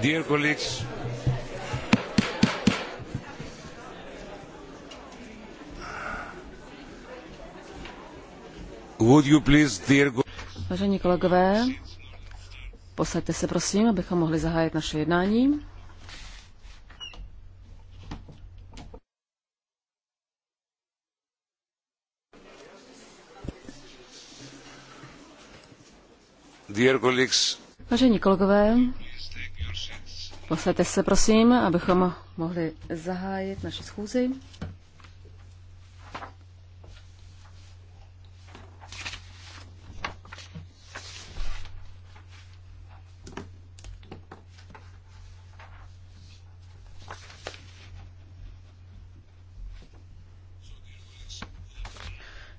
Dear colleagues, would you please, dear... Vážení kolegové, posaďte se prosím, abychom mohli zahájit naše jednání. Dear colleagues, Vážení kolegové, Posaďte se, prosím, abychom mohli zahájit naši schůzi.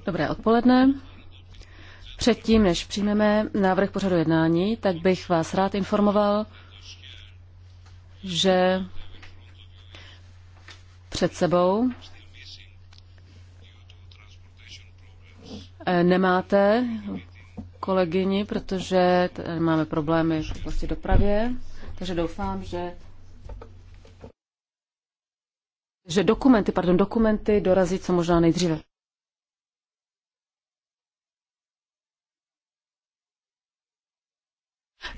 Dobré odpoledne. Předtím, než přijmeme návrh pořadu jednání, tak bych vás rád informoval, že před sebou nemáte kolegyni, protože máme problémy v oblasti dopravě, takže doufám, že že dokumenty, pardon, dokumenty dorazí co možná nejdříve.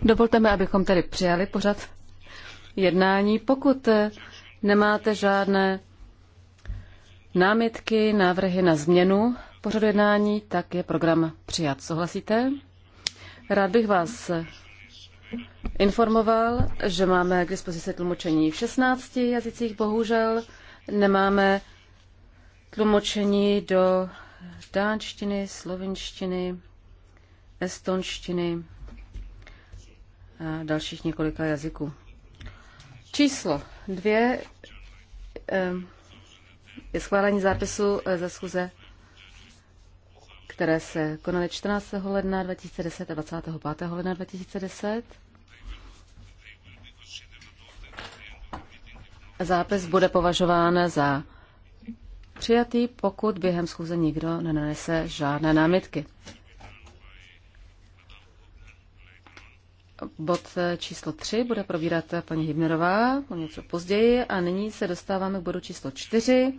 Dovolte mi, abychom tedy přijali pořad jednání. Pokud nemáte žádné námitky, návrhy na změnu pořadu jednání, tak je program přijat. Souhlasíte? Rád bych vás informoval, že máme k dispozici tlumočení v 16 jazycích. Bohužel nemáme tlumočení do dánštiny, slovinštiny, estonštiny a dalších několika jazyků. Číslo dvě ehm, je schválení zápisu eh, ze schůze, které se konaly 14. ledna 2010 a 25. ledna 2010. Zápis bude považován za přijatý, pokud během schůze nikdo nenese žádné námitky. Bod číslo 3 bude probírat paní Hybnerová o něco později a nyní se dostáváme k bodu číslo 4.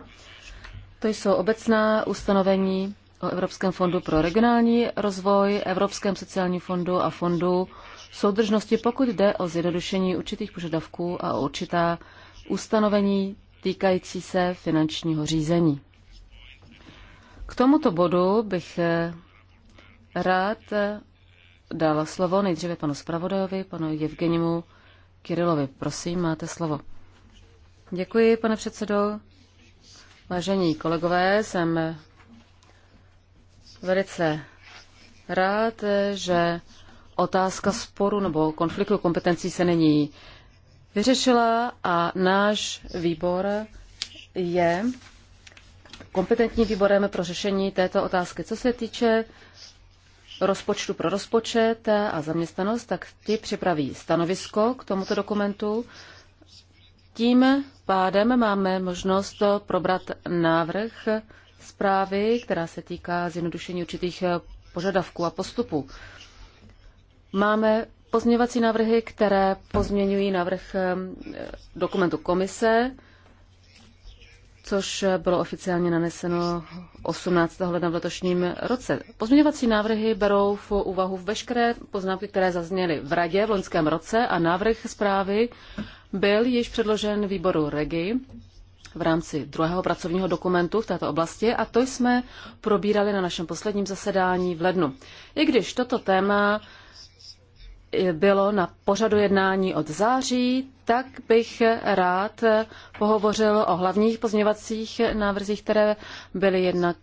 To jsou obecná ustanovení o Evropském fondu pro regionální rozvoj, Evropském sociálním fondu a fondu soudržnosti, pokud jde o zjednodušení určitých požadavků a o určitá ustanovení týkající se finančního řízení. K tomuto bodu bych rád dal slovo nejdříve panu zpravodajovi, panu Evgenimu Kirilovi. Prosím, máte slovo. Děkuji, pane předsedo. Vážení kolegové, jsem velice rád, že otázka sporu nebo konfliktu kompetencí se není vyřešila a náš výbor je kompetentním výborem pro řešení této otázky. Co se týče rozpočtu pro rozpočet a zaměstnanost, tak ti připraví stanovisko k tomuto dokumentu. Tím pádem máme možnost probrat návrh zprávy, která se týká zjednodušení určitých požadavků a postupů. Máme pozměňovací návrhy, které pozměňují návrh eh, dokumentu komise což bylo oficiálně naneseno 18. ledna v letošním roce. Pozměňovací návrhy berou v úvahu veškeré poznámky, které zazněly v Radě v loňském roce a návrh zprávy byl již předložen výboru REGI v rámci druhého pracovního dokumentu v této oblasti a to jsme probírali na našem posledním zasedání v lednu. I když toto téma bylo na pořadu jednání od září, tak bych rád pohovořil o hlavních pozměňovacích návrzích, které byly jednak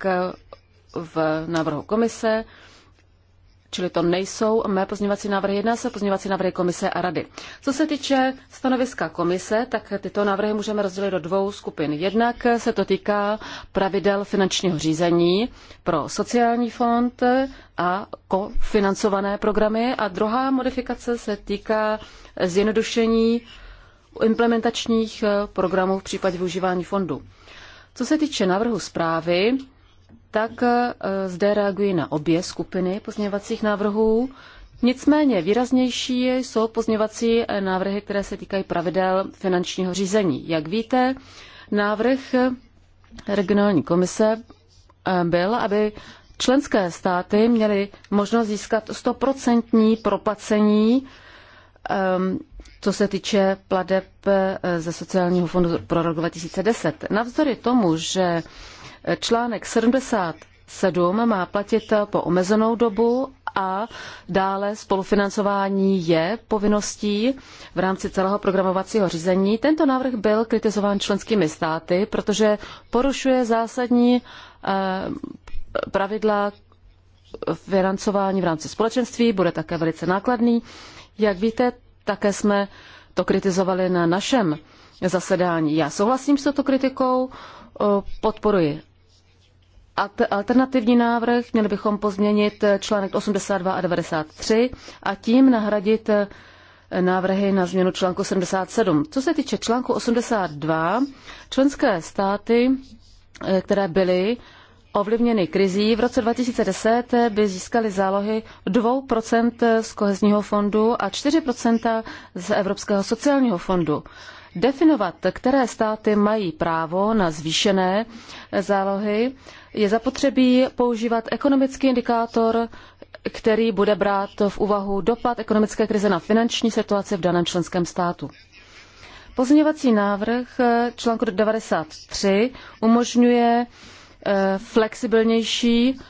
v návrhu komise. Čili to nejsou mé pozměňovací návrhy, jedná se pozměňovací návrhy komise a rady. Co se týče stanoviska komise, tak tyto návrhy můžeme rozdělit do dvou skupin. Jednak se to týká pravidel finančního řízení pro sociální fond a kofinancované programy a druhá modifikace se týká zjednodušení implementačních programů v případě využívání fondu. Co se týče návrhu zprávy, tak e, zde reaguji na obě skupiny pozměňovacích návrhů. Nicméně výraznější jsou pozměňovací návrhy, které se týkají pravidel finančního řízení. Jak víte, návrh regionální komise e, byl, aby členské státy měly možnost získat 100% proplacení, ehm, co se týče pladeb e, ze sociálního fondu pro rok 2010. Navzdory tomu, že Článek 77 má platit po omezenou dobu a dále spolufinancování je povinností v rámci celého programovacího řízení. Tento návrh byl kritizován členskými státy, protože porušuje zásadní eh, pravidla financování v rámci společenství, bude také velice nákladný. Jak víte, také jsme to kritizovali na našem zasedání. Já souhlasím s touto kritikou, eh, podporuji alternativní návrh, měli bychom pozměnit článek 82 a 93 a tím nahradit eh, návrhy na změnu článku 77. Co se týče článku 82, členské státy, eh, které byly ovlivněny krizí, v roce 2010 eh, by získaly zálohy 2% z kohezního fondu a 4% z Evropského sociálního fondu. Definovat, které státy mají právo na zvýšené zálohy, je zapotřebí používat ekonomický indikátor, který bude brát v úvahu dopad ekonomické krize na finanční situaci v daném členském státu. Pozměňovací návrh eh, článku 93 umožňuje eh, flexibilnější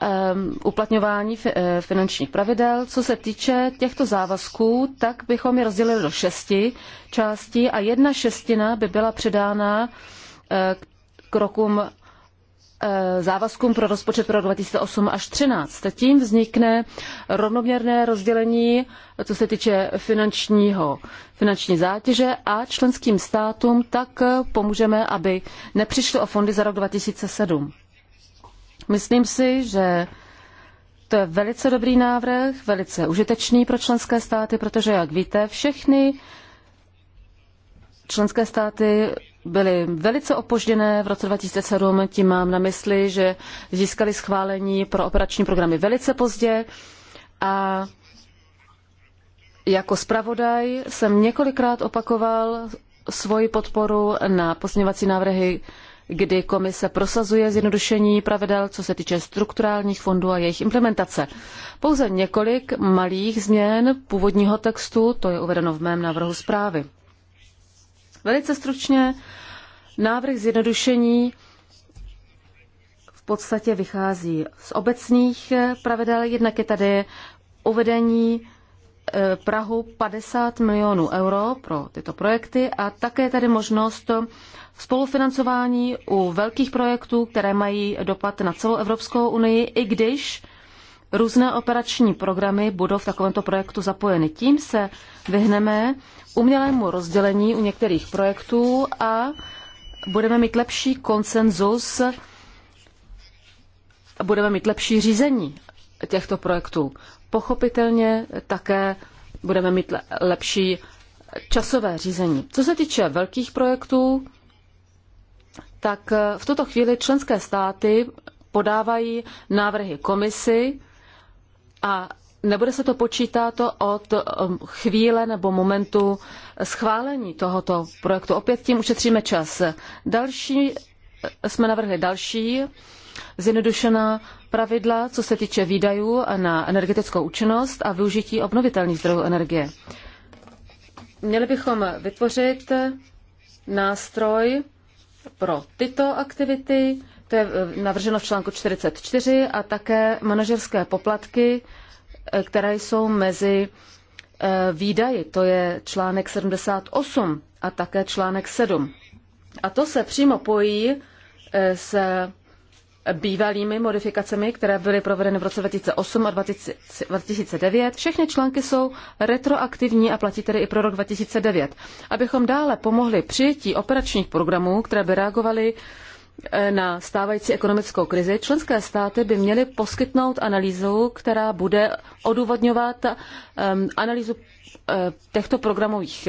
ehm, uplatňování eh, finančních pravidel. Co se týče těchto závazků, tak bychom je rozdělili do šesti částí a jedna šestina by byla předána krokům Eh, závazkům pro rozpočet pro 2008 až 2013. Tím vznikne rovnoměrné rozdělení, co se týče finančního, finanční zátěže a členským státům tak pomůžeme, aby nepřišli o fondy za rok 2007. Myslím si, že to je velice dobrý návrh, velice užitečný pro členské státy, protože, jak víte, všechny členské státy byly velice opožděné v roce 2007, tím mám na mysli, že získali schválení pro operační programy velice pozdě a jako zpravodaj jsem několikrát opakoval svoji podporu na posměvací návrhy, kdy komise prosazuje zjednodušení pravidel, co se týče strukturálních fondů a jejich implementace. Pouze několik malých změn původního textu, to je uvedeno v mém návrhu zprávy. Velice stručně, návrh zjednodušení v podstatě vychází z obecných eh, pravidel. Jednak je tady uvedení eh, Prahu 50 milionů euro pro tyto projekty a také tady možnost spolufinancování u velkých projektů, které mají dopad na celou Evropskou unii, i když různé operační programy budou v takovémto projektu zapojeny. Tím se vyhneme umělému rozdělení u některých projektů a budeme mít lepší konsenzus a budeme mít lepší řízení těchto projektů. Pochopitelně také budeme mít lepší časové řízení. Co se týče velkých projektů, tak v tuto chvíli členské státy podávají návrhy komisi a nebude se to počítat od um, chvíle nebo momentu schválení tohoto projektu. Opět tím ušetříme čas. Další eh, jsme navrhli další zjednodušená pravidla, co se týče výdajů na energetickou účinnost a využití obnovitelných zdrojů energie. Měli bychom vytvořit nástroj pro tyto aktivity, to je eh, navrženo v článku 44, a také manažerské poplatky Eh, které jsou mezi eh, výdaji. To je článek 78 a také článek 7. A to se přímo pojí eh, s bývalými modifikacemi, které byly provedeny v roce 2008 a 2009. Všechny články jsou retroaktivní a platí tedy i pro rok 2009. Abychom dále pomohli přijetí operačních programů, které by reagovaly Eh, na stávající ekonomickou krizi, členské státy by měly poskytnout analýzu, která bude odůvodňovat eh, analýzu eh, těchto programových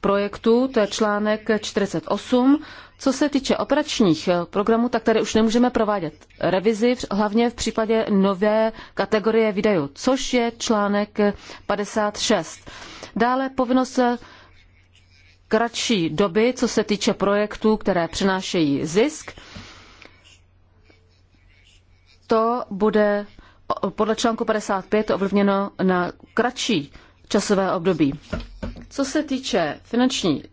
projektů, to je článek 48. Co se týče operačních programů, tak tady už nemůžeme provádět revizi, hlavně v případě nové kategorie videu, což je článek 56. Dále povinnost kratší doby, co se týče projektů, které přinášejí zisk. To bude podle článku 55 ovlivněno na kratší časové období. Co se týče finanční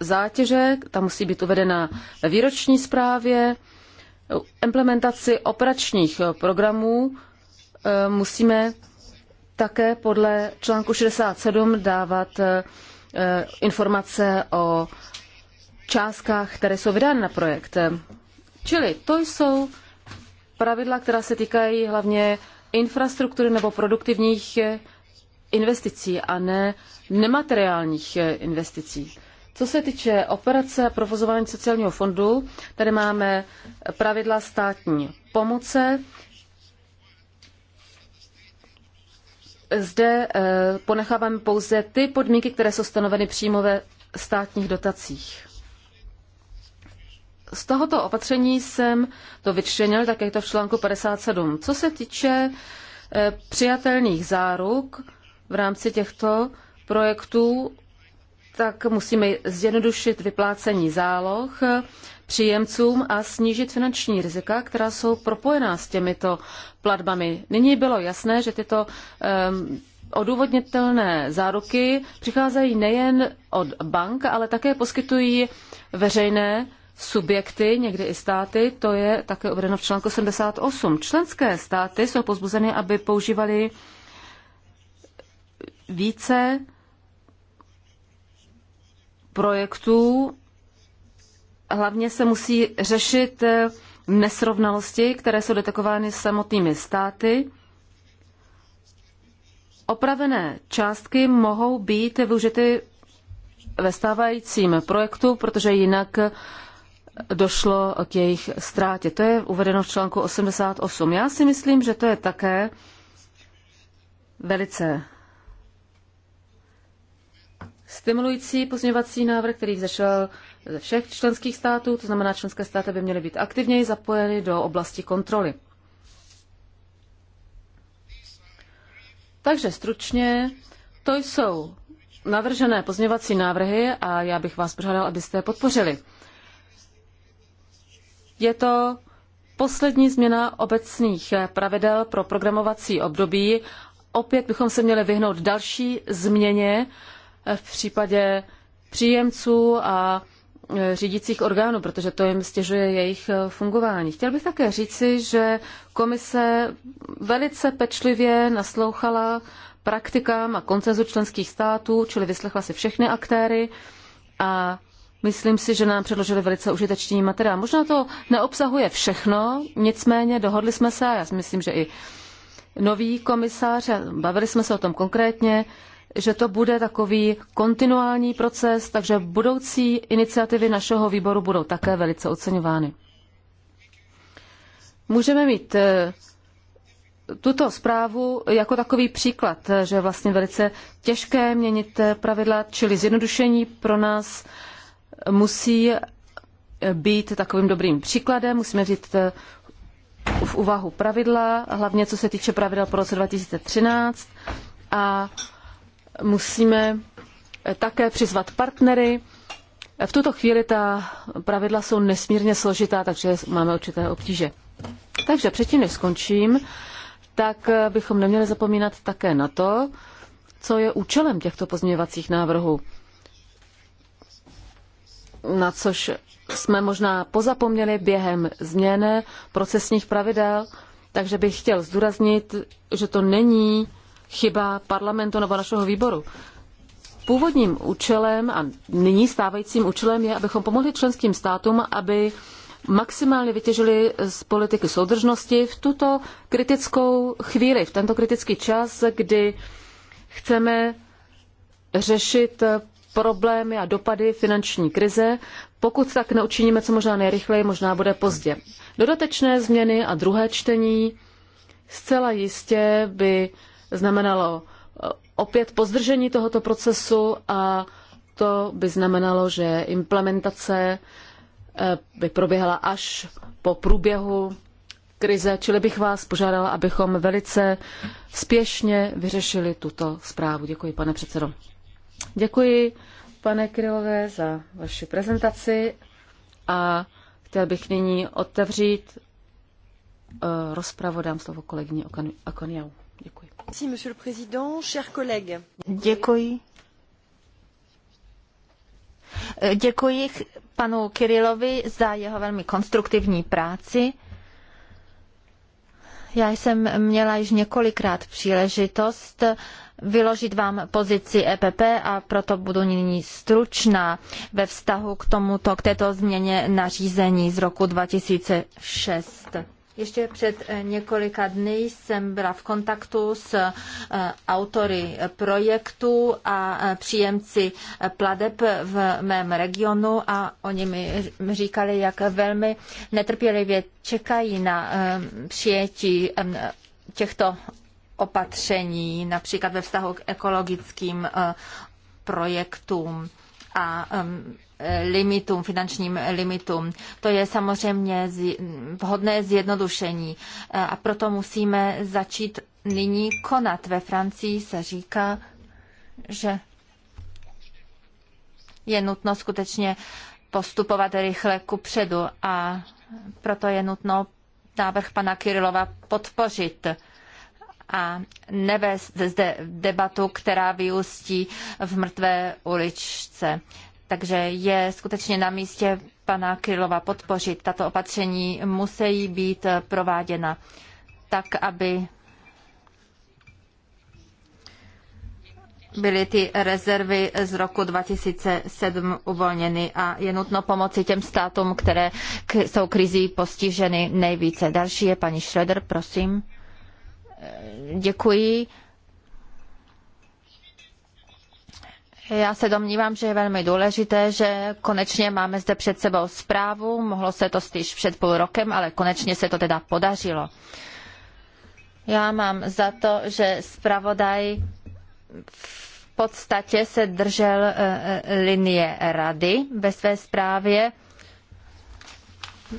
zátěže, ta musí být uvedena ve výroční zprávě, implementaci operačních programů eh, musíme také podle článku 67 dávat eh, Eh, informace o částkách, které jsou vydány na projekt. Čili to jsou pravidla, která se týkají hlavně infrastruktury nebo produktivních eh, investicí a ne nemateriálních eh, investicí. Co se týče operace a provozování sociálního fondu, tady máme pravidla státní pomoce, zde eh, ponecháváme pouze ty podmínky, které jsou stanoveny přímo ve státních dotacích. Z tohoto opatření jsem to vyčlenil, tak je to v článku 57. Co se týče eh, přijatelných záruk v rámci těchto projektů, tak musíme zjednodušit vyplácení záloh příjemcům a snížit finanční rizika, která jsou propojená s těmito platbami. Nyní bylo jasné, že tyto um, odůvodnitelné záruky přicházejí nejen od bank, ale také poskytují veřejné subjekty, někdy i státy, to je také uvedeno v článku 78. Členské státy jsou pozbuzeny, aby používali více projektů hlavně se musí řešit eh, nesrovnalosti, které jsou detekovány samotnými státy. Opravené částky mohou být využity ve stávajícím projektu, protože jinak došlo k jejich ztrátě. To je uvedeno v článku 88. Já si myslím, že to je také velice stimulující pozměňovací návrh, který vzešel ze všech členských států, to znamená, členské státy by měly být aktivněji zapojeny do oblasti kontroly. Takže stručně, to jsou navržené pozměvací návrhy a já bych vás požádal, abyste je podpořili. Je to poslední změna obecných pravidel pro programovací období. Opět bychom se měli vyhnout další změně v případě příjemců a Eh, řídících orgánů, protože to jim stěžuje jejich eh, fungování. Chtěl bych také říci, že komise velice pečlivě naslouchala praktikám a koncenzu členských států, čili vyslechla si všechny aktéry a myslím si, že nám předložili velice užitečný materiál. Možná to neobsahuje všechno, nicméně dohodli jsme se, já si myslím, že i nový komisář, bavili jsme se o tom konkrétně, že to bude takový kontinuální proces, takže budoucí iniciativy našeho výboru budou také velice oceňovány. Můžeme mít eh, tuto zprávu jako takový příklad, eh, že je vlastně velice těžké měnit eh, pravidla, čili zjednodušení pro nás musí být takovým dobrým příkladem, musíme říct v úvahu pravidla, hlavně co se týče pravidel pro roce 2013 a musíme také přizvat partnery. V tuto chvíli ta pravidla jsou nesmírně složitá, takže máme určité obtíže. Takže předtím, než skončím, tak bychom neměli zapomínat také na to, co je účelem těchto pozměňovacích návrhů. Na což jsme možná pozapomněli během změn procesních pravidel, takže bych chtěl zdůraznit, že to není chyba parlamentu nebo našeho výboru. Původním účelem a nyní stávajícím účelem je, abychom pomohli členským státům, aby maximálně vytěžili z politiky soudržnosti v tuto kritickou chvíli, v tento kritický čas, kdy chceme řešit problémy a dopady finanční krize. Pokud tak neučiníme co možná nejrychleji, možná bude pozdě. Dodatečné změny a druhé čtení zcela jistě by znamenalo eh, opět pozdržení tohoto procesu a to by znamenalo, že implementace eh, by proběhla až po průběhu krize, čili bych vás požádala, abychom velice spěšně vyřešili tuto zprávu. Děkuji, pane předsedo. Děkuji, pane Krylové, za vaši prezentaci a chtěl bych nyní otevřít eh, rozpravu. Dám slovo kolegyni Okoniau. Děkuji. Děkuji. Děkuji panu Kirilovi za jeho velmi konstruktivní práci. Já jsem měla již několikrát příležitost vyložit vám pozici EPP a proto budu nyní stručná ve vztahu k tomuto, k této změně nařízení z roku 2006. Ještě před eh, několika dny jsem byla v kontaktu s eh, autory projektu a eh, příjemci pladeb v mém regionu a oni mi říkali, jak velmi netrpělivě čekají na přijetí těchto opatření, například ve vztahu k ekologickým projektům a limitům, finančním limitům. To je samozřejmě vhodné zjednodušení e, a proto musíme začít nyní konat. Ve Francii se říká, že je nutno skutečně postupovat rychle ku předu a proto je nutno návrh pana Kirilova podpořit a nevést zde debatu, která vyústí v mrtvé uličce. Takže je skutečně na místě pana Krylova podpořit. Tato opatření musí být prováděna tak, aby byly ty rezervy z roku 2007 uvolněny a je nutno pomoci těm státům, které jsou krizí postiženy nejvíce. Další je paní Schroeder, prosím. Děkuji. Já se domnívám, že je velmi důležité, že konečně máme zde před sebou zprávu. Mohlo se to spíš před půl rokem, ale konečně se to teda podařilo. Já mám za to, že zpravodaj v podstatě se držel e, e, linie rady ve své zprávě.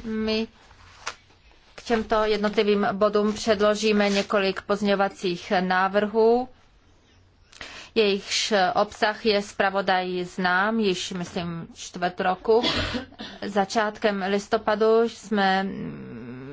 My k těmto jednotlivým bodům předložíme několik pozměňovacích návrhů jejichž obsah je zpravodaj znám již, myslím, čtvrt roku. Začátkem listopadu jsme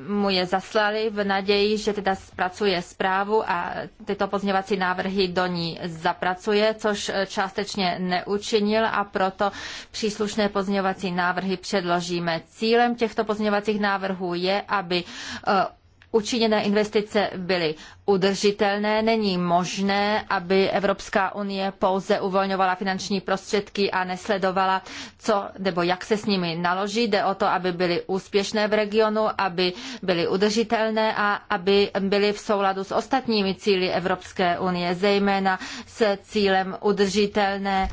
mu je zaslali v naději, že teda zpracuje zprávu a tyto pozměňovací návrhy do ní zapracuje, což částečně neučinil a proto příslušné pozměňovací návrhy předložíme. Cílem těchto pozměňovacích návrhů je, aby eh, učiněné investice byly udržitelné. Není možné, aby Evropská unie pouze uvolňovala finanční prostředky a nesledovala, co nebo jak se s nimi naloží. Jde o to, aby byly úspěšné v regionu, aby byly udržitelné a aby byly v souladu s ostatními cíli Evropské unie, zejména s cílem udržitelné,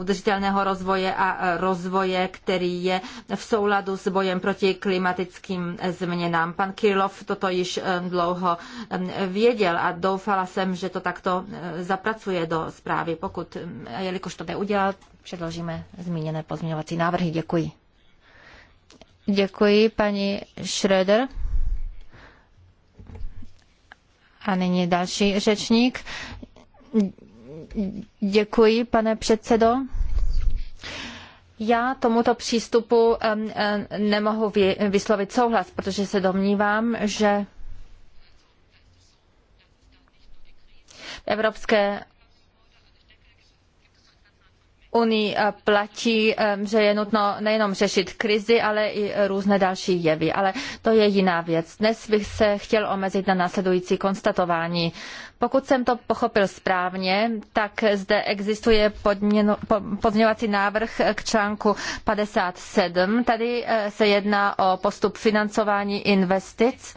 udržitelného rozvoje a rozvoje, který je v souladu s bojem proti klimatickým změnám. Pan Kirilov toto již eh, dlouho eh, věděl a doufala jsem, že to takto eh, zapracuje do zprávy. Pokud, mm, jelikož to neudělal, předložíme zmíněné pozměňovací návrhy. Děkuji. Děkuji, paní Schröder. A nyní další řečník. Děkuji, pane předsedo. Já tomuto přístupu nemohu vyslovit souhlas, protože se domnívám, že Evropské unii eh, platí, eh, že je nutno nejenom řešit krizi, ale i různé další jevy. Ale to je jiná věc. Dnes bych se chtěl omezit na následující konstatování. Pokud jsem to pochopil správně, tak zde existuje pozměňovací návrh k článku 57. Tady eh, se jedná o postup financování investic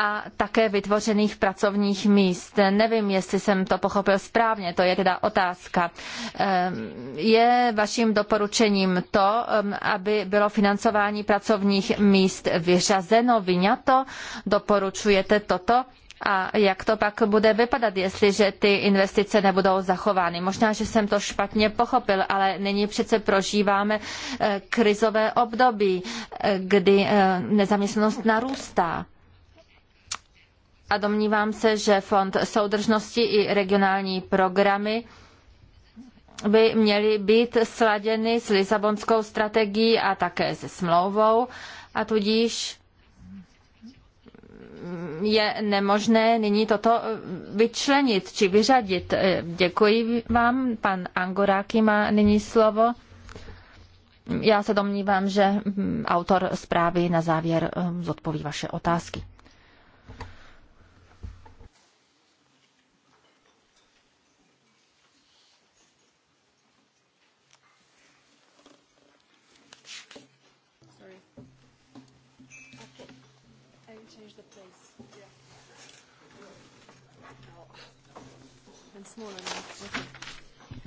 a také vytvořených pracovních míst. Nevím, jestli jsem to pochopil správně, to je teda otázka. Ehm, je vaším doporučením to, ehm, aby bylo financování pracovních míst vyřazeno, vyňato? Doporučujete toto? A jak to pak bude vypadat, jestliže ty investice nebudou zachovány? Možná, že jsem to špatně pochopil, ale nyní přece prožíváme eh, krizové období, eh, kdy eh, nezaměstnanost narůstá a domnívám se, že Fond soudržnosti i regionální programy by měly být sladěny s Lisabonskou strategií a také se smlouvou a tudíž je nemožné nyní toto vyčlenit či vyřadit. Děkuji vám. Pan Angoráky má nyní slovo. Já se domnívám, že autor zprávy na závěr zodpoví vaše otázky.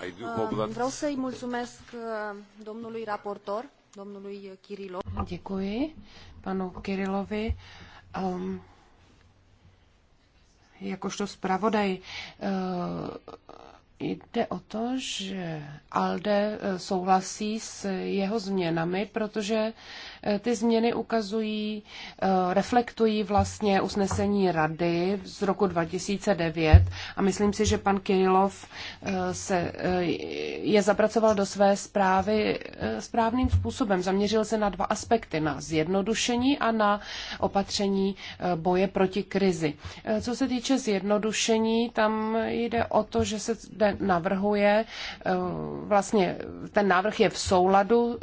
Ehm, vreau să-i mulțumesc ehm, domnului raportor, domnului Kirilov. Děkuji panu Kirilovi. Um, jakožto zpravodaj Jde o to, že Alde eh, souhlasí s jeho změnami, protože Eh, ty změny ukazují, eh, reflektují vlastně usnesení rady z roku 2009 a myslím si, že pan Kirilov eh, se, je zapracoval do své zprávy správným způsobem. Zaměřil se na dva aspekty, na zjednodušení a na opatření boje proti krizi. Co se týče zjednodušení, tam jde o to, že se zde navrhuje, vlastně ten návrh je v souladu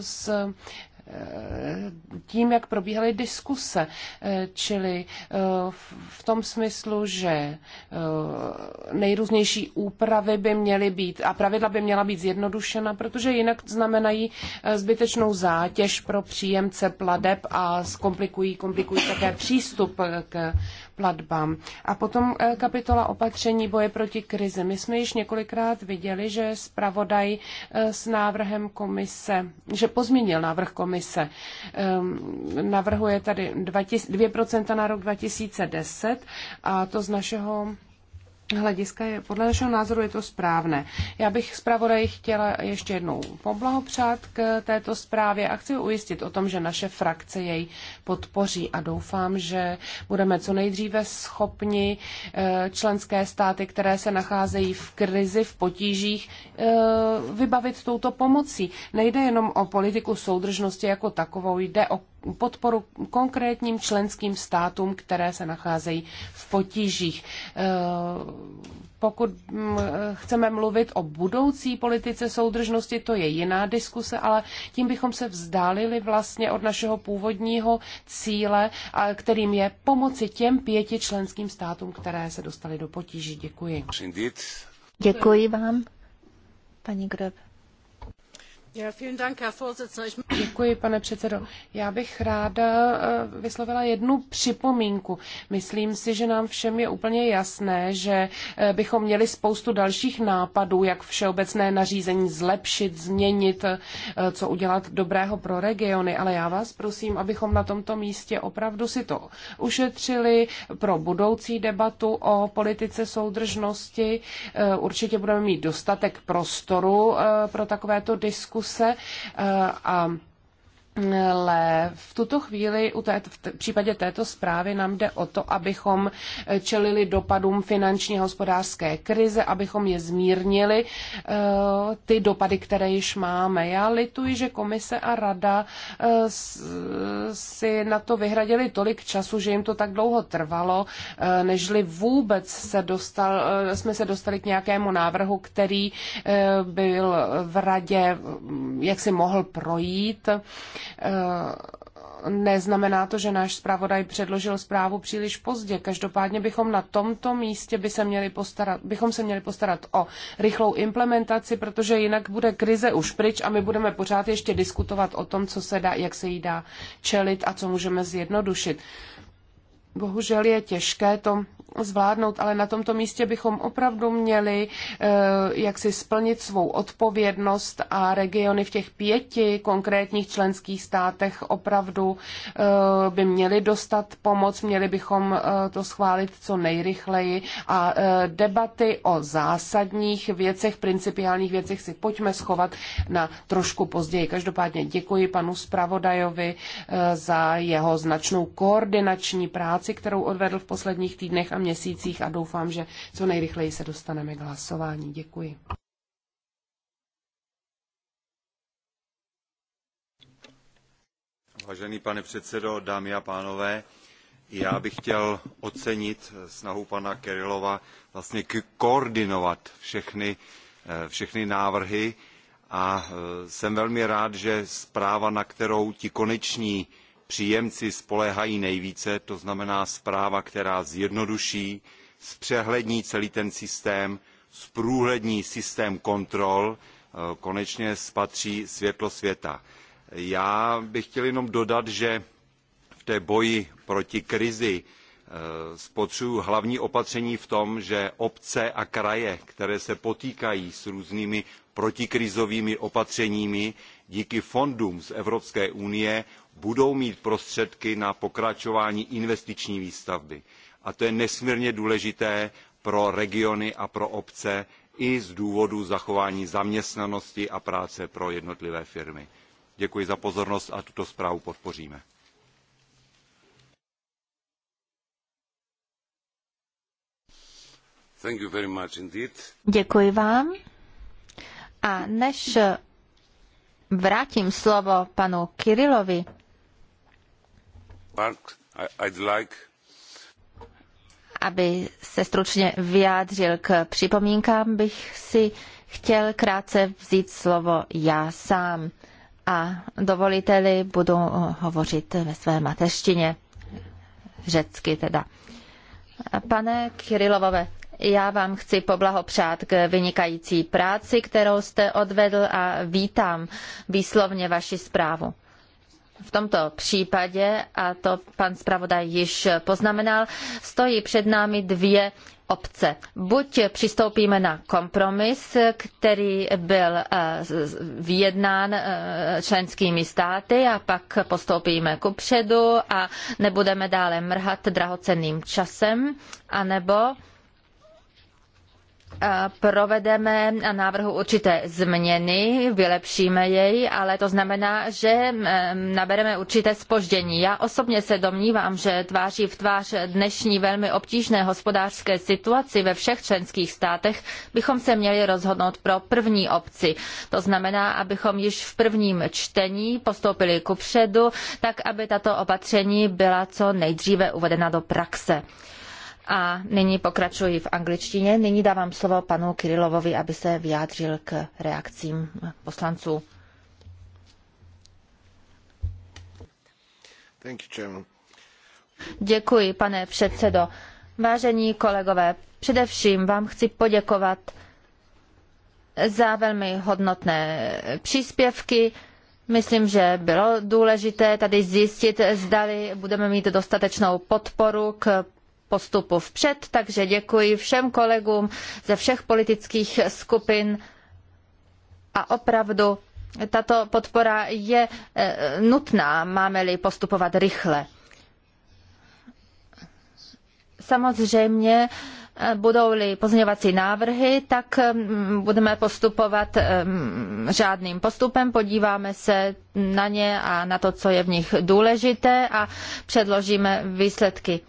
s Eh, tím, jak probíhaly diskuse, eh, čili eh, v tom smyslu, že nejrůznější úpravy by měly být a pravidla by měla být zjednodušena, protože jinak znamenají zbytečnou zátěž pro příjemce pladeb a zkomplikují komplikují také přístup k platbám. A potom e, kapitola opatření boje proti krizi. My jsme již několikrát viděli, že zpravodaj e, s návrhem komise, že pozměnil návrh komise. Ehm, navrhuje tady 2% na rok 2010 a to z našeho hlediska je, podle našeho názoru je to správné. Já bych zpravodaji chtěla ještě jednou poblahopřát k této zprávě a chci ujistit o tom, že naše frakce jej podpoří a doufám, že budeme co nejdříve schopni eh, členské státy, které se nacházejí v krizi, v potížích, eh, vybavit touto pomocí. Nejde jenom o politiku soudržnosti jako takovou, jde o podporu konkrétním členským státům, které se nacházejí v potížích. E, pokud chceme mluvit o budoucí politice soudržnosti, to je jiná diskuse, ale tím bychom se vzdálili vlastně od našeho původního cíle, kterým je pomoci těm pěti členským státům, které se dostaly do potíží. Děkuji. Děkuji vám, paní Grebe. Děkuji, pane předsedo. Já bych ráda eh, vyslovila jednu připomínku. Myslím si, že nám všem je úplně jasné, že eh, bychom měli spoustu dalších nápadů, jak všeobecné nařízení zlepšit, změnit, eh, co udělat dobrého pro regiony, ale já vás prosím, abychom na tomto místě opravdu si to ušetřili pro budoucí debatu o politice soudržnosti. Určitě budeme mít dostatek prostoru pro takovéto diskuse diskuse eh, a ale v tuto chvíli u té, v, t- v případě této zprávy nám jde o to, abychom eh, čelili dopadům finanční a hospodářské krize, abychom je zmírnili, eh, ty dopady, které již máme. Já lituji, že komise a rada eh, si na to vyhradili tolik času, že jim to tak dlouho trvalo, nežli vůbec se dostal, jsme se dostali k nějakému návrhu, který byl v radě, hm, jak si mohl projít. Eh, neznamená to, že náš zpravodaj předložil zprávu příliš pozdě. Každopádně bychom na tomto místě by se měli postarat, bychom se měli postarat o rychlou implementaci, protože jinak bude krize už pryč a my budeme pořád ještě diskutovat o tom, co se dá, jak se jí dá čelit a co můžeme zjednodušit. Bohužel je těžké to zvládnout, ale na tomto místě bychom opravdu měli eh, jak si splnit svou odpovědnost a regiony v těch pěti konkrétních členských státech opravdu eh, by měly dostat pomoc, měli bychom eh, to schválit co nejrychleji a debaty o zásadních věcech, principiálních věcech si pojďme schovat na trošku později. Každopádně děkuji panu zpravodajovi za jeho značnou koordinační práci, kterou odvedl v posledních týdnech a měsících a doufám, že co nejrychleji se dostaneme k hlasování. Děkuji. Vážený pane předsedo, dámy a pánové, já bych chtěl ocenit snahu pana Kerilova vlastně koordinovat všechny, eh, všechny návrhy a eh, jsem velmi rád, že zpráva, na kterou ti koneční příjemci spoléhají nejvíce, to znamená zpráva, která zjednoduší, zpřehlední celý ten systém, zprůhlední systém kontrol, eh, konečně spatří světlo světa. Já bych chtěl jenom dodat, že v té boji proti krizi eh, spotřebuji hlavní opatření v tom, že obce a kraje, které se potýkají s různými protikrizovými opatřeními, díky fondům z Evropské unie budou mít prostředky na pokračování investiční výstavby. A to je nesmírně důležité pro regiony a pro obce i z důvodu zachování zaměstnanosti a práce pro jednotlivé firmy. Děkuji za pozornost a tuto zprávu podpoříme. Děkuji vám. A než vrátím slovo panu Kirilovi. Mark, I'd like aby se stručně vyjádřil k připomínkám, bych si chtěl krátce vzít slovo já sám. A dovolíte-li, budu hovořit ve své mateřštině, řecky teda. Pane Kirilovové, já vám chci poblahopřát k vynikající práci, kterou jste odvedl a vítám výslovně vaši zprávu. V tomto případě, a to pan zpravodaj již poznamenal, stojí před námi dvě obce. Buď přistoupíme na kompromis, který byl eh, vyjednán eh, členskými státy a pak postoupíme kupředu a nebudeme dále mrhat drahocenným časem, anebo provedeme návrhu určité změny, vylepšíme jej, ale to znamená, že nabereme určité spoždění. Já osobně se domnívám, že tváří v tvář dnešní velmi obtížné hospodářské situaci ve všech členských státech bychom se měli rozhodnout pro první opci. To znamená, abychom již v prvním čtení postoupili kupředu, tak aby tato opatření byla co nejdříve uvedena do praxe. A nyní pokračuji v angličtině. Nyní dávám slovo panu Kirilovovi, aby se vyjádřil k reakcím poslanců. You, Děkuji, pane předsedo. Vážení kolegové, především vám chci poděkovat za velmi hodnotné příspěvky. Myslím, že bylo důležité tady zjistit, zdali budeme mít dostatečnou podporu k postupu vpřed, takže děkuji všem kolegům ze všech politických skupin a opravdu tato podpora je e, nutná, máme-li postupovat rychle. Samozřejmě e, budou-li pozměňovací návrhy, tak budeme postupovat e, řádným postupem, podíváme se na ně a na to, co je v nich důležité a předložíme výsledky.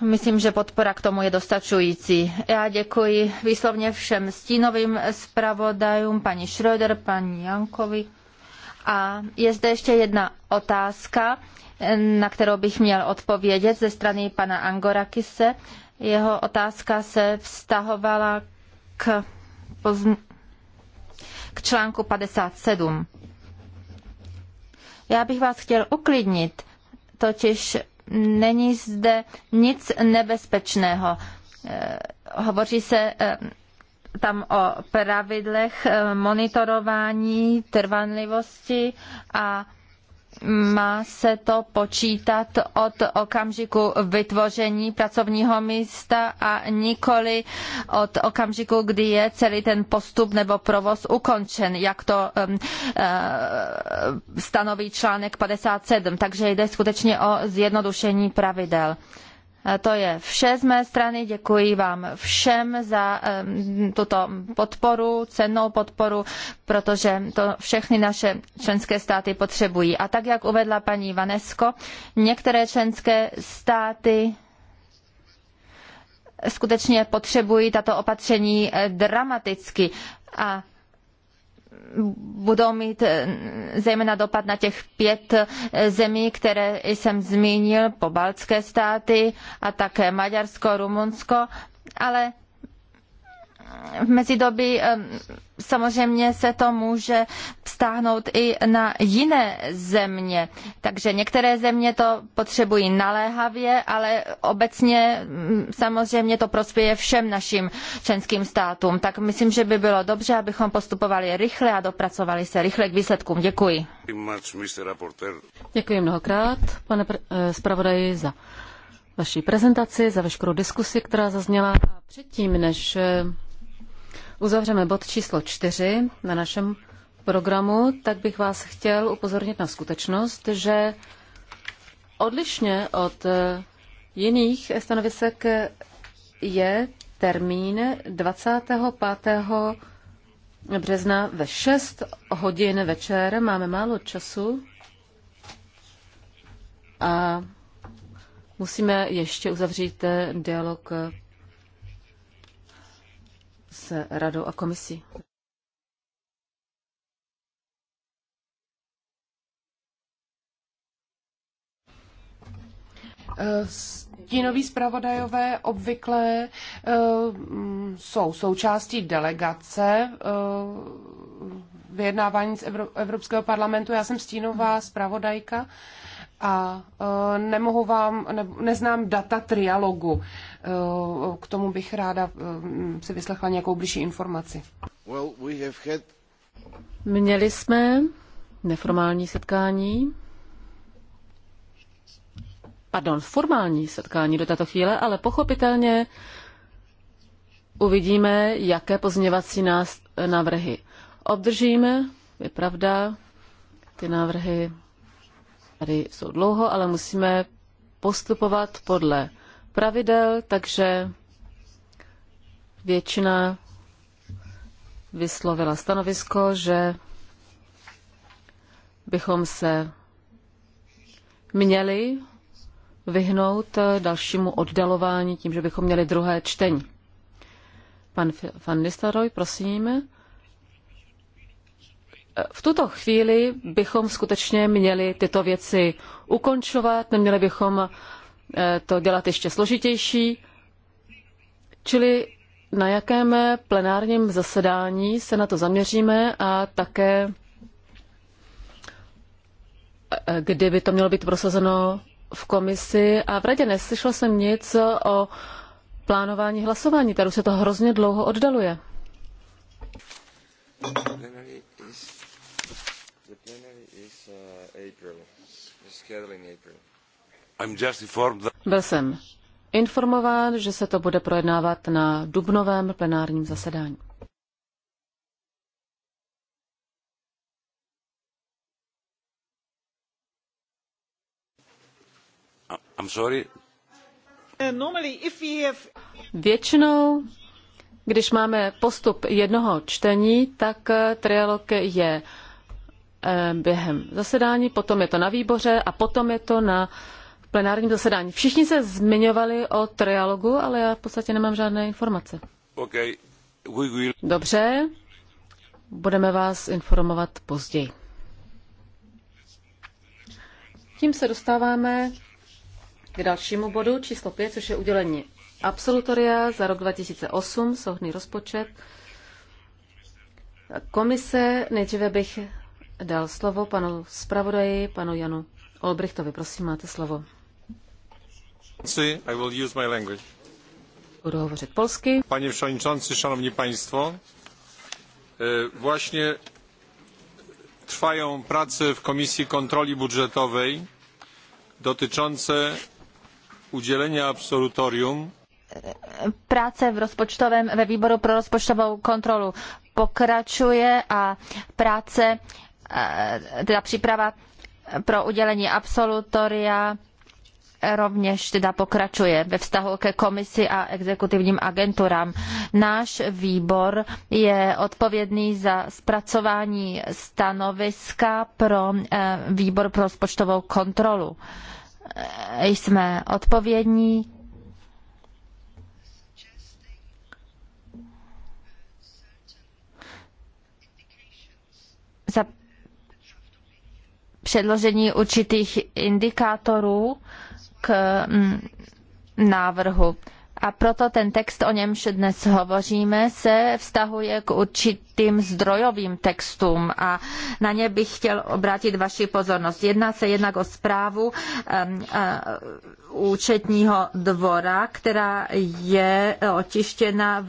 Myslím, že podpora k tomu je dostačující. Já děkuji výslovně všem stínovým zpravodajům, paní Schröder, paní Jankovi. A je zde ještě jedna otázka, na kterou bych měl odpovědět ze strany pana Angorakise. Jeho otázka se vztahovala k, pozn... k článku 57. Já bych vás chtěl uklidnit, totiž není zde nic nebezpečného. Eh, hovoří se eh, tam o pravidlech eh, monitorování trvanlivosti a má se to počítat od okamžiku vytvoření pracovního místa a nikoli od okamžiku, kdy je celý ten postup nebo provoz ukončen, jak to eh, eh, stanoví článek 57. Takže jde skutečně o zjednodušení pravidel. To je vše z mé strany. Děkuji vám všem za tuto podporu, cennou podporu, protože to všechny naše členské státy potřebují. A tak, jak uvedla paní Vanesko, některé členské státy skutečně potřebují tato opatření eh, dramaticky a budou mít eh, zejména dopad na těch pět eh, zemí, které jsem zmínil, pobaltské státy a také Maďarsko, Rumunsko, ale v mezidobí samozřejmě se to může vztáhnout i na jiné země. Takže některé země to potřebují naléhavě, ale obecně mm, samozřejmě to prospěje všem našim členským státům. Tak myslím, že by bylo dobře, abychom postupovali rychle a dopracovali se rychle k výsledkům. Děkuji. Děkuji mnohokrát, pane eh, zpravodaji, za vaší prezentaci, za veškerou diskusi, která zazněla. A předtím, než eh, uzavřeme bod číslo čtyři na našem programu, tak bych vás chtěl upozornit na skutečnost, že odlišně od eh, jiných stanovisek je termín 25. března ve 6 hodin večer. Máme málo času a musíme ještě uzavřít eh, dialog s radou a komisí. Stínoví zpravodajové obvykle eh, jsou součástí delegace eh, vyjednávání z Evropského parlamentu. Já jsem stínová zpravodajka a eh, nemohu vám, ne, neznám data trialogu. Eh, k tomu bych ráda eh, si vyslechla nějakou blížší informaci. Měli jsme neformální setkání, pardon, formální setkání do této chvíle, ale pochopitelně uvidíme, jaké pozměvací nás, návrhy obdržíme. Je pravda, ty návrhy tady jsou dlouho, ale musíme postupovat podle pravidel, takže většina vyslovila stanovisko, že bychom se měli vyhnout dalšímu oddalování tím, že bychom měli druhé čtení. Pan Van Nistelrooy, prosím. V tuto chvíli bychom skutečně měli tyto věci ukončovat, neměli bychom Eh, to dělat ještě složitější. Čili na jakém plenárním zasedání se na to zaměříme a také eh, kdy by to mělo být prosazeno v komisi a v radě. Neslyšel jsem nic o plánování hlasování. Tady se to hrozně dlouho oddaluje. Byl jsem informován, že se to bude projednávat na dubnovém plenárním zasedání. I'm sorry. Uh, Většinou, když máme postup jednoho čtení, tak eh, trialog je eh, během zasedání, potom je to na výboře a potom je to na plenárním zasedání. Všichni se zmiňovali o trialogu, ale já v podstatě nemám žádné informace. Okay. We will... Dobře, budeme vás informovat později. Tím se dostáváme k dalšímu bodu číslo 5, což je udělení absolutoria za rok 2008, souhný rozpočet. Komise, nejdříve bych dal slovo panu zpravodaji, panu Janu Olbrichtovi. Prosím, máte slovo. Budu hovořit polsky. Panie przewodniczący, szanowni państwo, e, właśnie trwają prace w Komisji Kontroli Budżetowej dotyczące udzielenia absolutorium. Práce v rozpočtovém ve výboru pro rozpočtovou kontrolu pokračuje a práce, teda příprava pro udělení absolutoria rovněž teda pokračuje ve vztahu ke komisi a exekutivním agenturám. Náš výbor je odpovědný za zpracování stanoviska pro eh, výbor pro rozpočtovou kontrolu. Eh, jsme odpovědní za předložení určitých indikátorů, k mm, návrhu. A proto ten text, o němž dnes hovoříme, se vztahuje k určitým zdrojovým textům a na ně bych chtěl obrátit vaši pozornost. Jedná se jednak o zprávu e, účetního dvora, která je otištěna v,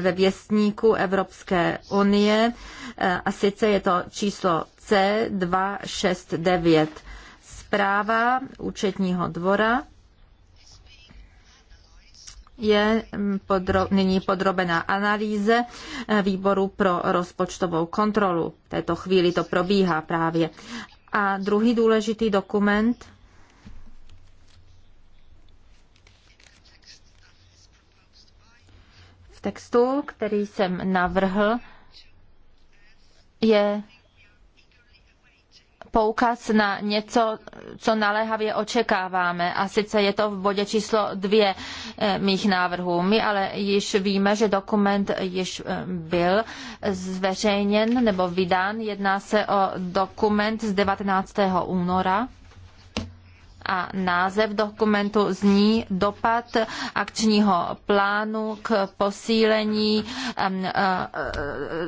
ve věstníku Evropské unie e, a sice je to číslo C269 zpráva účetního dvora je mm, podro, nyní podrobená analýze eh, výboru pro rozpočtovou kontrolu. V této chvíli to probíhá právě. A druhý důležitý dokument v textu, který jsem navrhl, je poukaz na něco, co naléhavě očekáváme. A sice je to v bodě číslo dvě eh, mých návrhů. My ale již víme, že dokument již eh, byl zveřejněn nebo vydán. Jedná se o dokument z 19. února a název dokumentu zní dopad akčního plánu k posílení e, e,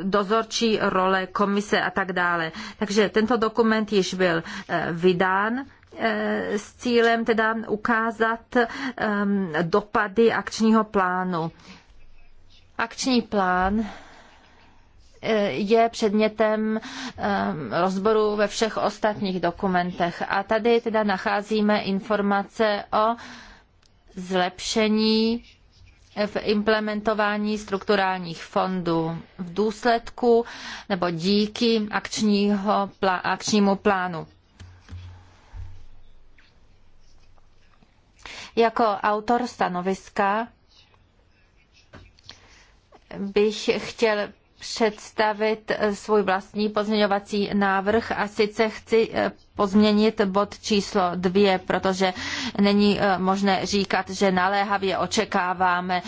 dozorčí role komise a tak dále. Takže tento dokument již byl e, vydán s cílem teda ukázat dopady akčního plánu. Akční plán je předmětem ehm, rozboru ve všech ostatních dokumentech. A tady teda nacházíme informace o zlepšení v implementování strukturálních fondů v důsledku nebo díky akčního, akčnímu plánu. Jako autor stanoviska bych chtěl představit eh, svůj vlastní pozměňovací návrh a sice chci eh, pozměnit bod číslo dvě, protože není eh, možné říkat, že naléhavě očekáváme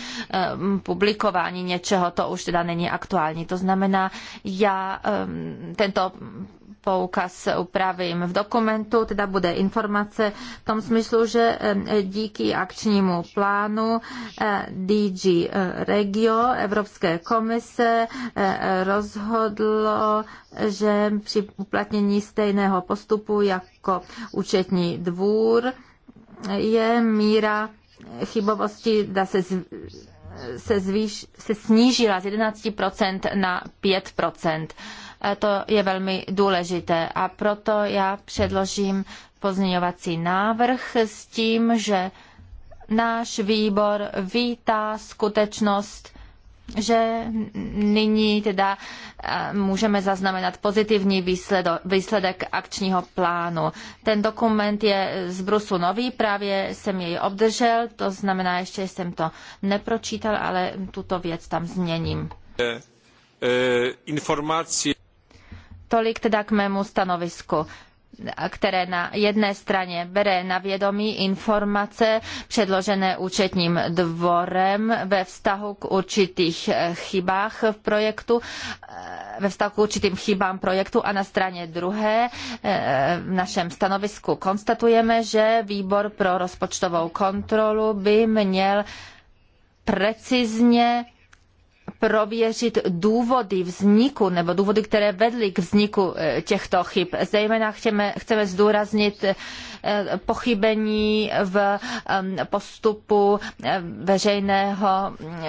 publikování něčeho, to už teda není aktuální. To znamená, já tento poukaz upravím. V dokumentu teda bude informace v tom smyslu, že eh, díky akčnímu plánu eh, DG eh, Regio Evropské komise rozhodlo, že při uplatnění stejného postupu jako účetní dvůr je míra chybovosti, dá se z, se, zvýš, se snížila z 11% na 5%. Eh, to je velmi důležité a proto já předložím pozměňovací návrh s tím, že náš výbor vítá skutečnost, že nyní teda eh, můžeme zaznamenat pozitivní výsledek akčního plánu. Ten dokument je z Brusu nový, právě jsem jej obdržel, to znamená, ještě jsem to nepročítal, ale tuto věc tam změním. Eh, Informace Tolik teda k mému stanovisku které na jedné straně bere na vědomí informace předložené účetním dvorem ve vztahu k určitých eh, chybách v projektu, eh, ve vztahu k určitým chybám projektu a na straně druhé eh, v našem stanovisku konstatujeme, že výbor pro rozpočtovou kontrolu by měl precizně prověřit důvody vzniku nebo důvody, které vedly k vzniku e, těchto chyb. Zejména chceme, chceme zdůraznit e, pochybení v postupu e, veřejného,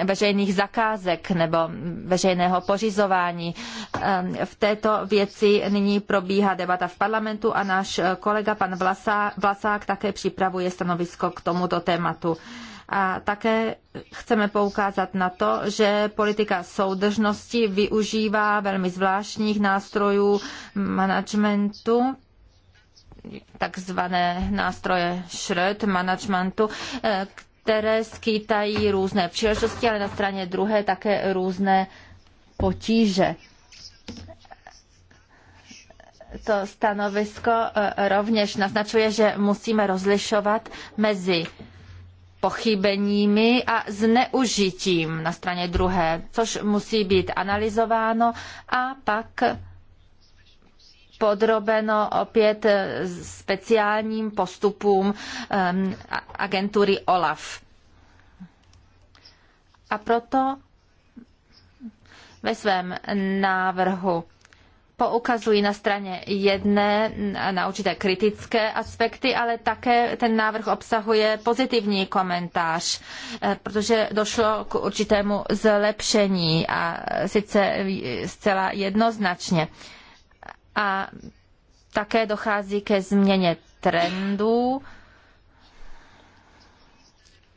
veřejných zakázek nebo veřejného pořizování. V této věci nyní probíhá debata v parlamentu a náš kolega pan Vlasák, Vlasák také připravuje stanovisko k tomuto tématu. A také chceme poukázat na to, že politika soudržnosti využívá velmi zvláštních nástrojů managementu takzvané nástroje šröd managementu, které skýtají různé příležitosti, ale na straně druhé také různé potíže to stanovisko eh, rovněž naznačuje, že musíme rozlišovat mezi pochybeními a zneužitím na straně druhé, což musí být analyzováno a pak podrobeno opět speciálním postupům ehm, agentury OLAF. A proto ve svém návrhu poukazují na straně jedné na určité kritické aspekty, ale také ten návrh obsahuje pozitivní komentář, eh, protože došlo k určitému zlepšení a sice zcela jednoznačně. A také dochází ke změně trendů,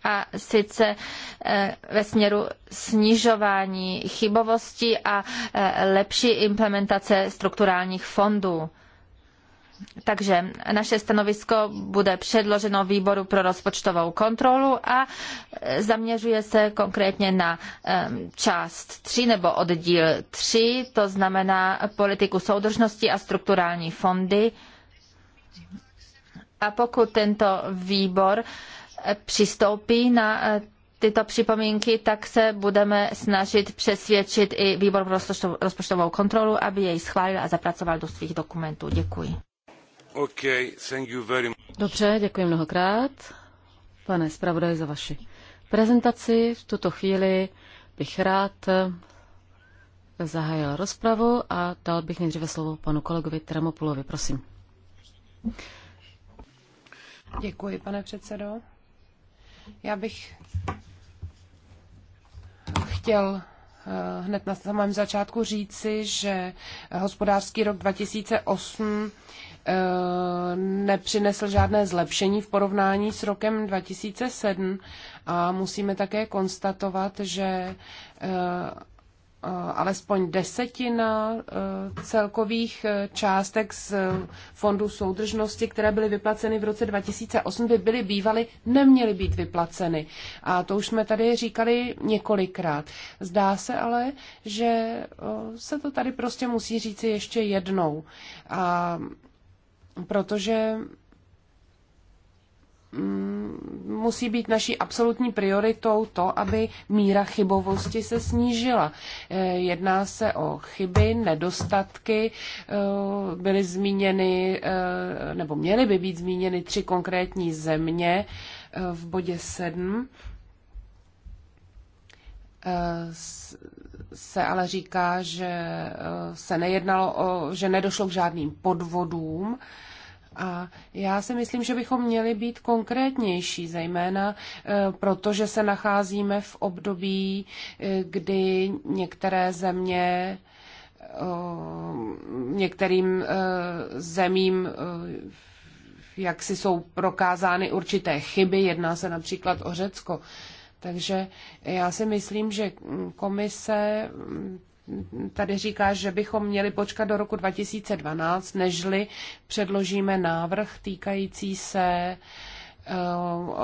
a sice eh, ve směru snižování chybovosti a eh, lepší implementace strukturálních fondů. Takže naše stanovisko bude předloženo výboru pro rozpočtovou kontrolu a eh, zaměřuje se konkrétně na část 3 nebo oddíl 3, to znamená politiku soudržnosti a strukturální fondy. A pokud tento výbor přistoupí na eh, tyto připomínky, tak se budeme snažit přesvědčit i výbor pro rozpočtovou kontrolu, aby jej schválil a zapracoval do svých dokumentů. Děkuji. Okay, thank you very much. Dobře, děkuji mnohokrát, pane zpravodaji, za vaši prezentaci. V tuto chvíli bych rád eh, zahájil rozpravu a dal bych nejdříve slovo panu kolegovi Tremopulovi, prosím. Děkuji, pane předsedo. Já bych chtěl eh, hned na samém začátku říci, že eh, hospodářský rok 2008 eh, nepřinesl žádné zlepšení v porovnání s rokem 2007 a musíme také konstatovat, že Eh, alespoň desetina eh, celkových eh, částek z fondu soudržnosti, které byly vyplaceny v roce 2008, by byly bývaly, neměly být vyplaceny. A to už jsme tady říkali několikrát. Zdá se ale, že se to tady prostě musí říci ještě jednou. A protože Mm, musí být naší absolutní prioritou to, aby míra chybovosti se snížila. Eh, jedná se o chyby, nedostatky, eh, byly zmíněny, eh, nebo měly by být zmíněny tři konkrétní země v bodě sedm. Se ale říká, že se nejednalo o, že nedošlo k žádným podvodům, a já si myslím, že bychom měli být konkrétnější, zejména e, protože se nacházíme v období, e, kdy některé země některým e, zemím jak si jsou prokázány určité chyby, jedná se například o Řecko. Takže já si myslím, že komise tady říká, že bychom měli počkat do roku 2012, nežli předložíme návrh týkající se eh,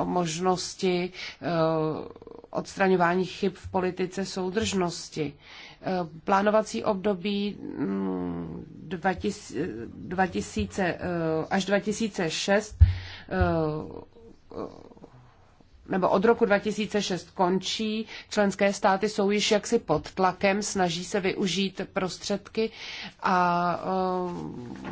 možnosti eh, odstraňování chyb v politice soudržnosti. Eh, plánovací období 2000 mm, až 2006 nebo od roku 2006 končí. Členské státy jsou již jaksi pod tlakem, snaží se využít prostředky a eh,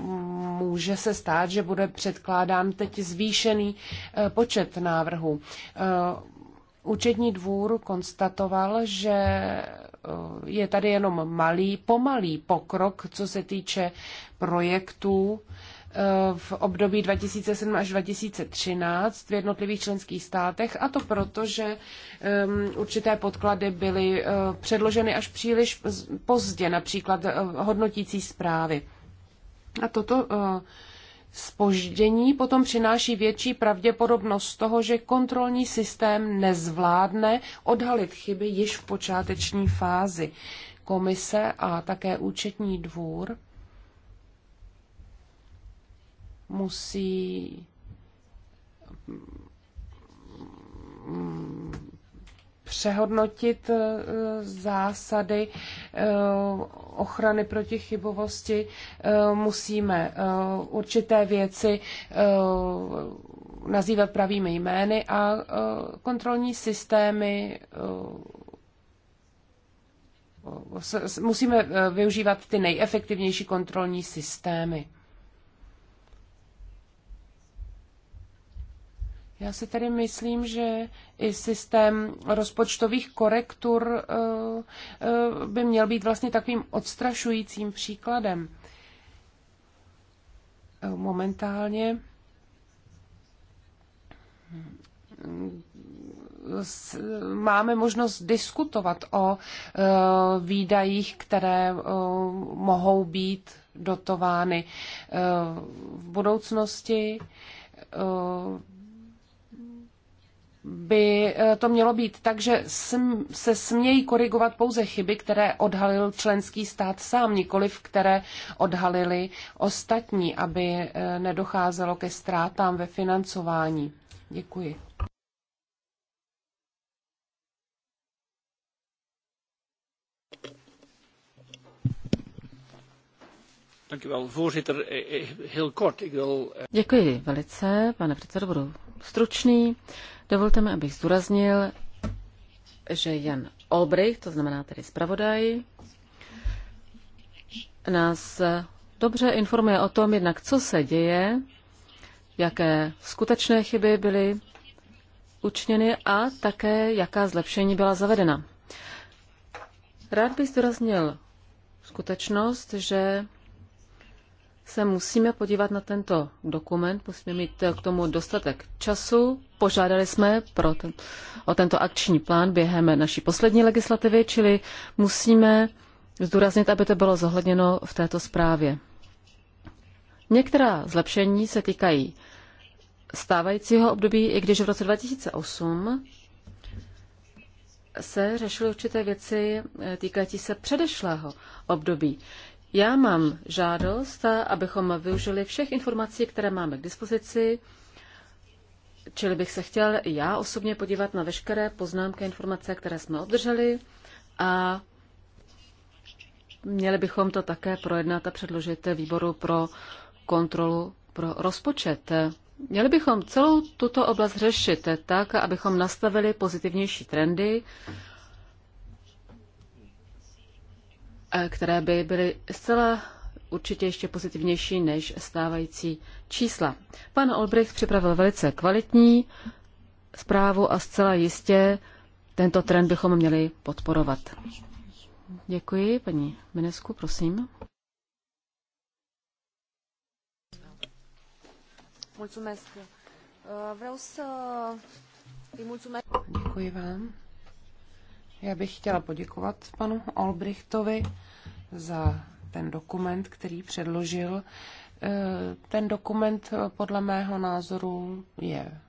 může se stát, že bude předkládán teď zvýšený eh, počet návrhů. Eh, účetní dvůr konstatoval, že je tady jenom malý, pomalý pokrok, co se týče projektů, v období 2007 až 2013 v jednotlivých členských státech a to proto, že um, určité podklady byly uh, předloženy až příliš pozdě, například uh, hodnotící zprávy. A toto Spoždění uh, potom přináší větší pravděpodobnost toho, že kontrolní systém nezvládne odhalit chyby již v počáteční fázi. Komise a také účetní dvůr musí mm, přehodnotit eh, zásady eh, ochrany proti chybovosti. Eh, musíme určité věci nazývat pravými jmény a kontrolní systémy musíme využívat ty nejefektivnější kontrolní systémy. Já si tedy myslím, že i systém rozpočtových korektur eh, eh, by měl být vlastně takovým odstrašujícím příkladem. Eh, momentálně máme možnost diskutovat o výdajích, které mohou být dotovány v budoucnosti by eh, to mělo být tak, že se smějí korigovat pouze chyby, které odhalil členský stát sám, nikoliv které odhalili ostatní, aby eh, nedocházelo ke ztrátám ve financování. Děkuji. Eh, Děkuji velice, pane předsedo, budu stručný. Dovolte mi, abych zdůraznil, že Jan Olbrich, to znamená tedy zpravodaj, nás dobře informuje o tom jednak, co se děje, jaké skutečné chyby byly učiněny a také jaká zlepšení byla zavedena. Rád bych zdůraznil skutečnost, že se musíme podívat na tento dokument, musíme mít eh, k tomu dostatek času. Požádali jsme pro ten, o tento akční plán během naší poslední legislativy, čili musíme zdůraznit, aby to bylo zohledněno v této zprávě. Některá zlepšení se týkají stávajícího období, i když v roce 2008 se řešily určité věci eh, týkající se předešlého období. Já mám žádost, abychom využili všech informací, které máme k dispozici, čili bych se chtěl i já osobně podívat na veškeré poznámky informace, které jsme obdrželi a měli bychom to také projednat a předložit výboru pro kontrolu pro rozpočet. Měli bychom celou tuto oblast řešit tak, abychom nastavili pozitivnější trendy, Eh, které by byly zcela určitě ještě pozitivnější než stávající čísla. Pan Olbricht připravil velice kvalitní zprávu a zcela jistě tento trend bychom měli podporovat. Děkuji. Paní Minesku, prosím. Mulțumesc. Eh, vreau să îi mulțumesc. Děkuji vám. Já bych chtěla poděkovat panu Olbrichtovi za ten dokument, který předložil. E, ten dokument podle mého názoru je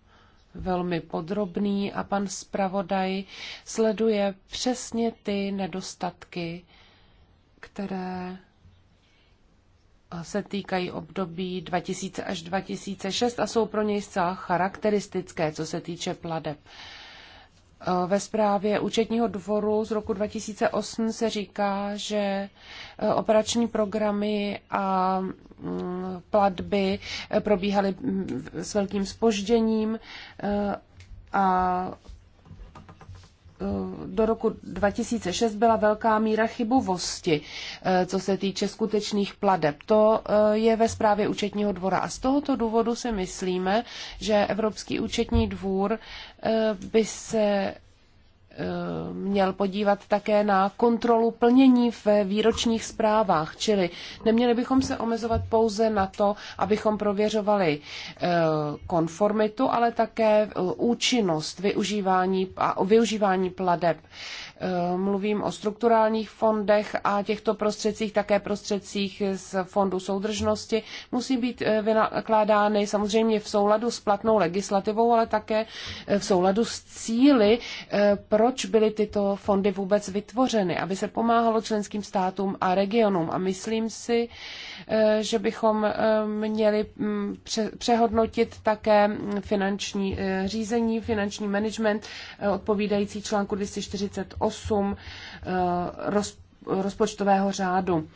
velmi podrobný a pan zpravodaj sleduje přesně ty nedostatky, které se týkají období 2000 až 2006 a jsou pro něj zcela charakteristické, co se týče pladeb. Eh, ve zprávě účetního dvoru z roku 2008 se říká, že eh, operační programy a mm, platby eh, probíhaly mm, s velkým spožděním a Eh, do roku 2006 byla velká míra chybovosti, eh, co se týče skutečných pladeb. To eh, je ve zprávě účetního dvora a z tohoto důvodu si myslíme, že Evropský účetní dvůr by se měl podívat také na kontrolu plnění v výročních zprávách, čili neměli bychom se omezovat pouze na to, abychom prověřovali e, konformitu, ale také e, účinnost využívání a využívání pladeb Eh, mluvím o strukturálních fondech a těchto prostředcích, také prostředcích z fondu soudržnosti, musí být eh, vynakládány samozřejmě v souladu s platnou legislativou, ale také eh, v souladu s cíly, proč byly tyto fondy vůbec vytvořeny, aby se pomáhalo členským státům a regionům. A myslím si, Eh, že bychom eh, měli mm, přehodnotit také finanční eh, řízení, finanční management odpovídající článku 248 rozpočtového řádu.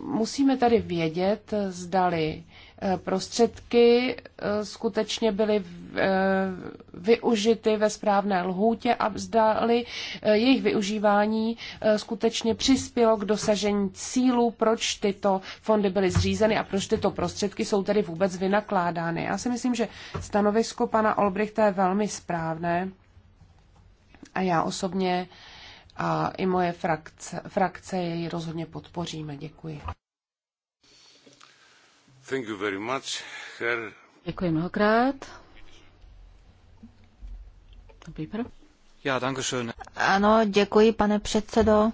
Musíme tady vědět, zdali Eh, prostředky eh, skutečně byly eh, využity ve správné lhůtě a vzdali jejich využívání skutečně přispělo k dosažení cílů, proč tyto fondy byly zřízeny a proč tyto prostředky jsou tedy vůbec vynakládány. Já si myslím, že stanovisko pana Olbrichta je velmi správné a já osobně a i moje frakce, frakce jej rozhodně podpoříme. Děkuji. Thank you very much, her... Děkuji mnohokrát. Já, dankeschön. Ano, děkuji, pane předsedo.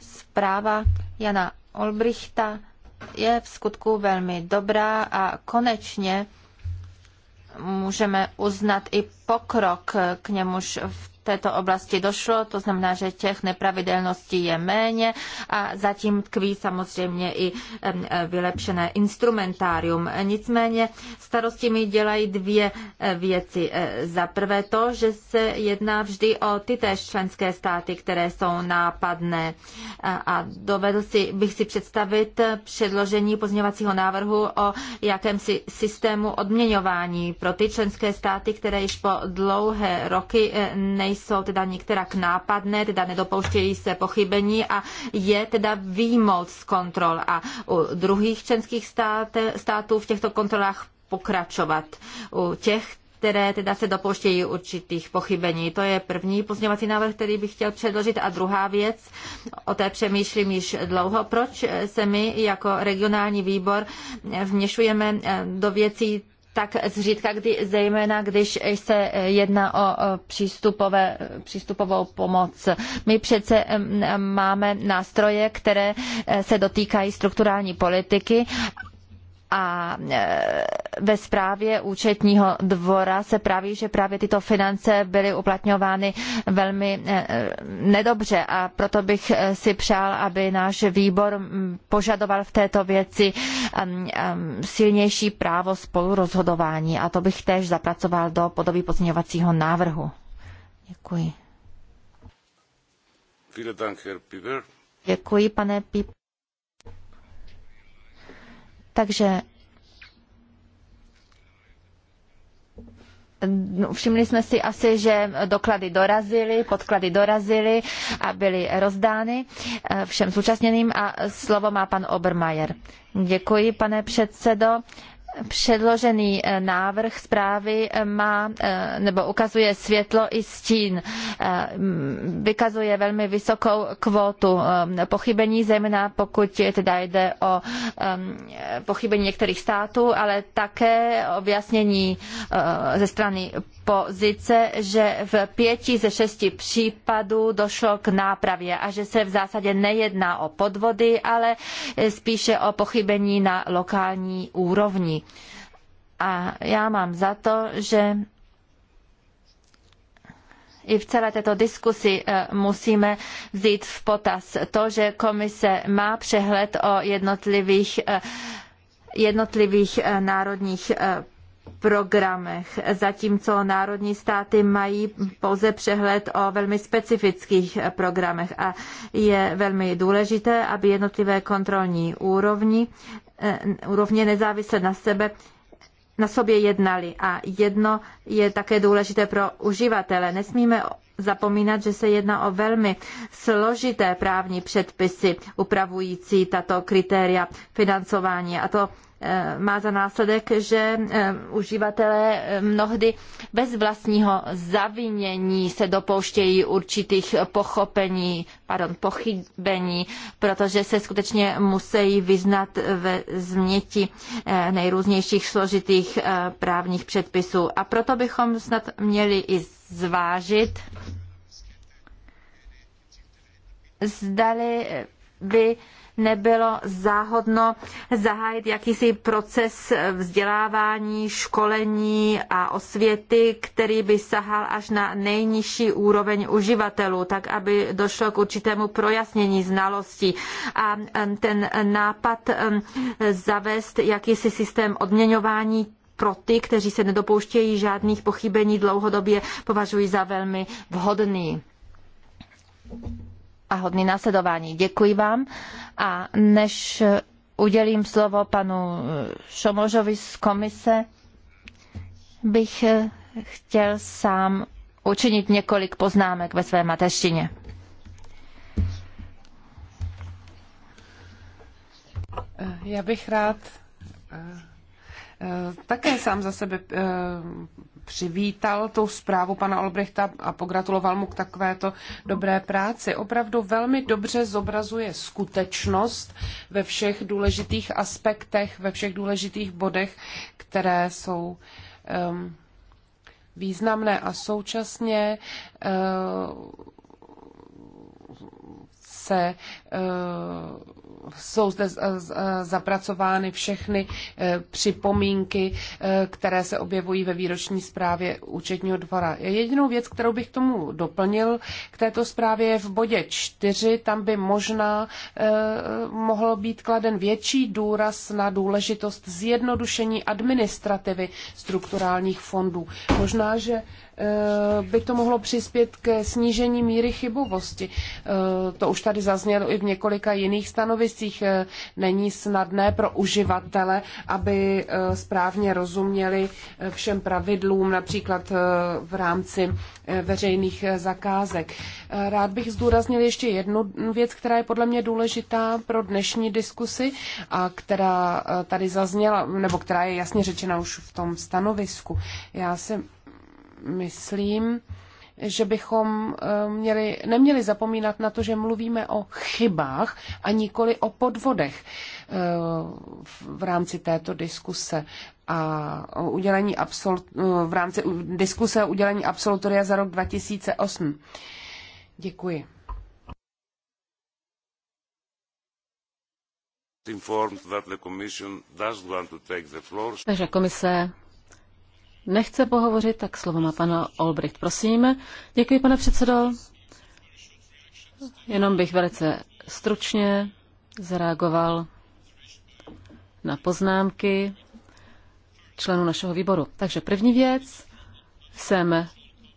Zpráva Jana Olbrichta je v skutku velmi dobrá a konečně můžeme uznat i pokrok, k němuž v této oblasti došlo, to znamená, že těch nepravidelností je méně a zatím tkví samozřejmě i vylepšené instrumentárium. Nicméně starosti mi dělají dvě e, věci. E, za prvé to, že se jedná vždy o ty též členské státy, které jsou nápadné e, a dovedl si, bych si představit předložení pozměňovacího návrhu o jakémsi systému odměňování pro ty členské státy, které již po dlouhé roky nejsou nejsou teda některak nápadné, teda nedopouštějí se pochybení a je teda výmoc z kontrol. A u druhých členských stát, států v těchto kontrolách pokračovat. U těch, které teda se dopouštějí určitých pochybení. To je první pozměvací návrh, který bych chtěl předložit. A druhá věc, o té přemýšlím již dlouho, proč se my jako regionální výbor vměšujeme do věcí tak zřídka, kdy, zejména když se jedná o přístupové, přístupovou pomoc. My přece máme nástroje, které eh, se dotýkají strukturální politiky a e, ve zprávě účetního dvora se praví, že právě tyto finance byly uplatňovány velmi e, nedobře a proto bych e, si přál, aby náš výbor požadoval v této věci silnější právo spolurozhodování a to bych též zapracoval do podoby pozměňovacího návrhu. Děkuji. Děkuji, pane Piper. Takže no, Všimli jsme si asi, že doklady dorazily, podklady dorazily a byly rozdány eh, všem zúčastněným a slovo má pan Obermajer. Děkuji, pane předsedo předložený eh, návrh zprávy eh, má eh, nebo ukazuje světlo i stín. Mm, vykazuje velmi vysokou kvotu pochybení, zejména pokud teda jde o pochybení některých států, ale také o vyjasnění ze strany pozice, že v pěti ze šesti případů došlo k nápravě a že se v zásadě nejedná o podvody, ale spíše o pochybení na lokální úrovni. A já mám za to, že i v celé této diskusi eh, musíme vzít v potaz to, že komise má přehled o jednotlivých eh, jednotlivých eh, národních programech, zatímco národní státy mají pouze přehled o velmi specifických programech a je velmi důležité, aby jednotlivé kontrolní úrovni, eh, úrovně nezávisle na sebe na sobě jednali. A jedno je také důležité pro uživatele. Nesmíme zapomínat, že se jedná o velmi složité právní předpisy upravující tato kritéria financování. A to Eh, má za následek, že eh, uživatelé eh, mnohdy bez vlastního zavinění se dopouštějí určitých pochopení, pardon, pochybení, protože se skutečně musí vyznat ve změti nejrůznějších složitých právních předpisů. A proto bychom snad měli i zvážit, zdali by nebylo záhodno zahájit jakýsi proces vzdělávání, školení a osvěty, který by sahal až na nejnižší úroveň uživatelů, tak aby došlo k určitému projasnění znalostí. A ten nápad zavést jakýsi systém odměňování pro ty, kteří se nedopouštějí žádných pochybení dlouhodobě, považuji za velmi vhodný a hodný následování. Děkuji vám a než udělím slovo panu Šomožovi z komise, bych chtěl sám učinit několik poznámek ve své mateštině. Já bych rád eh, eh, také sám za sebe eh, přivítal tu zprávu pana Olbrichta a pogratuloval mu k takovéto dobré práci. Opravdu velmi dobře zobrazuje skutečnost ve všech důležitých aspektech, ve všech důležitých bodech, které jsou um, významné a současně uh, se uh, jsou zde zapracovány všechny eh, připomínky, eh, které se objevují ve výroční zprávě účetního dvora. Jedinou věc, kterou bych k tomu doplnil k této zprávě je v bodě 4, tam by možná eh, mohlo být kladen větší důraz na důležitost zjednodušení administrativy strukturálních fondů. Možná, že Eh, by to mohlo přispět ke snížení míry chybovosti. Eh, to už tady zaznělo i v několika jiných stanoviscích. Eh, není snadné pro uživatele, aby správně rozuměli všem pravidlům, například v rámci veřejných zakázek. Rád bych zdůraznil ještě jednu věc, která je podle mě důležitá pro dnešní diskusi a která tady zazněla, nebo která je jasně řečena už v tom stanovisku. Já si myslím, že bychom eh, měli, neměli zapomínat na to, že mluvíme o chybách a nikoli o podvodech eh, v rámci této diskuse a udělení absolut, eh, v rámci diskuse o udělení absolutoria za rok 2008. Děkuji. Takže komise nechce pohovořit, tak slovo má pana Olbricht. Prosím. Děkuji, pane předsedo. Jenom bych velice stručně zareagoval na poznámky členů našeho výboru. Takže první věc, jsem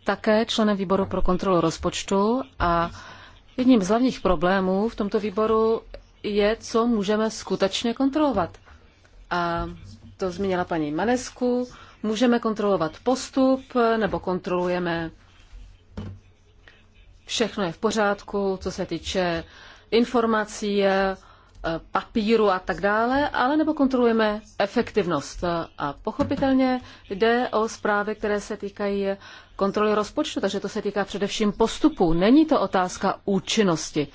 také členem výboru pro kontrolu rozpočtu a jedním z hlavních problémů v tomto výboru je, co můžeme skutečně kontrolovat. A to zmínila paní Manesku, Můžeme kontrolovat postup nebo kontrolujeme všechno je v pořádku, co se týče informací, eh, papíru a tak dále, ale nebo kontrolujeme efektivnost. A pochopitelně jde o zprávy, které se týkají kontroly rozpočtu, takže to se týká především postupu. Není to otázka účinnosti.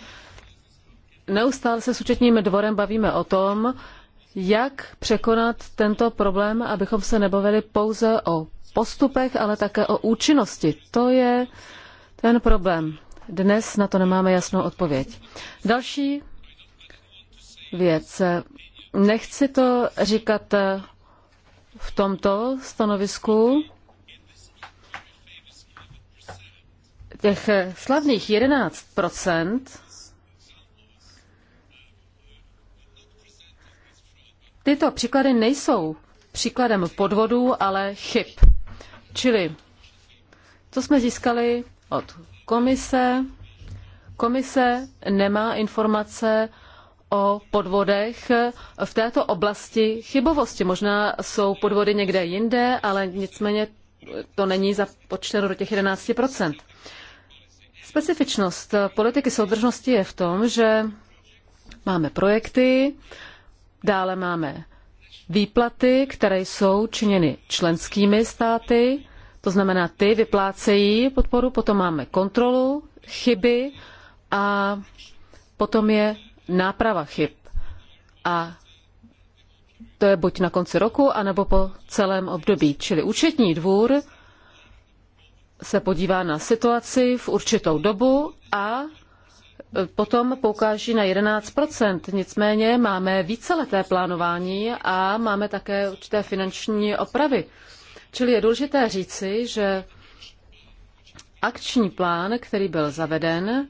Neustále se s účetním dvorem bavíme o tom, jak překonat tento problém, abychom se nebavili pouze o postupech, ale také o účinnosti. To je ten problém. Dnes na to nemáme jasnou odpověď. Další věc. Nechci to říkat v tomto stanovisku. Těch slavných 11 Tyto příklady nejsou příkladem podvodů, ale chyb. Čili, co jsme získali od komise, komise nemá informace o podvodech v této oblasti chybovosti. Možná jsou podvody někde jinde, ale nicméně to není započteno do těch 11 Specifičnost politiky soudržnosti je v tom, že máme projekty, Dále máme výplaty, které jsou činěny členskými státy, to znamená, ty vyplácejí podporu, potom máme kontrolu, chyby a potom je náprava chyb. A to je buď na konci roku, anebo po celém období. Čili účetní dvůr se podívá na situaci v určitou dobu a potom poukáží na 11 Nicméně máme víceleté plánování a máme také určité finanční opravy. Čili je důležité říci, že akční plán, který byl zaveden,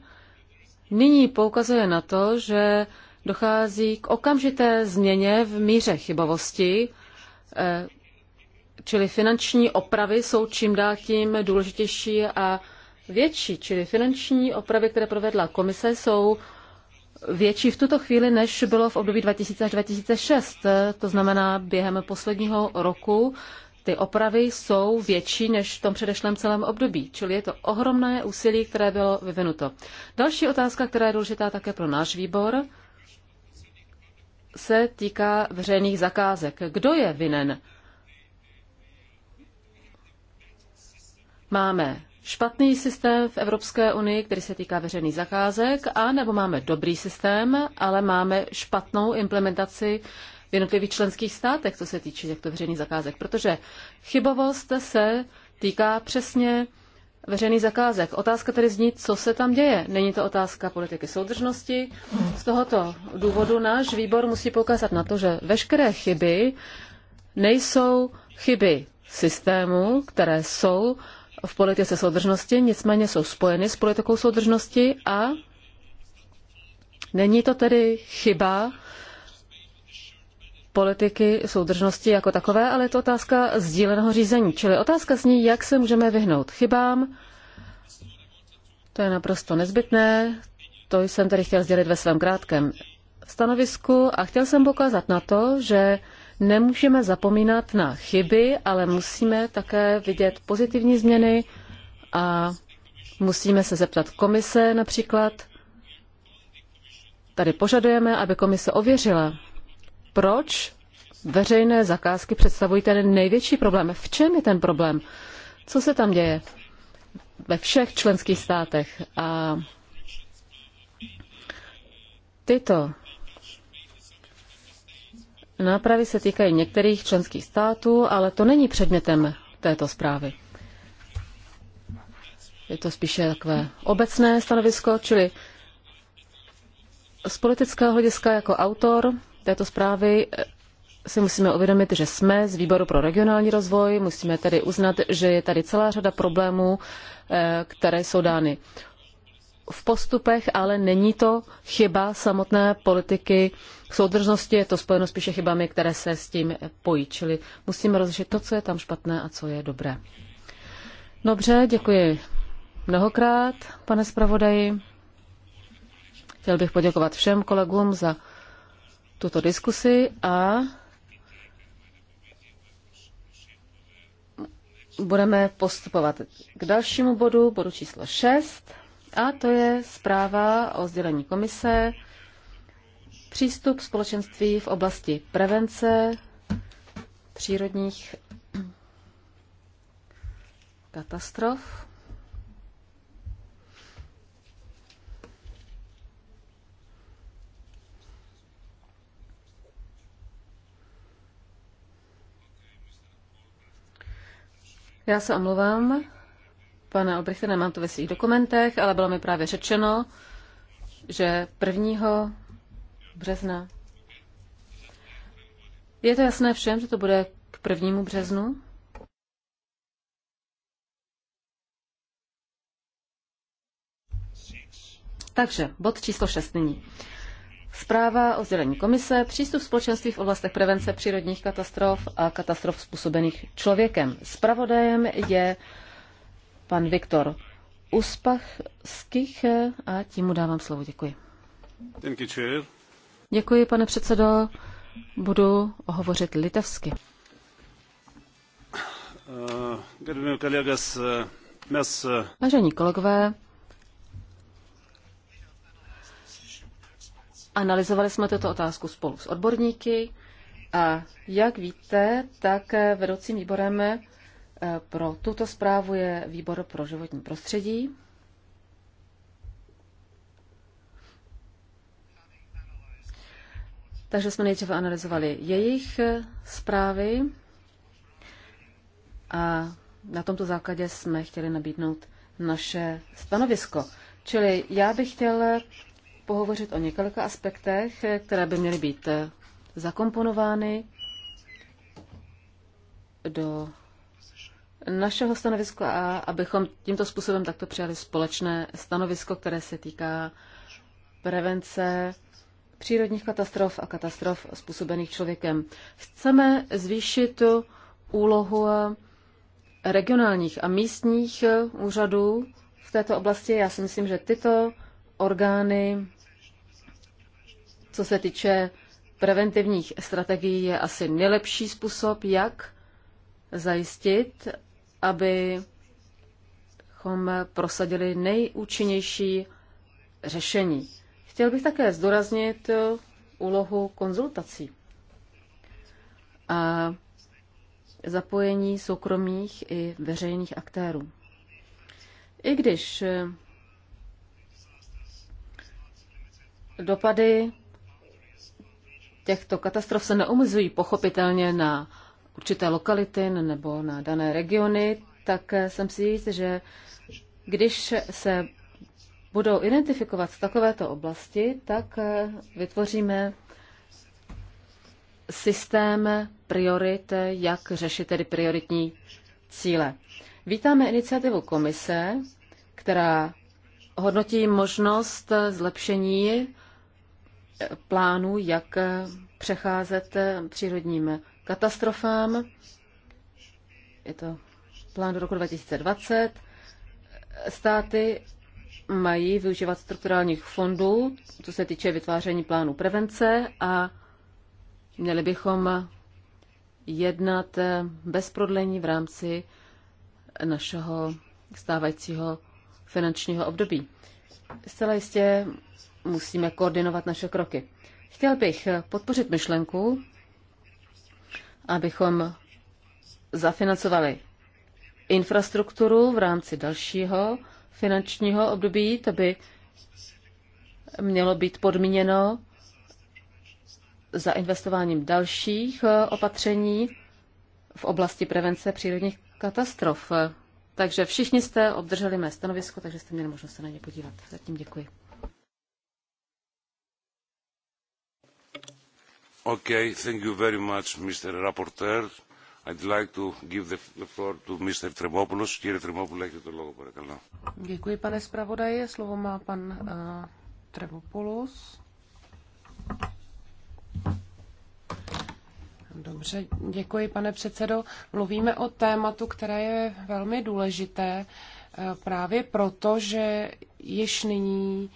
nyní poukazuje na to, že dochází k okamžité změně v míře chybovosti, eh, čili finanční opravy jsou čím dál tím důležitější a větší, čili finanční opravy, které provedla komise, jsou větší v tuto chvíli, než bylo v období 2000 až 2006. To znamená, během posledního roku ty opravy jsou větší než v tom předešlém celém období, čili je to ohromné úsilí, které bylo vyvinuto. Další otázka, která je důležitá také pro náš výbor, se týká veřejných zakázek. Kdo je vinen? Máme špatný systém v Evropské unii, který se týká veřejných zakázek, a nebo máme dobrý systém, ale máme špatnou implementaci v jednotlivých členských státech, co se týče těchto veřejných zakázek, protože chybovost se týká přesně veřejných zakázek. Otázka tedy zní, co se tam děje. Není to otázka politiky soudržnosti. Z tohoto důvodu náš výbor musí poukázat na to, že veškeré chyby nejsou chyby systému, které jsou v politice soudržnosti, nicméně jsou spojeny s politikou soudržnosti a není to tedy chyba politiky soudržnosti jako takové, ale je to otázka sdíleného řízení. Čili otázka zní, jak se můžeme vyhnout chybám. To je naprosto nezbytné. To jsem tady chtěl sdělit ve svém krátkém stanovisku a chtěl jsem pokázat na to, že Nemůžeme zapomínat na chyby, ale musíme také vidět pozitivní změny a musíme se zeptat komise například. Tady požadujeme, aby komise ověřila, proč veřejné zakázky představují ten největší problém. V čem je ten problém? Co se tam děje? Ve všech členských státech. A tyto Nápravy se týkají některých členských států, ale to není předmětem této zprávy. Je to spíše takové obecné stanovisko, čili z politického hlediska jako autor této zprávy eh, si musíme uvědomit, že jsme z výboru pro regionální rozvoj, musíme tedy uznat, že je tady celá řada problémů, eh, které jsou dány v postupech, ale není to chyba samotné politiky v soudržnosti je to spojeno spíše chybami, které se s tím pojí. Čili musíme rozlišit to, co je tam špatné a co je dobré. Dobře, děkuji mnohokrát, pane zpravodaji. Chtěl bych poděkovat všem kolegům za tuto diskusi a budeme postupovat k dalšímu bodu, bodu číslo 6, a to je zpráva o sdělení komise Přístup společenství v oblasti prevence přírodních katastrof. Já se omluvám, pane Obrichte, nemám to ve svých dokumentech, ale bylo mi právě řečeno, že prvního března. Je to jasné všem, že to bude k prvnímu březnu? Takže bod číslo 6 nyní. Zpráva o sdělení komise, přístup společenství v oblastech prevence přírodních katastrof a katastrof způsobených člověkem. Spravodajem je pan Viktor Uspachských a tím mu dávám slovo. Děkuji. Děkuji. Děkuji, pane předsedo. Budu hovořit litevsky. Vážení kolegové, analyzovali jsme tuto otázku spolu s odborníky a jak víte, tak vedoucím výborem eh, pro tuto zprávu je výbor pro životní prostředí. Takže jsme nejdříve analyzovali jejich eh, zprávy a na tomto základě jsme chtěli nabídnout naše stanovisko. Čili já bych chtěl pohovořit o několika aspektech, eh, které by měly být eh, zakomponovány do našeho stanoviska a abychom tímto způsobem takto přijali společné stanovisko, které se týká prevence přírodních katastrof a katastrof způsobených člověkem. Chceme zvýšit úlohu regionálních a místních úřadů v této oblasti. Já si myslím, že tyto orgány, co se týče preventivních strategií, je asi nejlepší způsob, jak zajistit, aby prosadili nejúčinnější řešení. Chtěl bych také zdůraznit eh, úlohu konzultací a zapojení soukromých i veřejných aktérů. I když eh, dopady těchto katastrof se neomezují pochopitelně na určité lokality nebo na dané regiony, tak eh, jsem si jist, že když se budou identifikovat takovéto oblasti, tak eh, vytvoříme systém priorit, eh, jak řešit tedy prioritní cíle. Vítáme iniciativu komise, která hodnotí možnost eh, zlepšení plánu, jak přecházet přírodním katastrofám. Je to plán do roku 2020. Státy mají využívat strukturálních fondů, co se týče vytváření plánu prevence a měli bychom jednat bez prodlení v rámci našeho stávajícího finančního období. Zcela jistě musíme koordinovat naše kroky. Chtěl bych podpořit myšlenku, abychom zafinancovali infrastrukturu v rámci dalšího finančního období. To by mělo být podmíněno za investováním dalších eh, opatření v oblasti prevence přírodních katastrof. Takže všichni jste obdrželi mé stanovisko, takže jste měli možnost se na ně podívat. Zatím děkuji. Okay, thank you very much, Mr. Rapporteur. I'd like to give the floor to Mr. Tremopoulos. Κύριε έχετε το λόγο, παρακαλώ. Děkuji, pane zpravodaji. Slovo má pan uh, Tremopoulos. Dobře, děkuji, pane předsedo. Mluvíme o tématu, které je velmi důležité uh, právě proto, že již nyní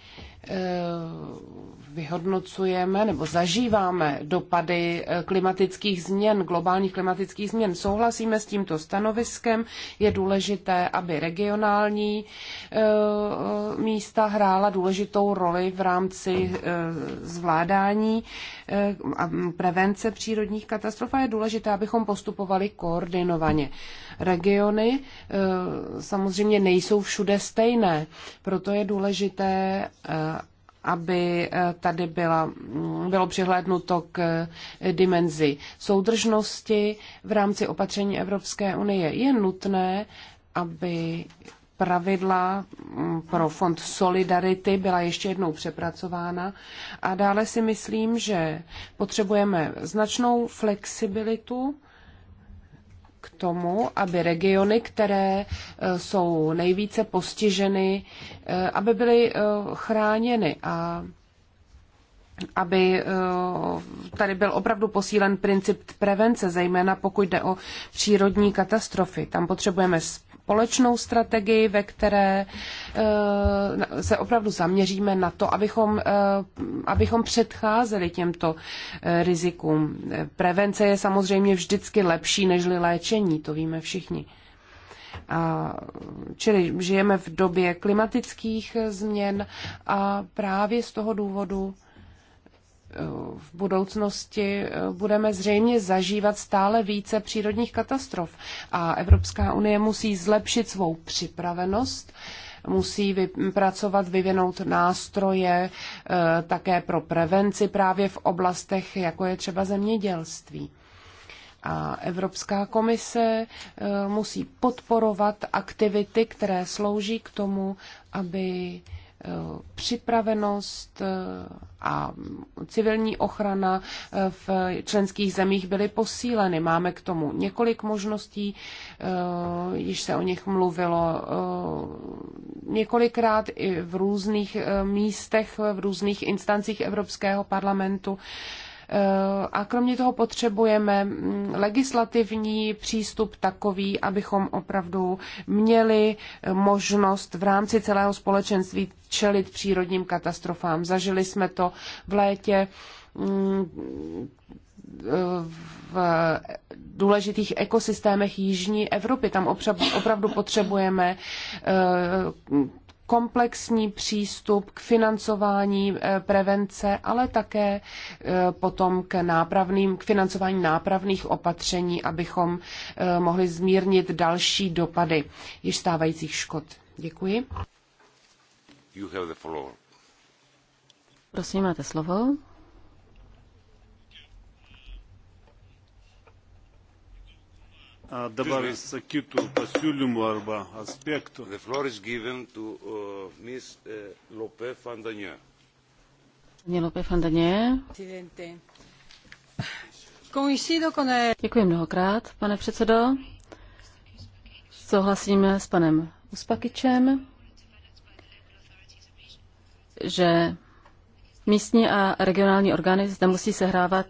uh, vyhodnocujeme nebo zažíváme dopady eh, klimatických změn, globálních klimatických změn. Souhlasíme s tímto stanoviskem. Je důležité, aby regionální eh, eh, místa hrála důležitou roli v rámci zvládání a prevence přírodních katastrof a je důležité, abychom postupovali koordinovaně. Regiony samozřejmě nejsou všude stejné, proto je důležité, aby eh, tady byla, mm, bylo přihlédnuto k eh, dimenzi soudržnosti v rámci opatření Evropské unie. Je nutné, aby pravidla mm, pro fond Solidarity byla ještě jednou přepracována. A dále si myslím, že potřebujeme značnou flexibilitu k tomu, aby regiony, které e, jsou nejvíce postiženy, e, aby byly e, chráněny a aby tady byl opravdu posílen princip prevence, zejména pokud jde o přírodní katastrofy. Tam potřebujeme společnou strategii, ve které eh, se opravdu zaměříme na to, abychom, eh, abychom předcházeli těmto eh, rizikům. Prevence je samozřejmě vždycky lepší než léčení, to víme všichni. A, čili žijeme v době klimatických změn a právě z toho důvodu v budoucnosti eh, budeme zřejmě zažívat stále více přírodních katastrof a Evropská unie musí zlepšit svou připravenost, musí vypracovat, vyvinout nástroje eh, také pro prevenci právě v oblastech, jako je třeba zemědělství. A Evropská komise eh, musí podporovat aktivity, které slouží k tomu, aby připravenost eh, a civilní ochrana eh, v členských zemích byly posíleny. Máme k tomu několik možností, eh, již se o nich mluvilo několikrát i v různých místech, v různých instancích Evropského parlamentu. Eh, a kromě toho potřebujeme mm, legislativní přístup takový, abychom opravdu měli eh, možnost v rámci celého společenství čelit přírodním katastrofám. Zažili jsme to v létě mm, v důležitých ekosystémech Jižní Evropy. Tam opravdu potřebujeme eh, komplexní přístup k financování eh, prevence, ale také eh, potom k, nápravným, k financování nápravných opatření, abychom eh, mohli zmírnit další dopady již stávajících škod. Děkuji. You have the floor. Prosím, máte slovo. dabar sakytų pasiūlymų arba aspektų. The floor is given to uh, Ms. Uh, Lope Fandanie. Lope Fandanie. Děkuji mnohokrát, pane předsedo. Souhlasíme s panem Uspakičem, že místní a regionální orgány zde musí sehrávat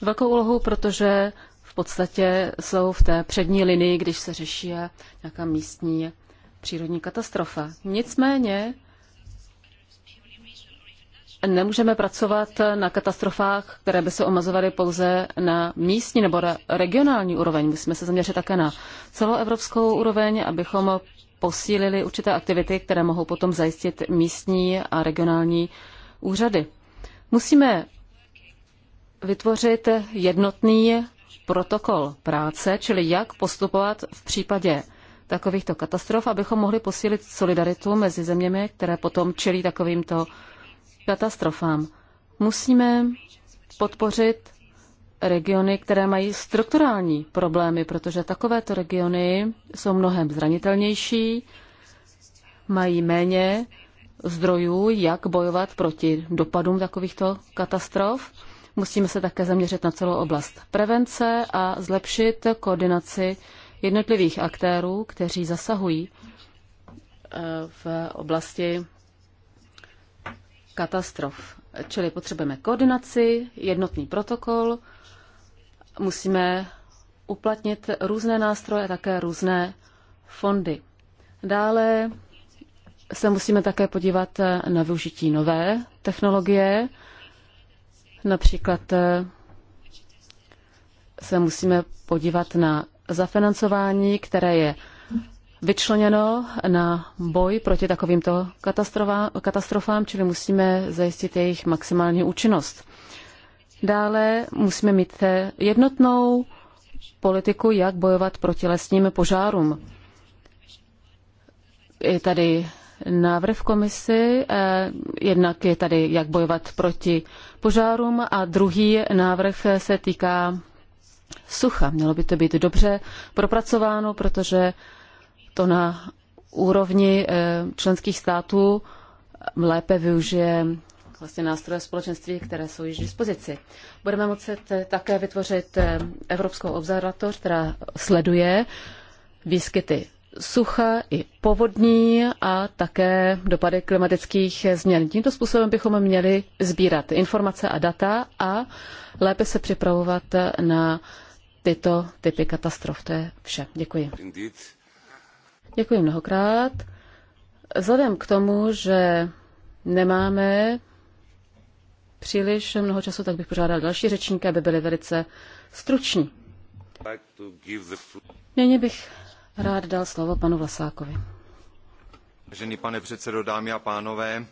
velkou úlohu, protože podstatě jsou v té přední linii, když se řeší nějaká místní přírodní katastrofa. Nicméně nemůžeme pracovat na katastrofách, které by se omazovaly pouze na místní nebo regionální úroveň. Musíme se zaměřit také na celoevropskou úroveň, abychom posílili určité aktivity, které mohou potom zajistit místní a regionální úřady. Musíme vytvořit jednotný protokol práce, čili jak postupovat v případě takovýchto katastrof, abychom mohli posílit solidaritu mezi zeměmi, které potom čelí takovýmto katastrofám. Musíme podpořit regiony, které mají strukturální problémy, protože takovéto regiony jsou mnohem zranitelnější, mají méně zdrojů, jak bojovat proti dopadům takovýchto katastrof. Musíme se také zaměřit na celou oblast prevence a zlepšit koordinaci jednotlivých aktérů, kteří zasahují eh, v oblasti katastrof. Čili potřebujeme koordinaci, jednotný protokol, musíme uplatnit různé nástroje a také různé fondy. Dále se musíme také podívat na využití nové technologie, Například eh, se musíme podívat na zafinancování, které je vyčleněno na boj proti takovýmto katastrofám, čili musíme zajistit jejich maximální účinnost. Dále musíme mít eh, jednotnou politiku, jak bojovat proti lesním požárům. Je tady návrh v komisi. Eh, jednak je tady, jak bojovat proti požárům a druhý návrh se týká sucha. Mělo by to být dobře propracováno, protože to na úrovni eh, členských států lépe využije vlastně nástroje společenství, které jsou již v dispozici. Budeme moci eh, také vytvořit Evropskou observatoř, která sleduje výskyty sucha i povodní a také dopady klimatických změn. Tímto způsobem bychom měli sbírat informace a data a lépe se připravovat na tyto typy katastrof. To je vše. Děkuji. Děkuji mnohokrát. Vzhledem k tomu, že nemáme příliš mnoho času, tak bych požádal další řečníky, aby byli velice struční. Nyní bych rád dal slovo panu Vlasákovi. Vážený pane předsedo, dámy a pánové,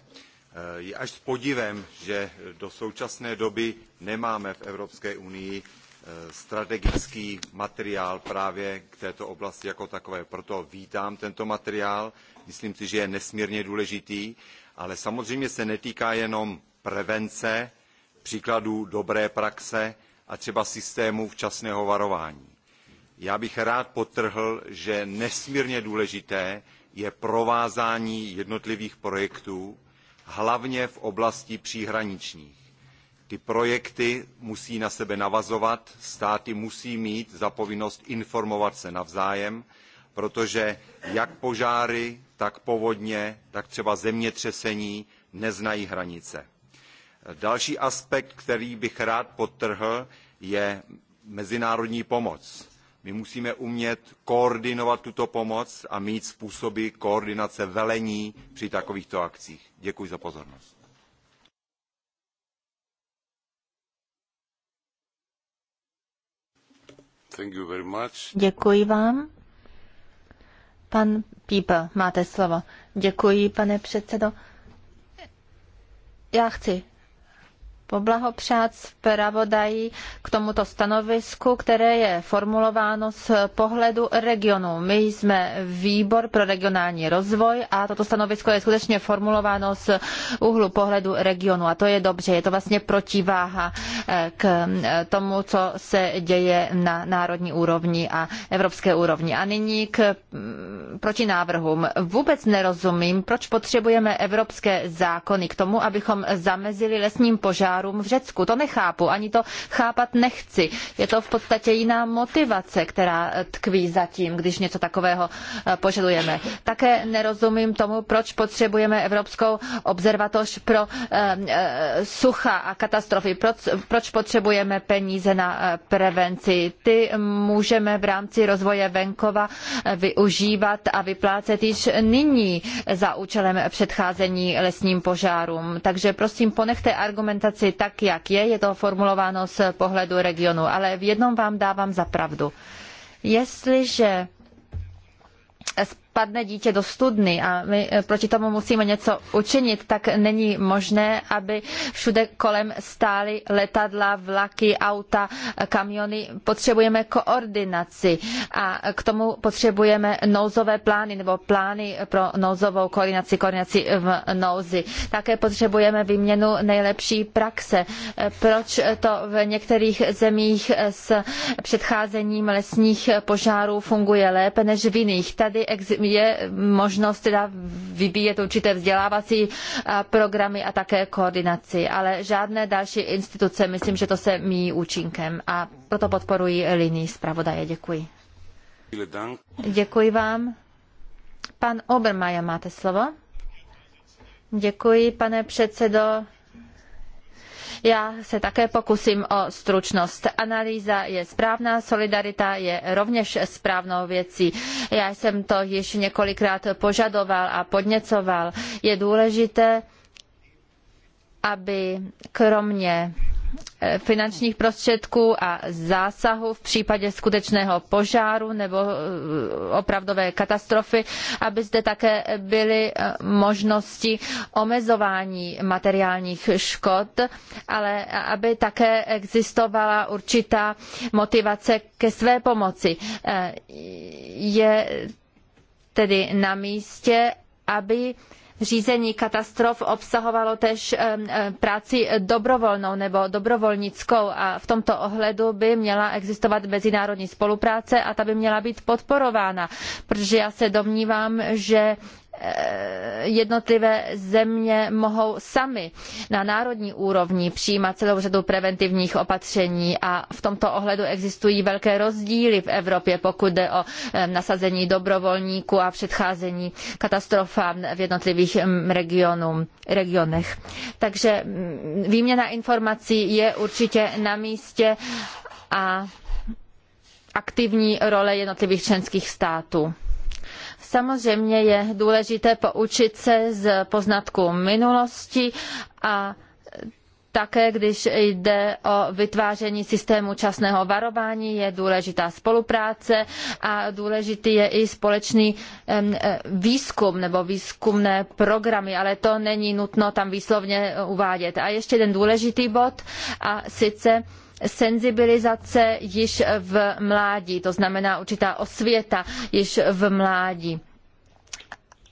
je až s podivem, že do současné doby nemáme v Evropské unii eh, strategický materiál právě k této oblasti jako takové. Proto vítám tento materiál, myslím si, že je nesmírně důležitý, ale samozřejmě se netýká jenom prevence, příkladů dobré praxe a třeba systému včasného varování. Já bych rád podtrhl, že nesmírně důležité je provázání jednotlivých projektů, hlavně v oblasti příhraničních. Ty projekty musí na sebe navazovat, státy musí mít za povinnost informovat se navzájem, protože jak požáry, tak povodně, tak třeba zemětřesení neznají hranice. Další aspekt, který bych rád podtrhl, je mezinárodní pomoc. My musíme umět koordinovat tuto pomoc a mít způsoby koordinace velení při takovýchto akcích. Děkuji za pozornost. Děkuji vám. Pan Pípa, máte slovo. Děkuji, pane předsedo. Já chci poblahopřát zpravodají k tomuto stanovisku, které je formulováno z pohledu regionu. My jsme výbor pro regionální rozvoj a toto stanovisko je skutečně formulováno z úhlu pohledu regionu a to je dobře. Je to vlastně protiváha eh, k eh, tomu, co se děje na národní úrovni a evropské úrovni. A nyní k mm, protinávrhům. Vůbec nerozumím, proč potřebujeme evropské zákony k tomu, abychom zamezili lesním požárům Bulhárům v Řecku. To nechápu, ani to chápat nechci. Je to v podstatě jiná motivace, která tkví zatím, když něco takového eh, požadujeme. Také nerozumím tomu, proč potřebujeme Evropskou observatoř pro eh, eh, sucha a katastrofy. Proč, proč potřebujeme peníze na prevenci? Ty můžeme v rámci rozvoje venkova využívat a vyplácet již nyní za účelem předcházení lesním požárům. Takže prosím, ponechte argumentaci situaci tak, jak je, je to formulováno z pohledu regionu, ale v jednom vám dávám za pravdu. Jestliže Padne dítě do studny a my eh, proti tomu musíme něco učinit, tak není možné, aby všude kolem stály letadla, vlaky, auta, eh, kamiony. Potřebujeme koordinaci a k tomu potřebujeme nouzové plány nebo plány pro nouzovou koordinaci, koordinaci v nouzi. Také potřebujeme výměnu nejlepší praxe. Eh, proč to v některých zemích s předcházením lesních požárů funguje lépe než v jiných? Tady je možnost teda vybíjet určité vzdělávací eh, programy a také koordinaci, ale žádné další instituce, myslím, že to se míjí účinkem a proto podporuji linii zpravodaje. Děkuji. Děkuji vám. Pan Obermaja, máte slovo. Děkuji, pane předsedo. Já se také pokusím o stručnost. Analýza je správná, solidarita je rovněž správnou věcí. Já jsem to již několikrát požadoval a podněcoval. Je důležité, aby kromě Eh, finančních prostředků a zásahu v případě skutečného požáru nebo eh, opravdové katastrofy, aby zde také byly eh, možnosti omezování materiálních škod, ale aby také existovala určitá motivace ke své pomoci. Je tedy na místě, aby řízení katastrof obsahovalo tež eh, eh, práci dobrovolnou nebo dobrovolnickou a v tomto ohledu by měla existovat mezinárodní spolupráce a ta by měla být podporována, protože já se domnívám, že jednotlivé země mohou sami na národní úrovni přijímat celou řadu preventivních opatření a v tomto ohledu existují velké rozdíly v Evropě, pokud jde o eh, nasazení dobrovolníků a předcházení katastrofám v jednotlivých mm, regionů, regionech. Takže mm, výměna informací je určitě na místě a aktivní role jednotlivých členských států. Samozřejmě je důležité poučit se z poznatků minulosti a také když jde o vytváření systému časného varování, je důležitá spolupráce a důležitý je i společný e, výzkum nebo výzkumné programy, ale to není nutno tam výslovně uvádět. A ještě jeden důležitý bod a sice senzibilizace již v mládí, to znamená určitá osvěta již v mládí.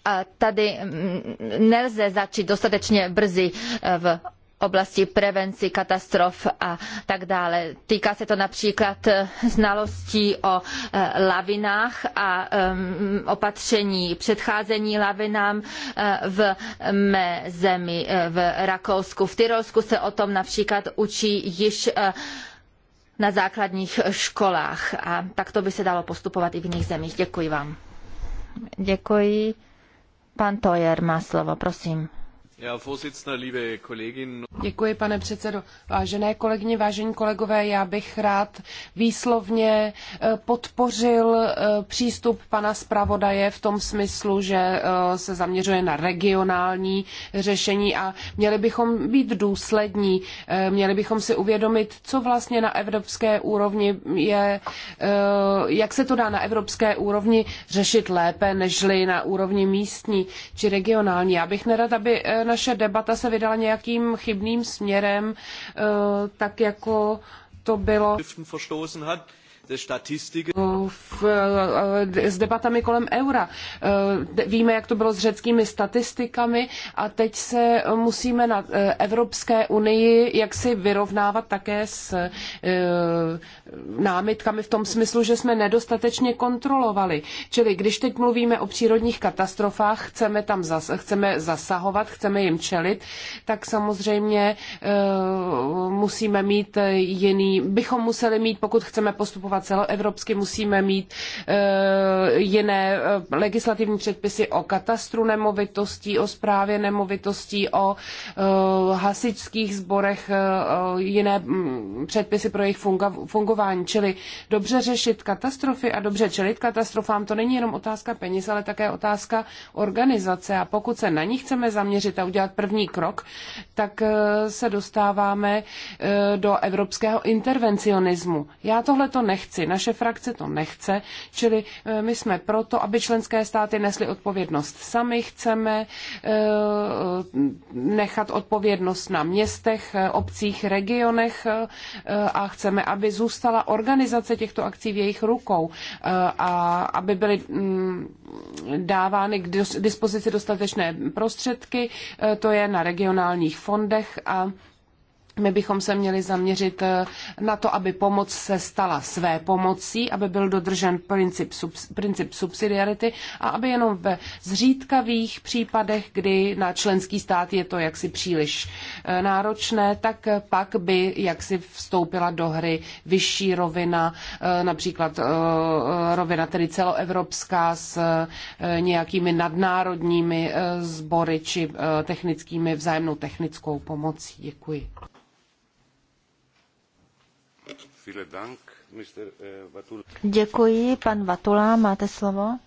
A tady mm, nelze začít dostatečně brzy eh, v oblasti prevenci katastrof a tak dále. Týká se to například eh, znalostí o eh, lavinách a mm, opatření předcházení lavinám eh, v mé zemi, v Rakousku. V Tyrolsku se o tom například učí již na základních školách a takto by se dalo postupovat i v jiných zemích. Děkuji vám. Děkuji. Pan Tojer má slovo, prosím. Děkuji, pane předsedo. Vážené kolegyně, vážení kolegové, já bych rád výslovně eh, podpořil eh, přístup pana zpravodaje v tom smyslu, že eh, se zaměřuje na regionální řešení a měli bychom být důslední, měli bychom si uvědomit, co vlastně na evropské úrovni je, jak se to dá na evropské úrovni řešit lépe, nežli na úrovni místní či regionální. Já bych nerad, aby naše debata se vydala nějakým chybným směrem, eh, tak jako to bylo. No, s debatami kolem eura. Eh, víme, jak to bylo s řeckými statistikami a teď se musíme na eh, Evropské unii jak si vyrovnávat také s eh, námitkami v tom smyslu, že jsme nedostatečně kontrolovali. Čili když teď mluvíme o přírodních katastrofách, chceme tam zas, chceme zasahovat, chceme jim čelit, tak samozřejmě musíme mít jiný, bychom museli mít, pokud chceme postupovat práva celoevropsky, musíme mít eh, jiné eh, legislativní předpisy o katastru nemovitostí, o správě nemovitostí, o eh, hasičských sborech, jiné mm, předpisy pro jejich fungování. Čili dobře řešit katastrofy a dobře čelit katastrofám, to není jenom otázka peněz, ale také otázka organizace. A pokud se na ní chceme zaměřit a udělat první krok, tak se dostáváme do evropského intervencionismu. Já tohle to nechci nechci. Naše frakce to nechce, čili eh, my jsme proto, aby členské státy nesly odpovědnost sami. Chceme eh, nechat odpovědnost na městech, eh, obcích, regionech a chceme, aby zůstala organizace těchto akcí v jejich rukou a aby byly mm, dávány k dispozici dostatečné prostředky. To je na regionálních fondech a my bychom se měli zaměřit eh, na to, aby pomoc se stala své pomocí, aby byl dodržen princip, princip subsidiarity a aby jenom ve zřídkavých případech, kdy na členský stát je to jaksi příliš eh, náročné, tak pak by jaksi vstoupila do hry vyšší rovina, eh, například rovina tedy celoevropská s nějakými nadnárodními sbory či technickými vzájemnou technickou pomocí. Děkuji. Eh, Děkuji, pan Vatula, máte slovo.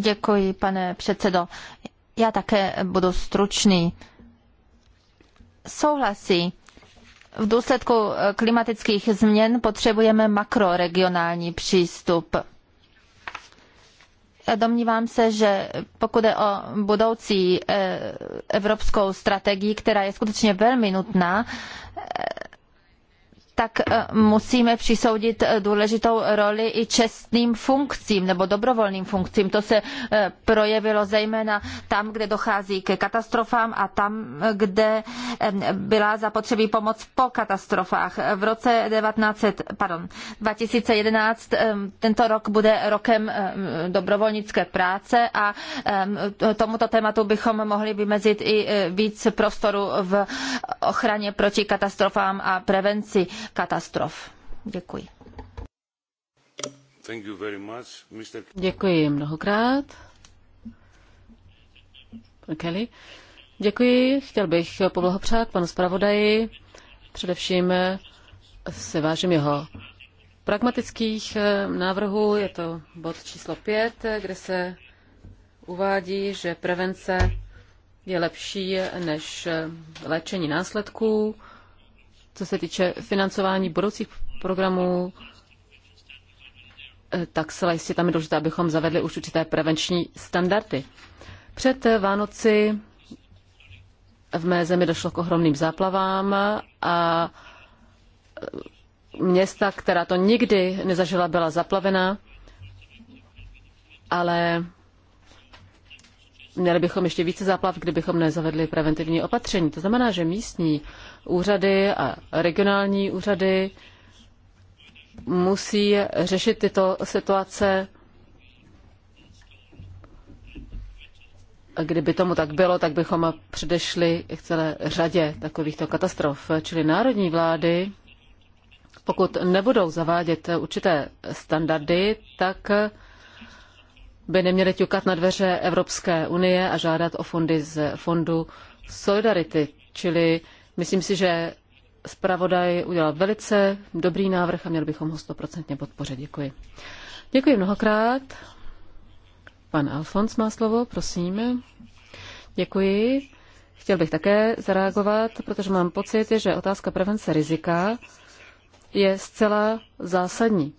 Děkuji, pane předsedo. Já také budu stručný. Souhlasí. V důsledku klimatických změn potřebujeme makroregionální přístup Domnívám se, že pokud je o budoucí eh, evropskou strategii, která je skutečně velmi nutná, eh, tak eh, musíme přisoudit eh, důležitou roli i čestným funkcím nebo dobrovolným funkcím. To se eh, projevilo zejména tam, kde dochází ke katastrofám a tam, kde byla zapotřebí pomoc po katastrofách. V roce 19, pardon, 2011 tento rok bude rokem dobrovolnické práce a tomuto tématu bychom mohli vymezit i víc prostoru v ochraně proti katastrofám a prevenci katastrof. Děkuji. Thank you very much, Mr. Děkuji mnohokrát. Pan Kelly. Děkuji. Chtěl bych poblahopřát panu zpravodaji. Především se vážím jeho pragmatických eh, návrhů. Je to bod číslo 5, kde se uvádí, že prevence je lepší než eh, léčení následků co se týče financování budoucích programů, eh, tak se jistě tam je důležité, abychom zavedli už určité prevenční standardy. Před Vánoci v mé zemi došlo k ohromným záplavám a eh, města, která to nikdy nezažila, byla zaplavená, ale měli bychom ještě více záplav, kdybychom nezavedli preventivní opatření. To znamená, že místní úřady a regionální úřady musí řešit tyto situace. Kdyby tomu tak bylo, tak bychom předešli k celé řadě takovýchto katastrof. Čili národní vlády, pokud nebudou zavádět určité standardy, tak by neměli ťukat na dveře Evropské unie a žádat o fondy z fondu Solidarity. Čili myslím si, že zpravodaj udělal velice dobrý návrh a měli bychom ho stoprocentně podpořit. Děkuji. Děkuji mnohokrát. Pan Alfons má slovo, prosím. Děkuji. Chtěl bych také zareagovat, protože mám pocit, že otázka prevence rizika je zcela zásadní.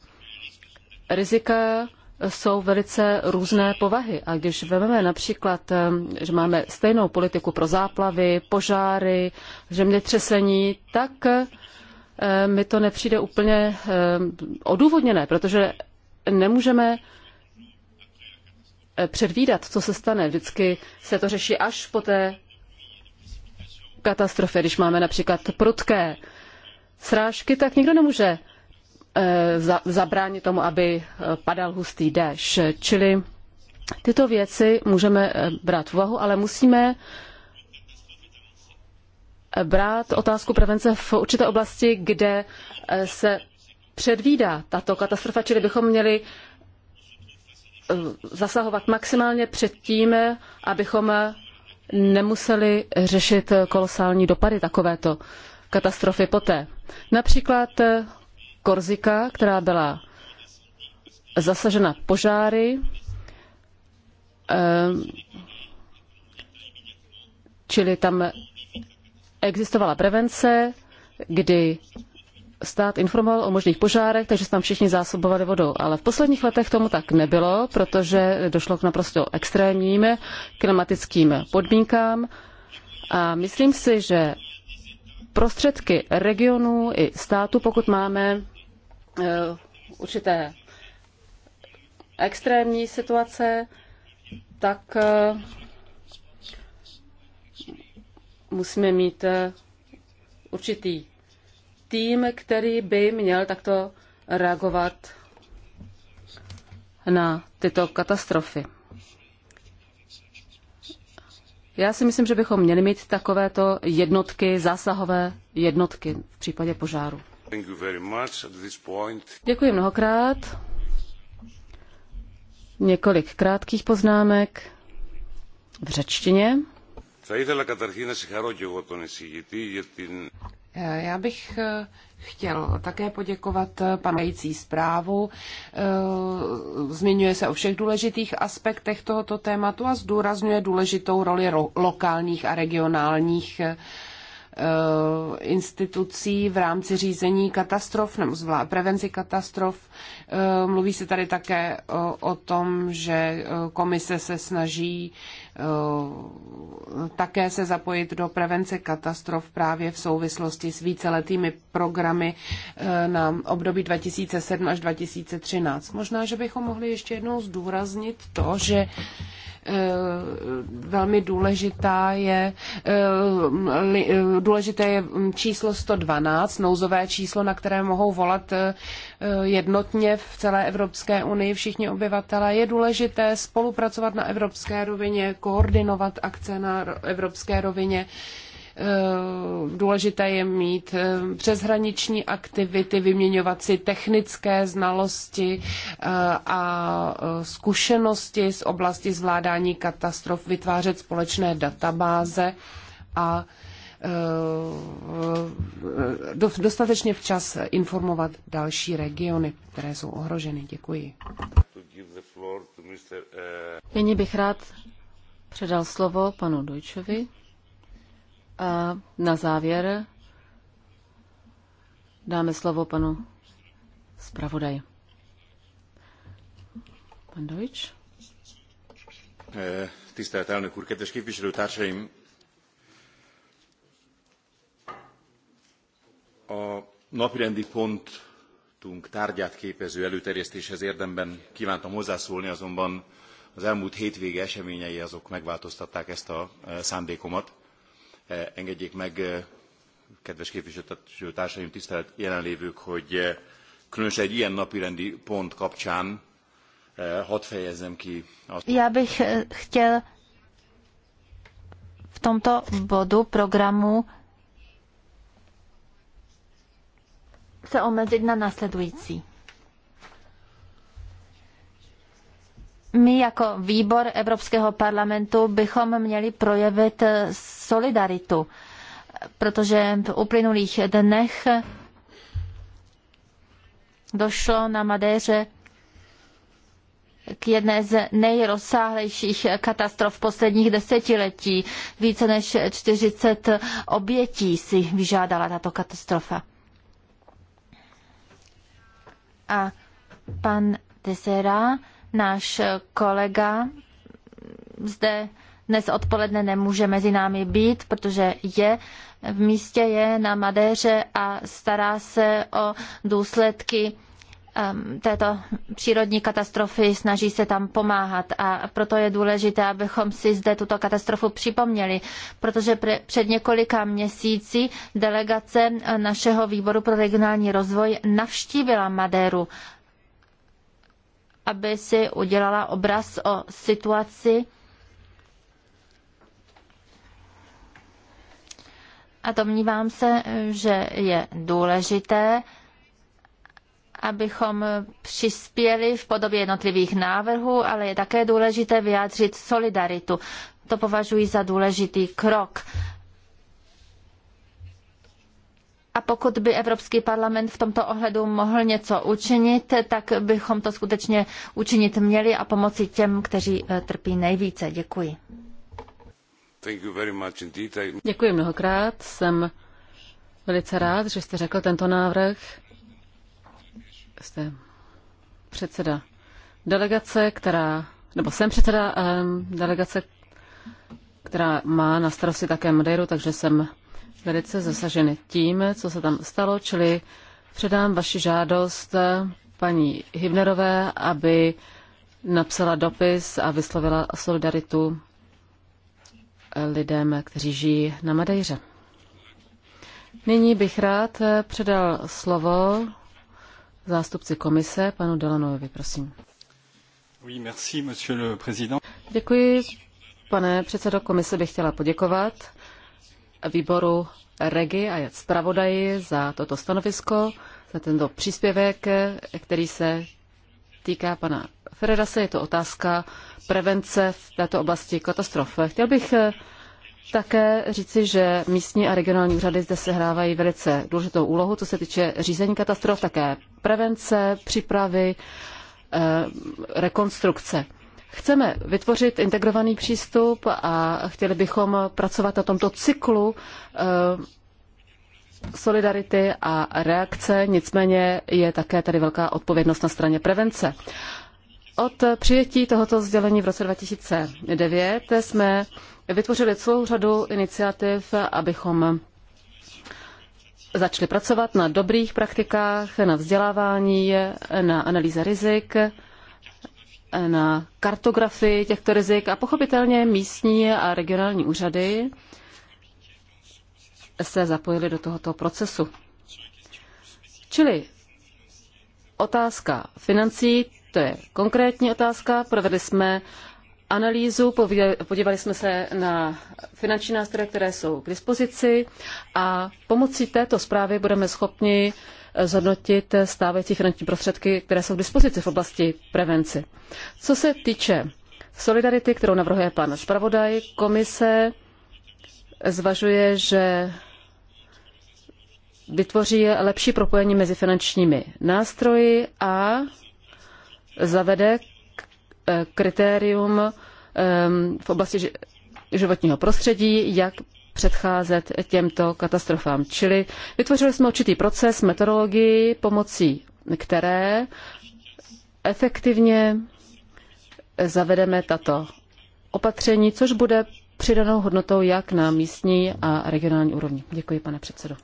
Rizika jsou velice různé povahy. A když vezmeme například, že máme stejnou politiku pro záplavy, požáry, zemětřesení, tak mi to nepřijde úplně odůvodněné, protože nemůžeme eh, předvídat, co se stane. Vždycky se to řeší až po té katastrofě. Když máme například prudké srážky, tak nikdo nemůže Eh, zabránit tomu, aby eh, padal hustý déšť. Čili tyto věci můžeme eh, brát v úvahu, ale musíme brát otázku prevence v určité oblasti, kde se předvídá tato katastrofa, čili bychom měli zasahovat maximálně předtím, abychom nemuseli řešit kolosální dopady takovéto katastrofy poté. Například Korzika, která byla zasažena požáry. Eh, čili tam existovala prevence, kdy stát informoval o možných požárech, takže se tam všichni zásobovali vodou. Ale v posledních letech tomu tak nebylo, protože došlo k naprosto extrémním klimatickým podmínkám. A myslím si, že prostředky regionů i státu, pokud máme Eh, určité extrémní situace, tak eh, musíme mít eh, určitý tým, který by měl takto reagovat na tyto katastrofy. Já si myslím, že bychom měli mít takovéto jednotky, zásahové jednotky v případě požáru. Děkuji mnohokrát. Několik krátkých poznámek v řečtině. Já bych chtěl také poděkovat panu Jející zprávu. Zmiňuje se o všech důležitých aspektech tohoto tématu a zdůrazňuje důležitou roli lokálních a regionálních Eh, institucí v rámci řízení katastrof nebo zvlá, prevenci katastrof. Eh, mluví se tady také o, o tom, že eh, komise se snaží Eh, také se zapojit do prevence katastrof právě v souvislosti s víceletými programy eh, na období 2007 až 2013. Možná, že bychom mohli ještě jednou zdůraznit to, že eh, velmi důležitá je, důležité je číslo 112, nouzové číslo, na které mohou volat jednotně v celé Evropské unii všichni obyvatelé. Je důležité spolupracovat na evropské rovině, koordinovat akce na evropské rovině. E, důležité je mít e, přeshraniční aktivity, vyměňovat si technické znalosti e, a zkušenosti z oblasti zvládání katastrof, vytvářet společné databáze a Eh, dostatečně včas informovat další regiony, které jsou ohroženy. Děkuji. Nyní bych rád předal slovo panu Dojčovi a na závěr dáme slovo panu zpravodaji. Pan Dojč. Eh, tisztelt elnök úr, kedves képviselőtársaim! A napirendi pontunk tárgyát képező előterjesztéshez érdemben kívántam hozzászólni, azonban az elmúlt hétvége eseményei azok megváltoztatták ezt a e, szándékomat. E, engedjék meg, e, kedves képviselőtársaim, tisztelt jelenlévők, hogy különösen egy ilyen napirendi pont kapcsán hadd fejezzem ki. Azt. Já bych chtěl v tomto bodu programu se omezit na následující. My jako výbor Evropského parlamentu bychom měli projevit solidaritu, protože v uplynulých dnech došlo na Madéře k jedné z nejrozsáhlejších katastrof posledních desetiletí. Více než 40 obětí si vyžádala tato katastrofa. A pan Tesera, náš kolega, zde dnes odpoledne nemůže mezi námi být, protože je v místě, je na Madeře a stará se o důsledky této přírodní katastrofy, snaží se tam pomáhat a proto je důležité, abychom si zde tuto katastrofu připomněli, protože před několika měsíci delegace eh, našeho výboru pro regionální rozvoj navštívila Madéru, aby si udělala obraz o situaci a domnívám se, že je důležité abychom přispěli v podobě jednotlivých návrhů, ale je také důležité vyjádřit solidaritu. To považuji za důležitý krok. A pokud by Evropský parlament v tomto ohledu mohl něco učinit, tak bychom to skutečně učinit měli a pomoci těm, kteří eh, trpí nejvíce. Děkuji. Děkuji mnohokrát. Jsem velice rád, že jste řekl tento návrh jste předseda delegace, která, nebo jsem předseda um, delegace, která má na starosti také Madeiru, takže jsem velice zasažen tím, co se tam stalo, čili předám vaši žádost eh, paní Hibnerové, aby napsala dopis a vyslovila solidaritu eh, lidem, kteří žijí na Madejře. Nyní bych rád eh, předal slovo zástupci komise, panu Delanovi, prosím. Oui, merci, monsieur le président. Děkuji, pane předsedo komise, bych chtěla poděkovat výboru Regi a zpravodaji za toto stanovisko, za tento příspěvek, který se týká pana Ferrerase. Je to otázka prevence v této oblasti katastrof. Chtěl bych také říci, že místní a regionální úřady zde sehrávají velice důležitou úlohu, co se týče řízení katastrof, také prevence, přípravy, eh, rekonstrukce. Chceme vytvořit integrovaný přístup a chtěli bychom pracovat na tomto cyklu eh, solidarity a reakce, nicméně je také tady velká odpovědnost na straně prevence. Od přijetí tohoto sdělení v roce 2009 jsme vytvořili celou řadu iniciativ, abychom začali pracovat na dobrých praktikách, na vzdělávání, na analýze rizik, na kartografii těchto rizik a pochopitelně místní a regionální úřady se zapojili do tohoto procesu. Čili otázka financí, to je konkrétní otázka. Provedli jsme analýzu, podívali jsme se na finanční nástroje, které jsou k dispozici a pomocí této zprávy budeme schopni zhodnotit stávající finanční prostředky, které jsou k dispozici v oblasti prevence. Co se týče solidarity, kterou navrhuje pan zpravodaj, komise zvažuje, že vytvoří lepší propojení mezi finančními nástroji a zavede eh, kritérium ehm, v oblasti životního prostředí, jak předcházet těmto katastrofám. Čili vytvořili jsme určitý proces, metodologii, pomocí které efektivně zavedeme tato opatření, což bude přidanou hodnotou jak na místní a regionální úrovni. Děkuji, pane předsedo.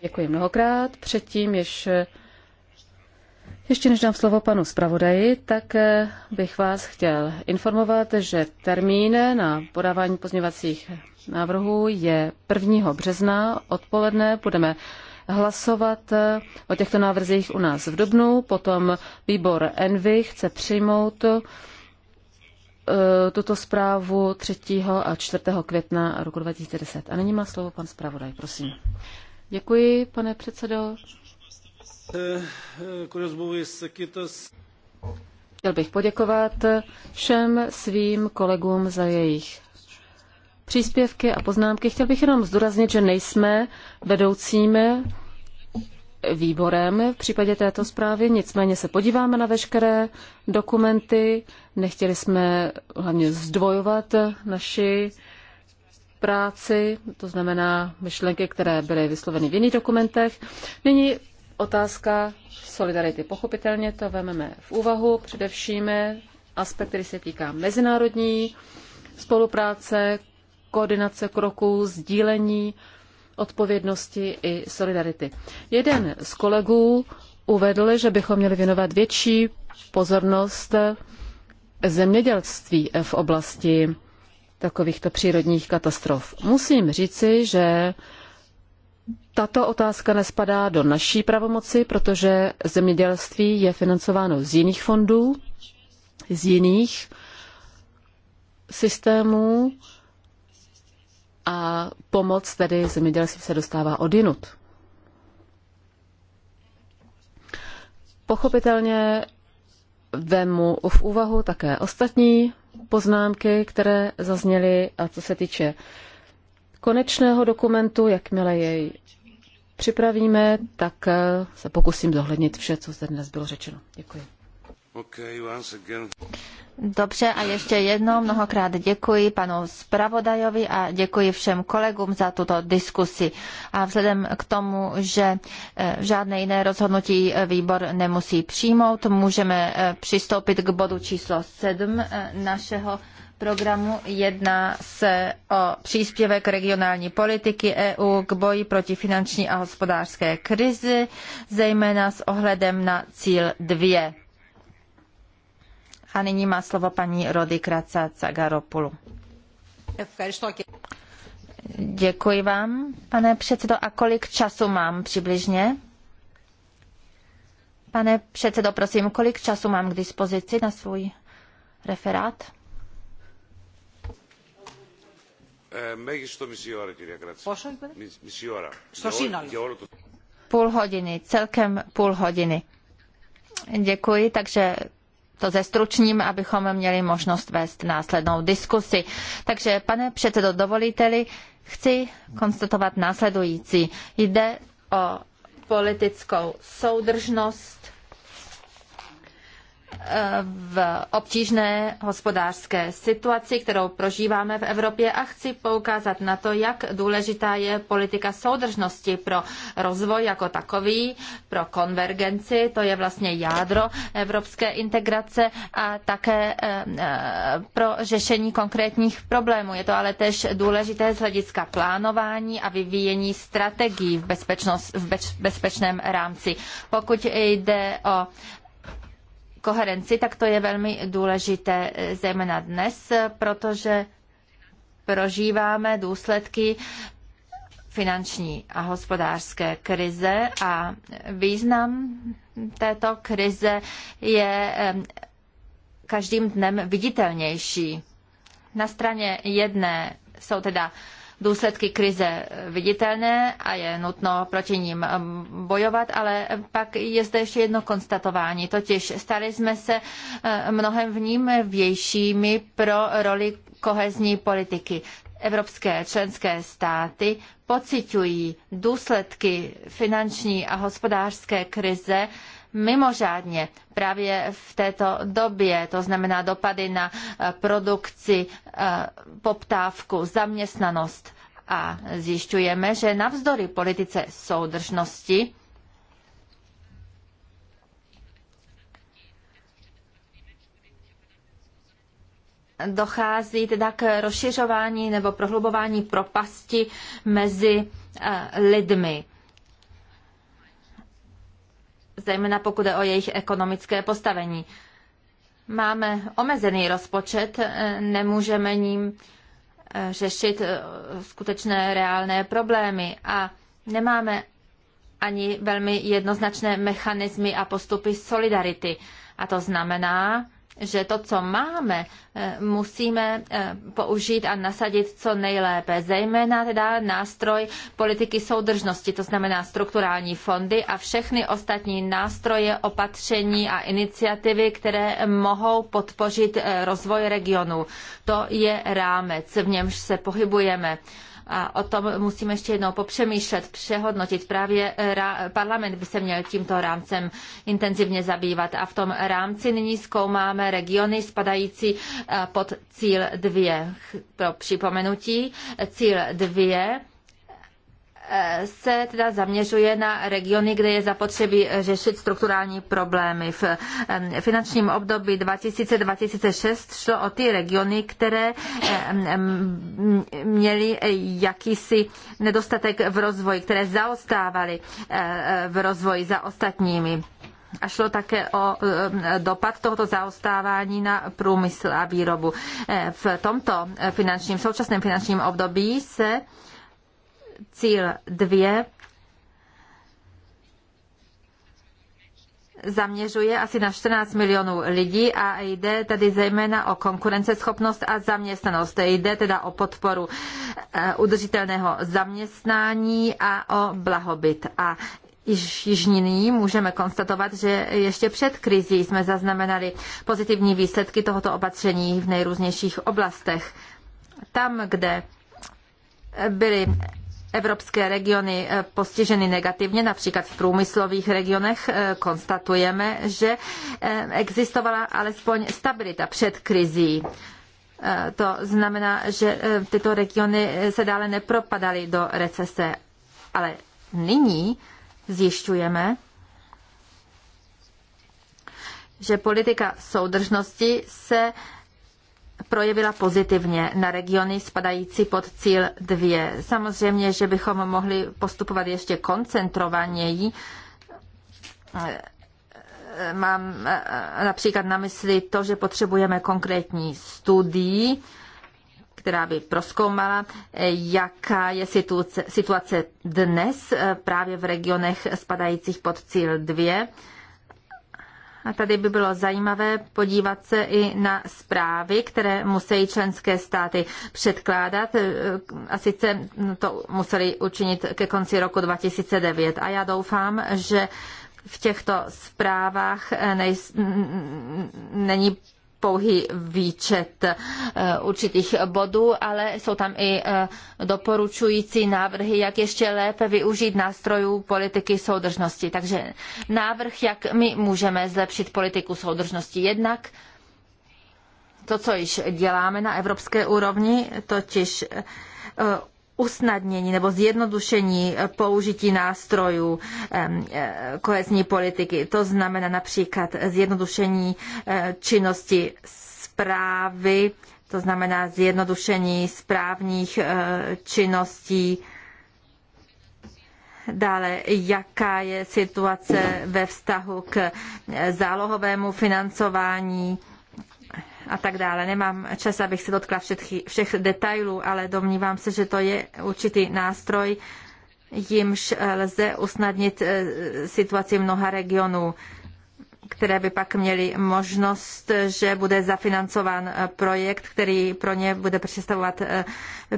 Děkuji mnohokrát. Předtím, ještě ještě než dám slovo panu zpravodaji, tak eh, bych vás chtěl informovat, že termín na podávání pozměvacích návrhů je 1. března odpoledne. Budeme hlasovat eh, o těchto návrzích u nás v Dubnu, potom výbor Envy chce přijmout eh, tuto zprávu 3. a 4. května roku 2010. A nyní má slovo pan zpravodaj, prosím. Děkuji, pane předsedo. Chtěl bych poděkovat všem svým kolegům za jejich příspěvky a poznámky. Chtěl bych jenom zdůraznit, že nejsme vedoucím výborem v případě této zprávy, nicméně se podíváme na veškeré dokumenty. Nechtěli jsme hlavně zdvojovat naši práci, to znamená myšlenky, které byly vysloveny v jiných dokumentech. Nyní Otázka solidarity. Pochopitelně to vememe v úvahu, především aspekt, který se týká mezinárodní spolupráce, koordinace kroků, sdílení odpovědnosti i solidarity. Jeden z kolegů uvedl, že bychom měli věnovat větší pozornost zemědělství v oblasti takovýchto přírodních katastrof. Musím říci, že tato otázka nespadá do naší pravomoci, protože zemědělství je financováno z jiných fondů, z jiných systémů a pomoc tedy zemědělství se dostává odinut. Pochopitelně vemu v úvahu také ostatní poznámky, které zazněly a co se týče konečného dokumentu, jakmile jej připravíme, tak eh, se pokusím zohlednit vše, co zde dnes bylo řečeno. Děkuji. Dobře a ještě jednou mnohokrát děkuji panu zpravodajovi a děkuji všem kolegům za tuto diskusi. A vzhledem k tomu, že eh, žádné jiné rozhodnutí eh, výbor nemusí přijmout, můžeme přistoupit k bodu číslo 7 našeho programu. Jedná se o příspěvek regionální politiky EU k boji proti finanční a hospodářské krizi, zejména s ohledem na cíl 2. A nyní má slovo paní Rody Kraca Cagaropulu. Děkuji vám, pane předsedo. A kolik času mám přibližně? Pane předsedo, prosím, kolik času mám k dispozici na svůj referát? Ε, μέγιστο μισή ώρα, κυρία Κράτση. Πόσο είπατε? Μισή ώρα. Στο για σύνολο. Για όλο το... Půl hodiny, celkem půl hodiny. Děkuji, takže to zestručním, abychom měli možnost vést následnou diskusi. Takže, pane předsedo, dovolíte-li, chci konstatovat následující. Jde o politickou soudržnost v obtížné hospodářské situaci, kterou prožíváme v Evropě a chci poukázat na to, jak důležitá je politika soudržnosti pro rozvoj jako takový, pro konvergenci, to je vlastně jádro evropské integrace a také eh, eh, pro řešení konkrétních problémů. Je to ale tež důležité z hlediska plánování a vyvíjení strategií v, bezpečnost, v bezpečném rámci. Pokud jde o koherenci, tak to je velmi důležité, eh, zejména dnes, protože prožíváme důsledky finanční a hospodářské krize a význam této krize je každým dnem viditelnější. Na straně jedné jsou teda důsledky krize viditelné a je nutno proti ním um, bojovat, ale pak je zde ještě jedno konstatování, totiž stali jsme se eh, mnohem vnímavějšími pro roli kohezní politiky. Evropské členské státy pociťují důsledky finanční a hospodářské krize mimořádně právě v této době, to znamená dopady na eh, produkci, eh, poptávku, zaměstnanost a zjišťujeme, že navzdory politice soudržnosti dochází teda k rozšiřování nebo prohlubování propasti mezi eh, lidmi. Zejména pokud je o jejich ekonomické postavení. Máme omezený rozpočet, eh, nemůžeme ním řešit eh, skutečné reálné problémy a nemáme ani velmi jednoznačné mechanismy a postupy solidarity. A to znamená, že to, co máme, eh, musíme eh, použít a nasadit co nejlépe, zejména teda nástroj politiky soudržnosti, to znamená strukturální fondy a všechny ostatní nástroje, opatření a iniciativy, které mohou podpořit eh, rozvoj regionu. To je rámec, v němž se pohybujeme. A o tom musíme ještě jednou popřemýšlet, přehodnotit. Právě eh, parlament by se měl tímto rámcem intenzivně zabývat. A v tom rámci nyní zkoumáme regiony spadající eh, pod cíl 2. Pro připomenutí, cíl 2 se teda zaměřuje na regiony, kde je zapotřebí řešit strukturální problémy. V finančním období 2000-2006 šlo o ty regiony, které měly jakýsi nedostatek v rozvoji, které zaostávaly eh, v rozvoji za ostatními. A šlo také o dopad tohoto zaostávání na průmysl a výrobu. Eh, v tomto eh, finančním, současném finančním období se cíl 2 zaměřuje asi na 14 milionů lidí a jde tedy zejména o konkurenceschopnost a zaměstnanost. Jde teda o podporu eh, udržitelného zaměstnání a o blahobyt. A již nyní můžeme konstatovat, že ještě před krizí jsme zaznamenali pozitivní výsledky tohoto opatření v nejrůznějších oblastech. Tam, kde byly evropské regiony eh, postiženy negativně, například v průmyslových regionech, eh, konstatujeme, že eh, existovala alespoň stabilita před krizí. To znamená, že tyto regiony se dále nepropadaly do recese. Ale nyní zjišťujeme, že politika soudržnosti se projevila pozitivně na regiony spadající pod cíl 2. Samozřejmě, že bychom mohli postupovat ještě koncentrovaněji. Mám eh, například na mysli to, že potřebujeme konkrétní studii, která by proskoumala, jaká je situace, situace dnes eh, právě v regionech spadajících pod cíl 2 a tady by bylo zajímavé podívat se i na zprávy, které musí členské státy předkládat. A sice to museli učinit ke konci roku 2009. A já doufám, že v těchto zprávách nej, není pouhý výčet eh, určitých bodů, ale jsou tam i eh, doporučující návrhy, jak ještě lépe využít nástrojů politiky soudržnosti. Takže návrh, jak my můžeme zlepšit politiku soudržnosti jednak, to, co již děláme na evropské úrovni, totiž eh, usnadnění nebo zjednodušení eh, použití nástrojů eh, kohezní politiky. To znamená například zjednodušení eh, činnosti zprávy, to znamená zjednodušení správních činností. Dále, jaká je situace ve vztahu k zálohovému financování a tak dále. Nemám čas, abych se dotkla všech, všech detailů, ale domnívám se, že to je určitý nástroj, jimž lze usnadnit eh, situaci mnoha regionů které by pak měly možnost, že bude zafinancován eh, projekt, který pro ně bude představovat eh,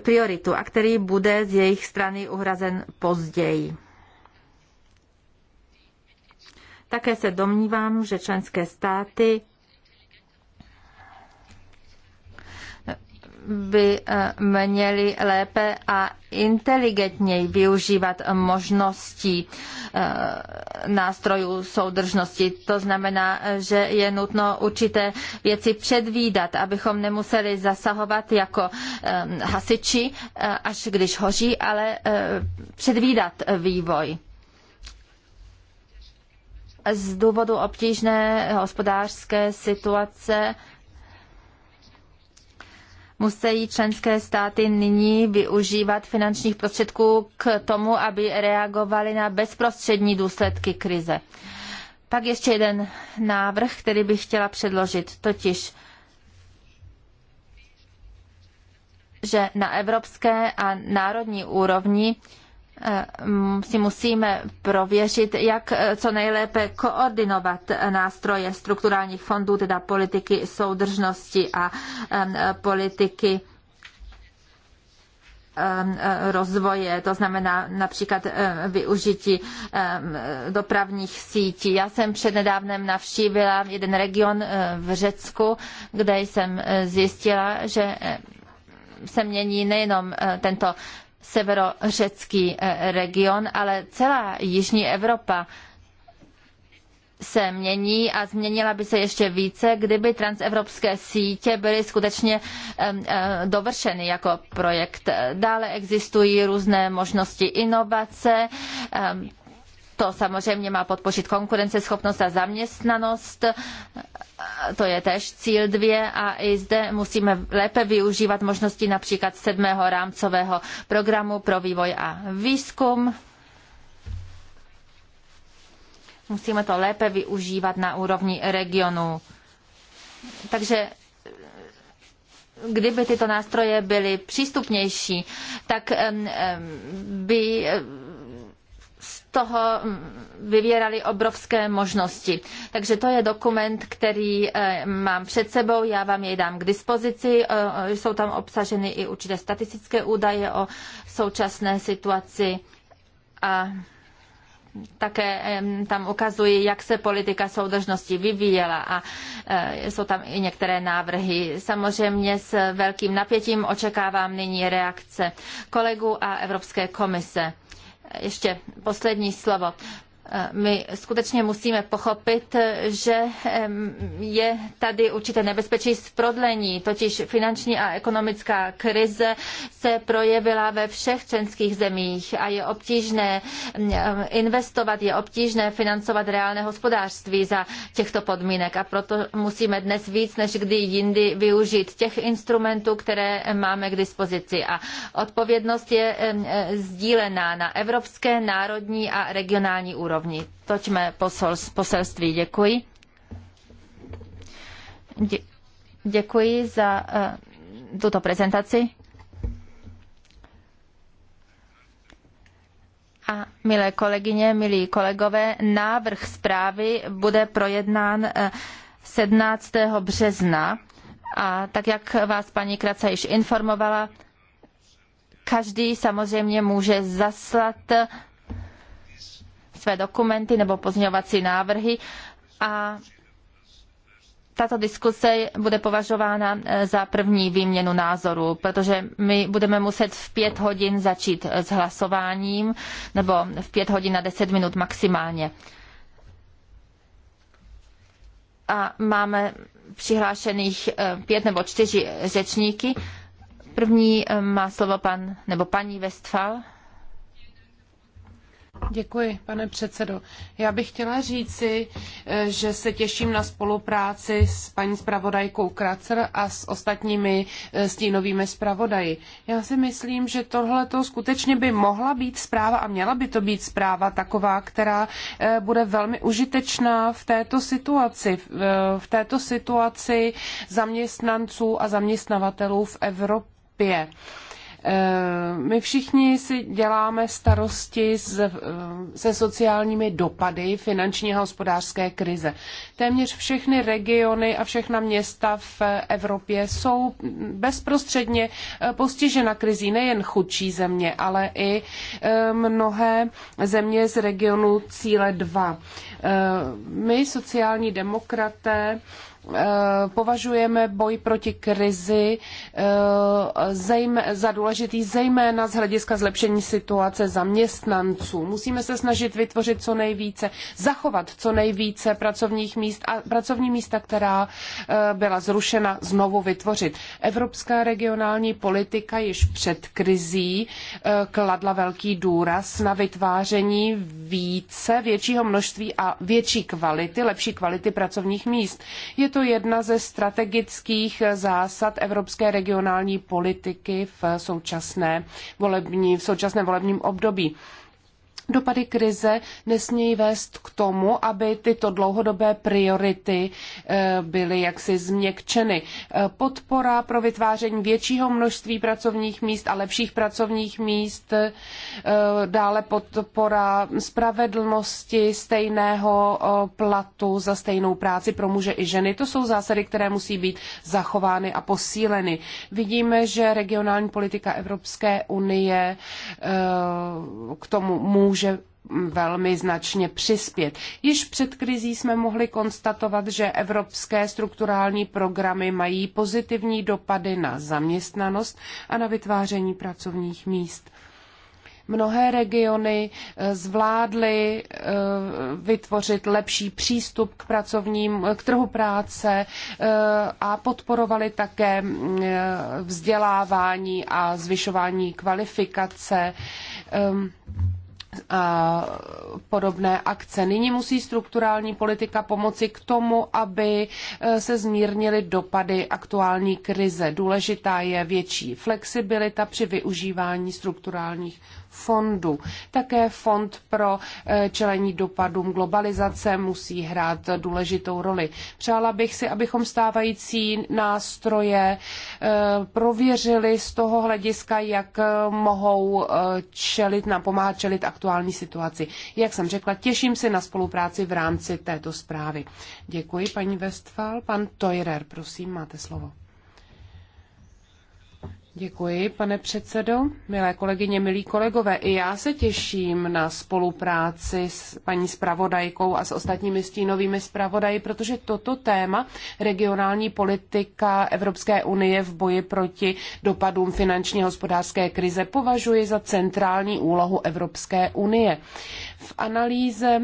prioritu a který bude z jejich strany uhrazen později. Také se domnívám, že členské státy by eh, měli lépe a inteligentněji využívat možností eh, nástrojů soudržnosti. To znamená, eh, že je nutno určité věci předvídat, abychom nemuseli zasahovat jako hasiči, až když hoří, ale předvídat vývoj z důvodu obtížné hospodářské situace musí členské státy nyní využívat finančních prostředků k tomu, aby reagovaly na bezprostřední důsledky krize. Pak ještě jeden návrh, který bych chtěla předložit, totiž že na evropské a národní úrovni Eh, si musíme prověřit, jak eh, co nejlépe koordinovat nástroje strukturálních fondů, teda politiky soudržnosti a eh, politiky rozvoje, to znamená například využití dopravních sítí. Já jsem přednedávnem navštívila jeden region v Řecku, kde jsem zjistila, že se mění nejenom tento severořecký eh, region, ale celá jižní Evropa se mění a změnila by se ještě více, kdyby transevropské sítě byly skutečně eh, dovršeny jako projekt. Dále existují různé možnosti inovace, to samozřejmě má podpořit konkurenceschopnost a zaměstnanost to je též cíl dvě a i zde musíme lépe využívat možnosti například sedmého rámcového programu pro vývoj a výzkum. Musíme to lépe využívat na úrovni regionu. Takže kdyby tyto nástroje byly přístupnější, tak by toho mm, vyvěraly obrovské možnosti. Takže to je dokument, který eh, mám před sebou, já vám jej dám k dispozici. Eh, eh, jsou tam obsaženy i určité statistické údaje o současné situaci a také tam ukazují, jak se politika soudržnosti vyvíjela a jsou tam i některé návrhy. Samozřejmě s velkým napětím očekávám nyní reakce kolegů a Evropské komise. Ještě poslední slovo. Eh, my skutečně musíme pochopit, že je tady určité nebezpečí z prodlení, totiž finanční a ekonomická krize se projevila ve všech členských zemích a je obtížné investovat, je obtížné financovat reálné hospodářství za těchto podmínek a proto musíme dnes víc než kdy jindy využít těch instrumentů, které máme k dispozici. A odpovědnost je eh, sdílená na evropské, národní a regionální úrovni úrovni. Toť mé poselství. Děkuji. Děkuji za eh, tuto prezentaci. A milé kolegyně, milí kolegové, návrh zprávy bude projednán 17. Eh, března. A tak, jak vás paní Kraca již informovala, každý samozřejmě může zaslat své dokumenty nebo pozměňovací návrhy a tato diskuse bude považována e, za první výměnu názoru, protože my budeme muset v pět hodin začít s hlasováním, nebo v pět hodin na deset minut maximálně. A máme přihlášených e, pět nebo čtyři řečníky. První e, má slovo pan nebo paní Westfal. Děkuji, pane předsedo. Já bych chtěla říci, eh, že se těším na spolupráci s paní zpravodajkou Kracer a s ostatními eh, stínovými zpravodaji. Já si myslím, že tohle to skutečně by mohla být zpráva a měla by to být zpráva taková, která eh, bude velmi užitečná v této situaci, v této situaci zaměstnanců a zaměstnavatelů v Evropě. Eh, my všichni si děláme starosti eh, se sociálními dopady finanční a hospodářské krize. Téměř všechny regiony a všechna města v Evropě jsou bezprostředně eh, postižena krizí nejen chudší země, ale i mnohé země z regionu cíle 2. My, sociální demokraté, Eh, považujeme boj proti krizi eh, za důležitý zejména z hlediska zlepšení situace zaměstnanců. Musíme se snažit vytvořit co nejvíce, zachovat co nejvíce pracovních míst a pracovní místa, která eh, byla zrušena, znovu vytvořit. Evropská regionální politika již před krizí kladla velký důraz na vytváření více, většího množství a větší kvality, lepší kvality pracovních míst. Je to to jedna ze strategických zásad evropské regionální politiky v současné volební, v současném volebním období. Dopady krize nesmějí vést k tomu, aby tyto dlouhodobé priority eh, byly jaksi změkčeny. Eh, podpora pro vytváření většího množství pracovních míst a lepších pracovních míst, eh, dále podpora spravedlnosti, stejného platu za stejnou práci pro muže i ženy. To jsou zásady, které musí být zachovány a posíleny. Vidíme, že regionální politika Evropské unie k tomu může může mm, velmi značně přispět. Již před krizí jsme mohli konstatovat, že evropské strukturální programy mají pozitivní dopady na zaměstnanost a na vytváření pracovních míst. Mnohé regiony eh, zvládly eh, vytvořit lepší přístup k pracovním, eh, k trhu práce a podporovali také mm, vzdělávání a zvyšování kvalifikace ehm, podobné akce. Nyní musí strukturální politika pomoci k tomu, aby e, se zmírnily dopady aktuální krize. Důležitá je větší flexibilita při využívání strukturálních fondu. Také fond pro eh, čelení dopadům globalizace musí hrát důležitou roli. Přála bych si, abychom stávající nástroje eh, prověřili z toho hlediska, jak eh, mohou čelit, napomáhat čelit aktuální situaci. Jak jsem řekla, těším se na spolupráci v rámci této zprávy. Děkuji, paní Westphal. Pan Teurer, prosím, máte slovo. Děkuji, pane předsedo. Milé kolegyně, milí kolegové, i já se těším na spolupráci s paní zpravodajkou a s ostatními stínovými zpravodaji, protože toto téma, regionální politika Evropské unie v boji proti dopadům finanční a hospodářské krize, považuji za centrální úlohu Evropské unie. V analýze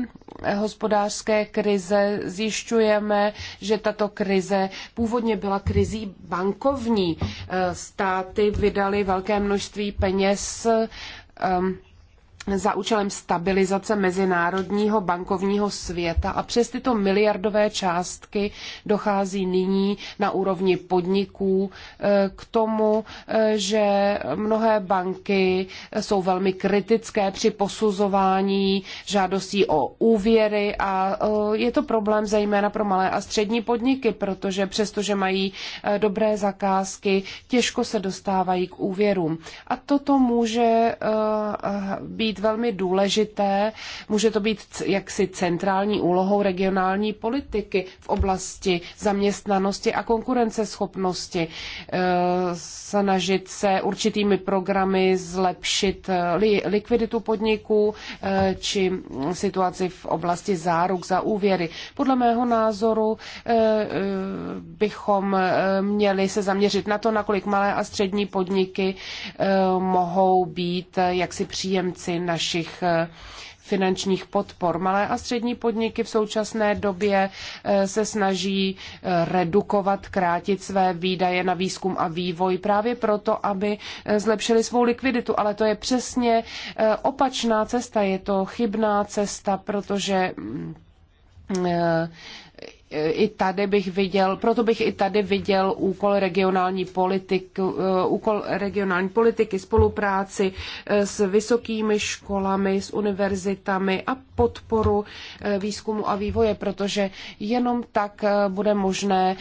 hospodářské krize zjišťujeme, že tato krize původně byla krizí bankovní. Eh, státy vydaly velké množství peněz um, za účelem stabilizace mezinárodního bankovního světa a přes tyto miliardové částky dochází nyní na úrovni podniků eh, k tomu, eh, že mnohé banky jsou velmi kritické při posuzování žádostí o úvěry a eh, je to problém zejména pro malé a střední podniky, protože přestože mají dobré zakázky, těžko se dostávají k úvěrům. A toto může být být velmi důležité, může to být jaksi centrální úlohou regionální politiky v oblasti zaměstnanosti a konkurenceschopnosti. Eh, snažit se určitými programy zlepšit eh, likviditu podniků eh, či situaci v oblasti záruk za úvěry. Podle mého názoru bychom měli se zaměřit na to, nakolik malé a střední podniky mohou být jaksi příjemci našich eh, finančních podpor. Malé a střední podniky v současné době eh, se snaží eh, redukovat, krátit své výdaje na výzkum a vývoj právě proto, aby zlepšili svou likviditu, ale to je přesně opačná cesta, je to chybná cesta, protože mm, i tady bych viděl, proto bych i tady viděl úkol regionální, politik, eh, úkol regionální politiky, spolupráci eh, s vysokými školami, s univerzitami a podporu eh, výzkumu a vývoje, protože jenom tak bude možné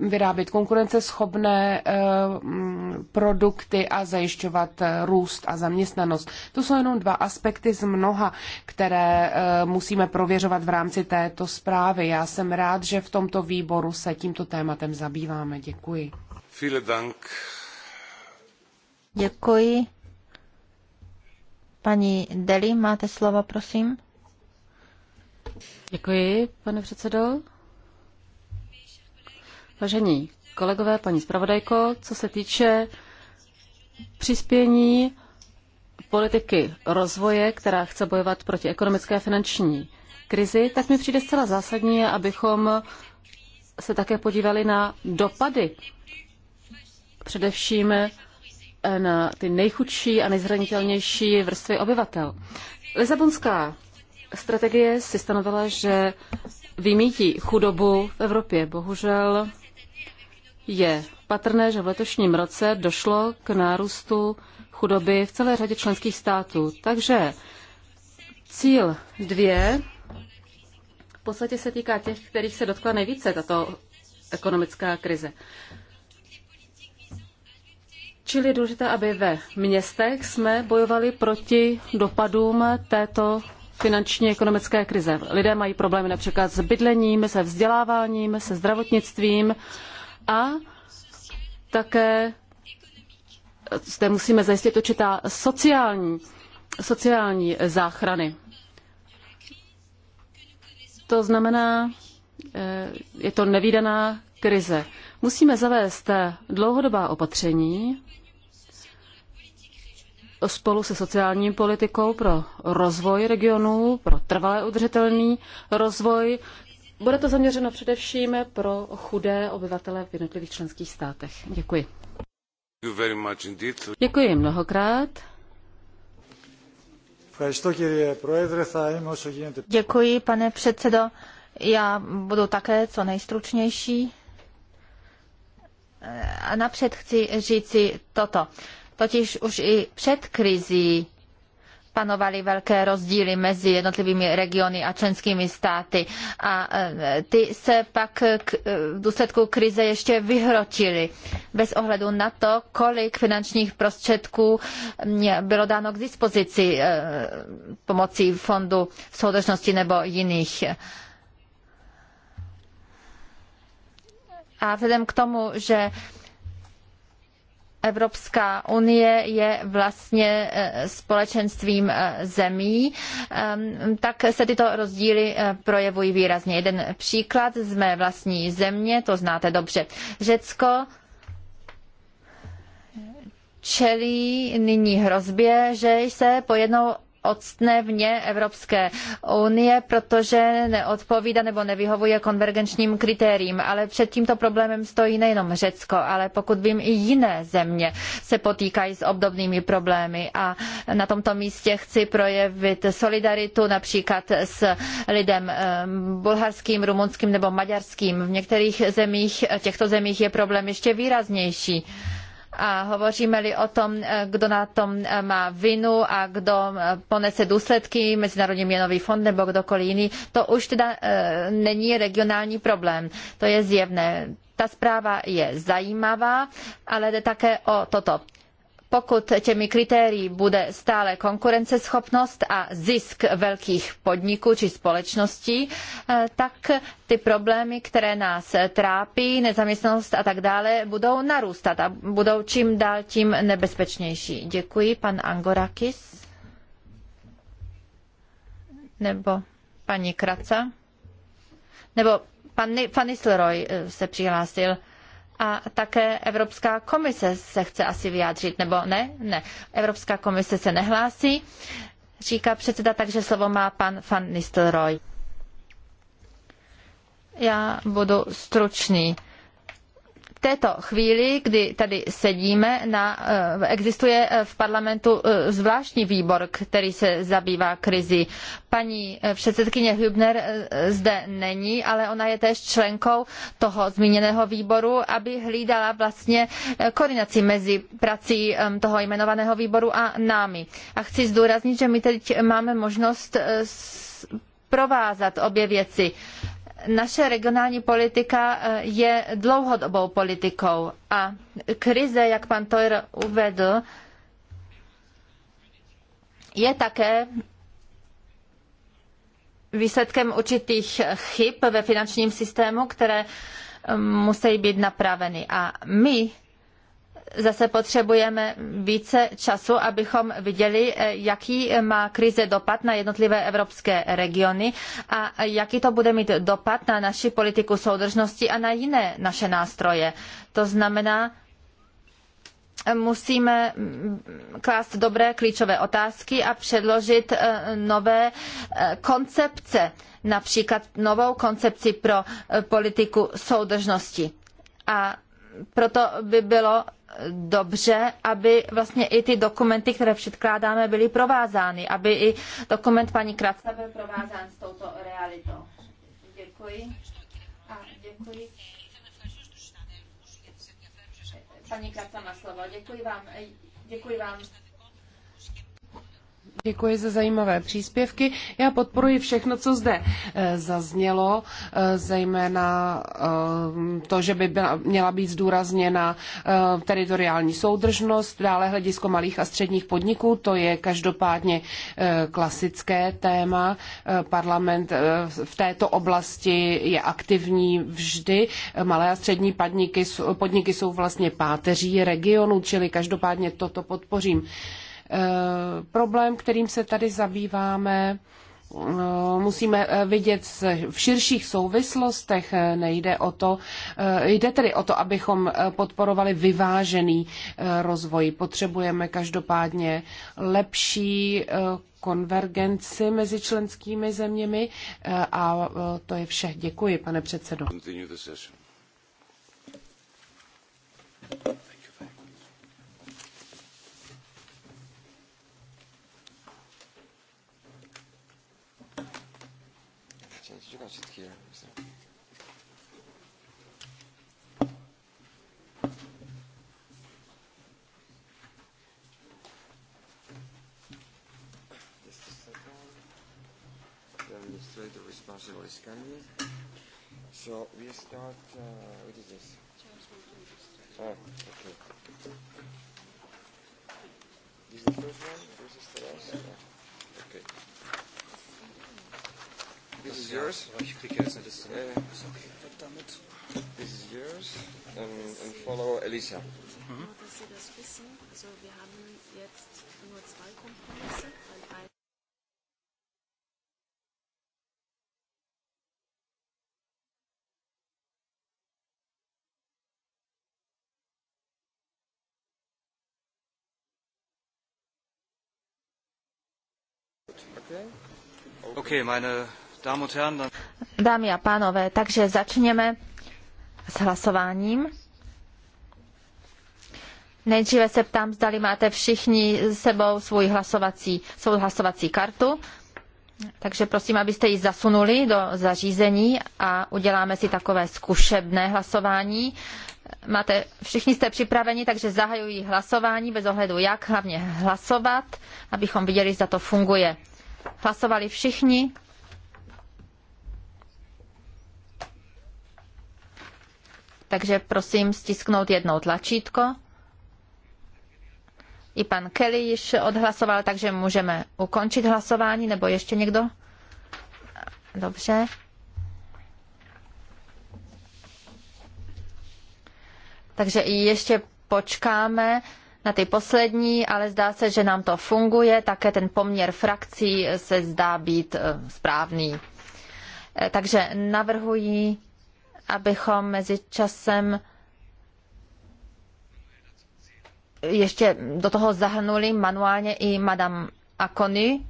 vyrábět konkurenceschopné mm, produkty a zajišťovat růst a zaměstnanost. To jsou jenom dva aspekty z mnoha, které musíme prověřovat v rámci této zprávy. Já jsem rád, že v tomto výboru se tímto tématem zabýváme. Děkuji. Vielen Dank. Děkuji. Paní Deli, máte slovo, prosím. Děkuji, pane předsedo. Vážení kolegové, paní zpravodajko, co se týče přispění politiky rozvoje, která chce bojovat proti ekonomické a finanční krizi, tak mi přijde zcela zásadní, abychom se také podívali na dopady, především eh, na ty nejchudší a nejzranitelnější vrstvy obyvatel. Lisabonská strategie si stanovila, že vymítí chudobu v Evropě. Bohužel je patrné, že v letošním roce došlo k nárůstu chudoby v celé řadě členských států. Takže cíl dvě v podstatě se týká těch, kterých se dotkla nejvíce tato ekonomická krize. Čili je důležité, aby ve městech jsme bojovali proti dopadům této finanční ekonomické krize. Lidé mají problémy například s bydlením, se vzděláváním, se zdravotnictvím a také zde musíme zajistit určitá sociální, sociální záchrany. To znamená, eh, je to nevýdaná krize. Musíme zavést dlouhodobá opatření spolu se sociální politikou pro rozvoj regionů, pro trvalé udržitelný rozvoj. Bude to zaměřeno především pro chudé obyvatele v jednotlivých členských státech. Děkuji. Děkuji mnohokrát. Děkuji, pane předsedo. Já budu také co nejstručnější. A napřed chci říci toto. Totiž už i před krizí panovaly velké rozdíly mezi jednotlivými regiony a členskými státy. A e, ty se pak e, v důsledku krize ještě vyhrotily. Bez ohledu na to, kolik finančních prostředků bylo dáno k dispozici e, pomocí fondu soudržnosti nebo jiných. A vzhledem k tomu, že Evropská unie je vlastně eh, společenstvím eh, zemí, ehm, tak se tyto rozdíly eh, projevují výrazně. Jeden příklad z mé vlastní země, to znáte dobře. Řecko čelí nyní hrozbě, že se pojednou odstne vně Evropské unie, protože neodpovídá nebo nevyhovuje konvergenčním kritériím. Ale před tímto problémem stojí nejenom Řecko, ale pokud vím, i jiné země se potýkají s obdobnými problémy. A na tomto místě chci projevit solidaritu například s lidem eh, bulharským, rumunským nebo maďarským. V některých zemích, těchto zemích je problém ještě výraznější. A hovoříme-li o tom, eh, kdo na tom eh, má vinu a kdo eh, ponese důsledky, Mezinárodní měnový fond nebo kdokoliv jiný, to už teda není regionální problém. To je zjevné. Ta zpráva je zajímavá, ale jde také o toto. Pokud těmi kritérii bude stále konkurenceschopnost a zisk velkých podniků či společností, eh, tak ty problémy, které nás trápí, nezaměstnanost a tak dále, budou narůstat a budou čím dál tím nebezpečnější. Děkuji, pan Angorakis. Nebo paní Kraca. Nebo pan, pan Nisleroy eh, se přihlásil a také Evropská komise se chce asi vyjádřit, nebo ne? Ne. Evropská komise se nehlásí, říká předseda, takže slovo má pan van Nistelrooy. Já budu stručný této chvíli, kdy tady sedíme, na, eh, existuje eh, v parlamentu eh, zvláštní výbor, který se zabývá krizí. Paní předsedkyně Hübner zde není, ale ona je též členkou toho zmíněného výboru, aby hlídala vlastně koordinaci mezi prací toho jmenovaného výboru a námi. A chci zdůraznit, že my teď máme možnost provázat obě věci naše regionální politika e, je dlouhodobou politikou a krize, jak pan Toyer uvedl, je také výsledkem určitých chyb ve finančním systému, které e, musí být napraveny. A my zase potřebujeme více času, abychom viděli, eh, jaký má krize dopad na jednotlivé evropské regiony a jaký to bude mít dopad na naši politiku soudržnosti a na jiné naše nástroje. To znamená, musíme mm, klást dobré klíčové otázky a předložit eh, nové eh, koncepce, například novou koncepci pro politiku soudržnosti. A proto by bylo dobře, aby vlastně i ty dokumenty, které předkládáme, byly provázány, aby i dokument paní Kratca byl provázán s touto realitou. Děkuji. A děkuji. Paní Kratca má slovo. Děkuji vám. Děkuji vám. Děkuji za zajímavé příspěvky. Já podporuji všechno, co zde eh, zaznělo, eh, zejména eh, to, že by byla, měla být zdůrazněna teritoriální soudržnost, dále hledisko malých a středních podniků, to je každopádně klasické téma. Parlament v této oblasti je aktivní vždy. Malé a střední podniky, podniky jsou vlastně páteří regionu, čili každopádně toto podpořím. Eh, problém, kterým se tady zabýváme, eh, musíme eh, vidět v širších souvislostech. Nejde o to, jde tedy o to, abychom podporovali vyvážený rozvoj. Potřebujeme každopádně lepší konvergenci mezi členskými zeměmi a to je vše. Děkuji, pane předsedo. possible scanning. So we start, uh, what is this? Ah, okay. This is the first one? This is the last? Yeah. Okay. This is yours? Ich kriege jetzt eine This is yours. And, and follow Elisa. Mhm. Nur, dass Sie das wissen, also wir haben jetzt nur zwei Dámy a pánové, takže začněme s hlasováním. Nejdříve se ptám, zdali máte všichni s sebou svůj hlasovací, svou hlasovací kartu. Takže prosím, abyste ji zasunuli do zařízení a uděláme si takové zkušebné hlasování. Máte, všichni jste připraveni, takže zahajují hlasování bez ohledu jak, hlavně hlasovat, abychom viděli, zda to funguje. Hlasovali všichni? Takže prosím stisknout jednou tlačítko. I pan Kelly již odhlasoval, takže můžeme ukončit hlasování, nebo ještě někdo? Dobře. Takže ještě počkáme na ty poslední, ale zdá se, že nám to funguje. Také ten poměr frakcí se zdá být eh, správný. Eh, takže navrhuji, abychom mezi časem ještě do toho zahrnuli manuálně i Madame Akony.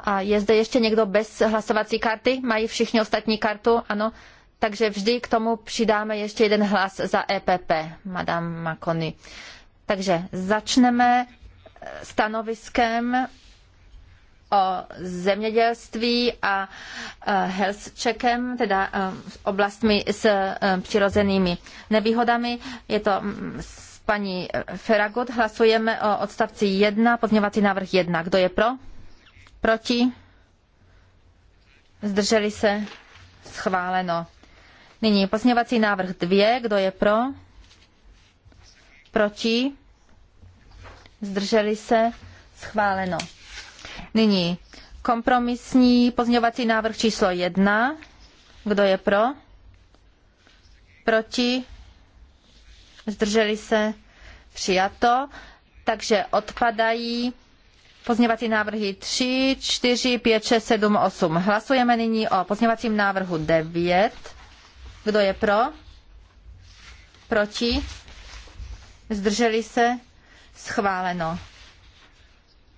A je zde ještě někdo bez hlasovací karty? Mají všichni ostatní kartu? Ano. Takže vždy k tomu přidáme ještě jeden hlas za EPP, Madame Makony. Takže začneme eh, stanoviskem o zemědělství a eh, health checkem, teda eh, oblastmi s přirozenými nevýhodami. Je to mm, s paní Feragut. Hlasujeme o odstavci 1, pozměvací návrh 1. Kdo je pro? Proti? Zdrželi se? Schváleno. Nyní pozměvací návrh 2. Kdo je pro? Proti? zdrželi se, schváleno. Nyní kompromisní pozměňovací návrh číslo 1. Kdo je pro? Proti? Zdrželi se? Přijato. Takže odpadají pozměňovací návrhy 3, 4, 5, 6, 7, 8. Hlasujeme nyní o pozměňovacím návrhu 9. Kdo je pro? Proti? Zdrželi se? Schváleno.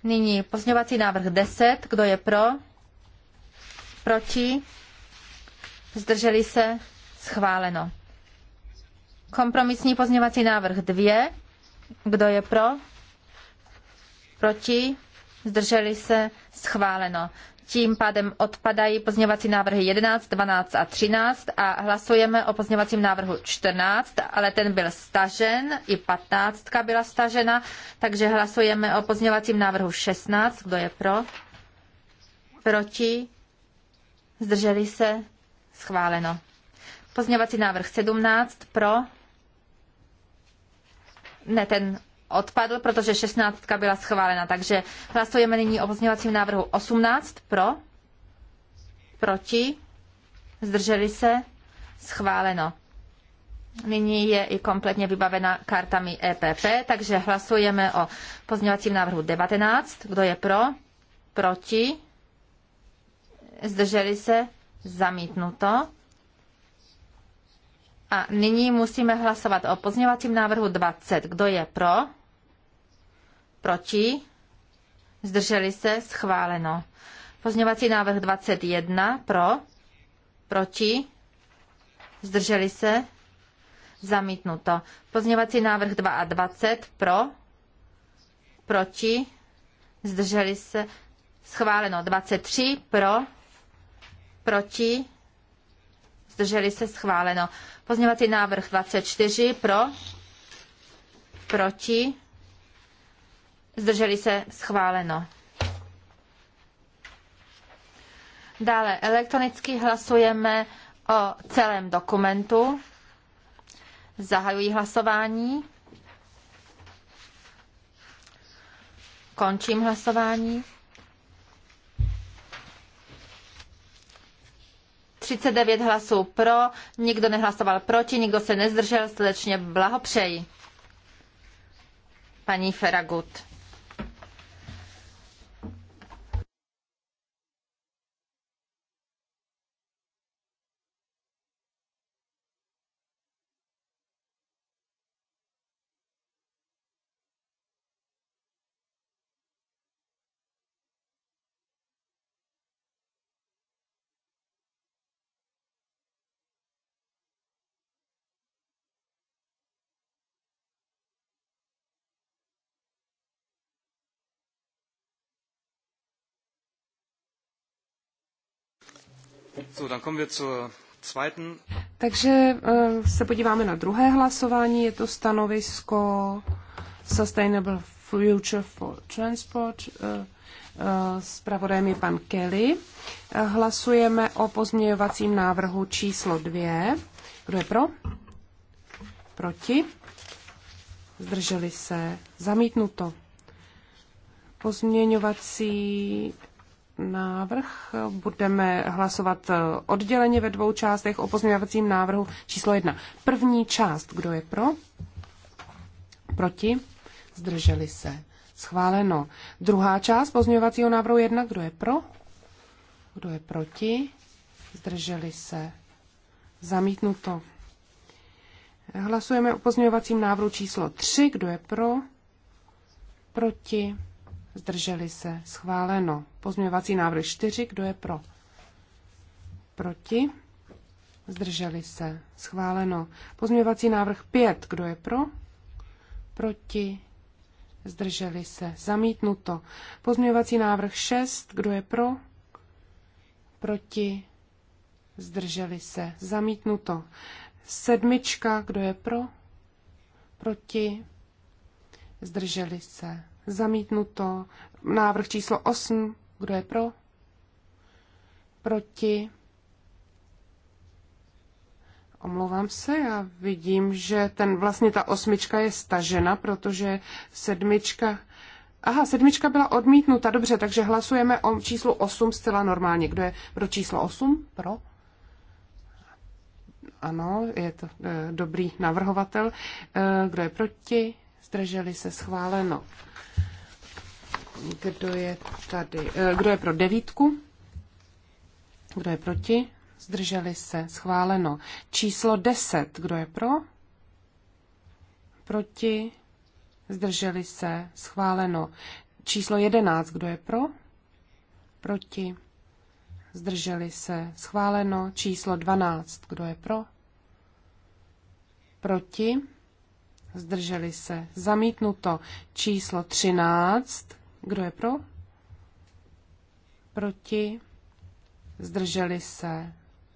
Nyní pozňovací návrh 10. Kdo je pro? Proti? Zdrželi se? Schváleno. Kompromisní pozměňovací návrh 2. Kdo je pro? Proti? Zdrželi se? Schváleno. Tím pádem odpadají pozměňovací návrhy 11, 12 a 13 a hlasujeme o pozměňovacím návrhu 14, ale ten byl stažen, i 15 byla stažena, takže hlasujeme o pozměňovacím návrhu 16. Kdo je pro? Proti? Zdrželi se? Schváleno. Pozměňovací návrh 17 pro? Ne, ten odpadl, protože 16 byla schválena. Takže hlasujeme nyní o pozměňovacím návrhu 18 pro, proti, zdrželi se, schváleno. Nyní je i kompletně vybavena kartami EPP, takže hlasujeme o pozměňovacím návrhu 19. Kdo je pro? Proti? Zdrželi se? Zamítnuto. A nyní musíme hlasovat o pozměňovacím návrhu 20. Kdo je pro? Proti? Zdrželi se? Schváleno. Pozměňovací návrh 21. Pro? Proti? Zdrželi se? Zamítnuto. Pozměňovací návrh 22. Pro? Proti? Zdrželi se? Schváleno. 23. Pro? Proti? Zdrželi se? Schváleno. Pozměňovací návrh 24. Pro? Proti? zdrželi se schváleno. Dále elektronicky hlasujeme o celém dokumentu. Zahajuji hlasování. Končím hlasování. 39 hlasů pro, nikdo nehlasoval proti, nikdo se nezdržel, srdečně blahopřeji. Paní Feragut. So, dann kommen wir zur zweiten. Takže eh, se podíváme na druhé hlasování. Je to stanovisko Sustainable Future for Transport. Spravodajem eh, eh, je pan Kelly. Hlasujeme o pozměňovacím návrhu číslo dvě. Kdo je pro? Proti? Zdrželi se? Zamítnuto. Pozměňovací návrh. Budeme hlasovat odděleně ve dvou částech o pozměňovacím návrhu číslo jedna. První část, kdo je pro? Proti? Zdrželi se. Schváleno. Druhá část pozměňovacího návrhu jedna, kdo je pro? Kdo je proti? Zdrželi se. Zamítnuto. Hlasujeme o pozměňovacím návrhu číslo 3. Kdo je pro? Proti? Zdrželi se. Schváleno. Pozměňovací návrh 4. Kdo je pro? Proti? Zdrželi se. Schváleno. Pozměňovací návrh 5. Kdo je pro? Proti? Zdrželi se. Zamítnuto. Pozměňovací návrh 6. Kdo je pro? Proti? Zdrželi se. Zamítnuto. Sedmička. Kdo je pro? Proti? Zdrželi se. Zamítnuto. Návrh číslo 8. Kdo je pro? Proti? Omlouvám se, já vidím, že ten vlastně ta osmička je stažena, protože sedmička... Aha, sedmička byla odmítnuta, dobře, takže hlasujeme o číslu 8 zcela normálně. Kdo je pro číslo 8? Pro? Ano, je to e, dobrý navrhovatel. E, kdo je proti? Zdrželi se schváleno. Kdo je tady? Eh, kdo je pro devítku? Kdo je proti? Zdrželi se schváleno. Číslo 10. Kdo je pro? Proti? Zdrželi se schváleno. Číslo 11. Kdo je pro? Proti? Zdrželi se schváleno. Číslo 12. Kdo je pro? Proti? zdrželi se, zamítnuto. Číslo 13, kdo je pro? Proti, zdrželi se,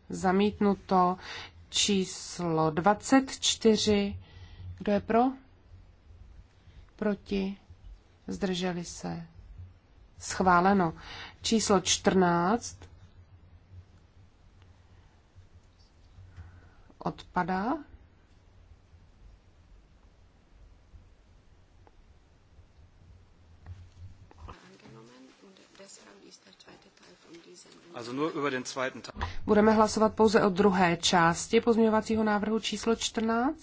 zamítnuto. Číslo 24, kdo je pro? Proti, zdrželi se, schváleno. Číslo 14, odpadá. Budeme hlasovat pouze o druhé části pozměňovacího návrhu číslo 14.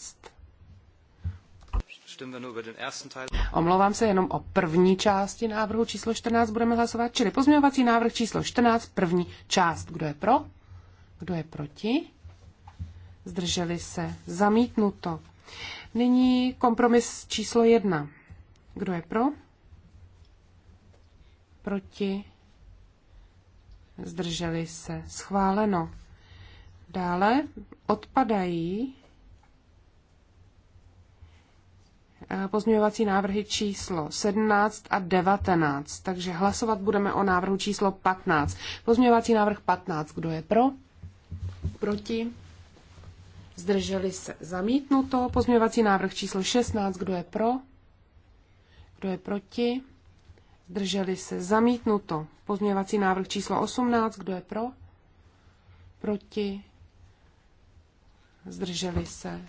Omlouvám se, jenom o první části návrhu číslo 14 budeme hlasovat, čili pozměňovací návrh číslo 14, první část. Kdo je pro? Kdo je proti? Zdrželi se. Zamítnuto. Nyní kompromis číslo 1. Kdo je pro? Proti? zdrželi se, schváleno. Dále odpadají eh, pozměňovací návrhy číslo 17 a 19, takže hlasovat budeme o návrhu číslo 15. Pozměňovací návrh 15, kdo je pro? Proti? Zdrželi se zamítnuto. Pozměňovací návrh číslo 16, kdo je pro? Kdo je proti? Zdrželi se. Zamítnuto. Pozměňovací návrh číslo 18. Kdo je pro? Proti? Zdrželi se.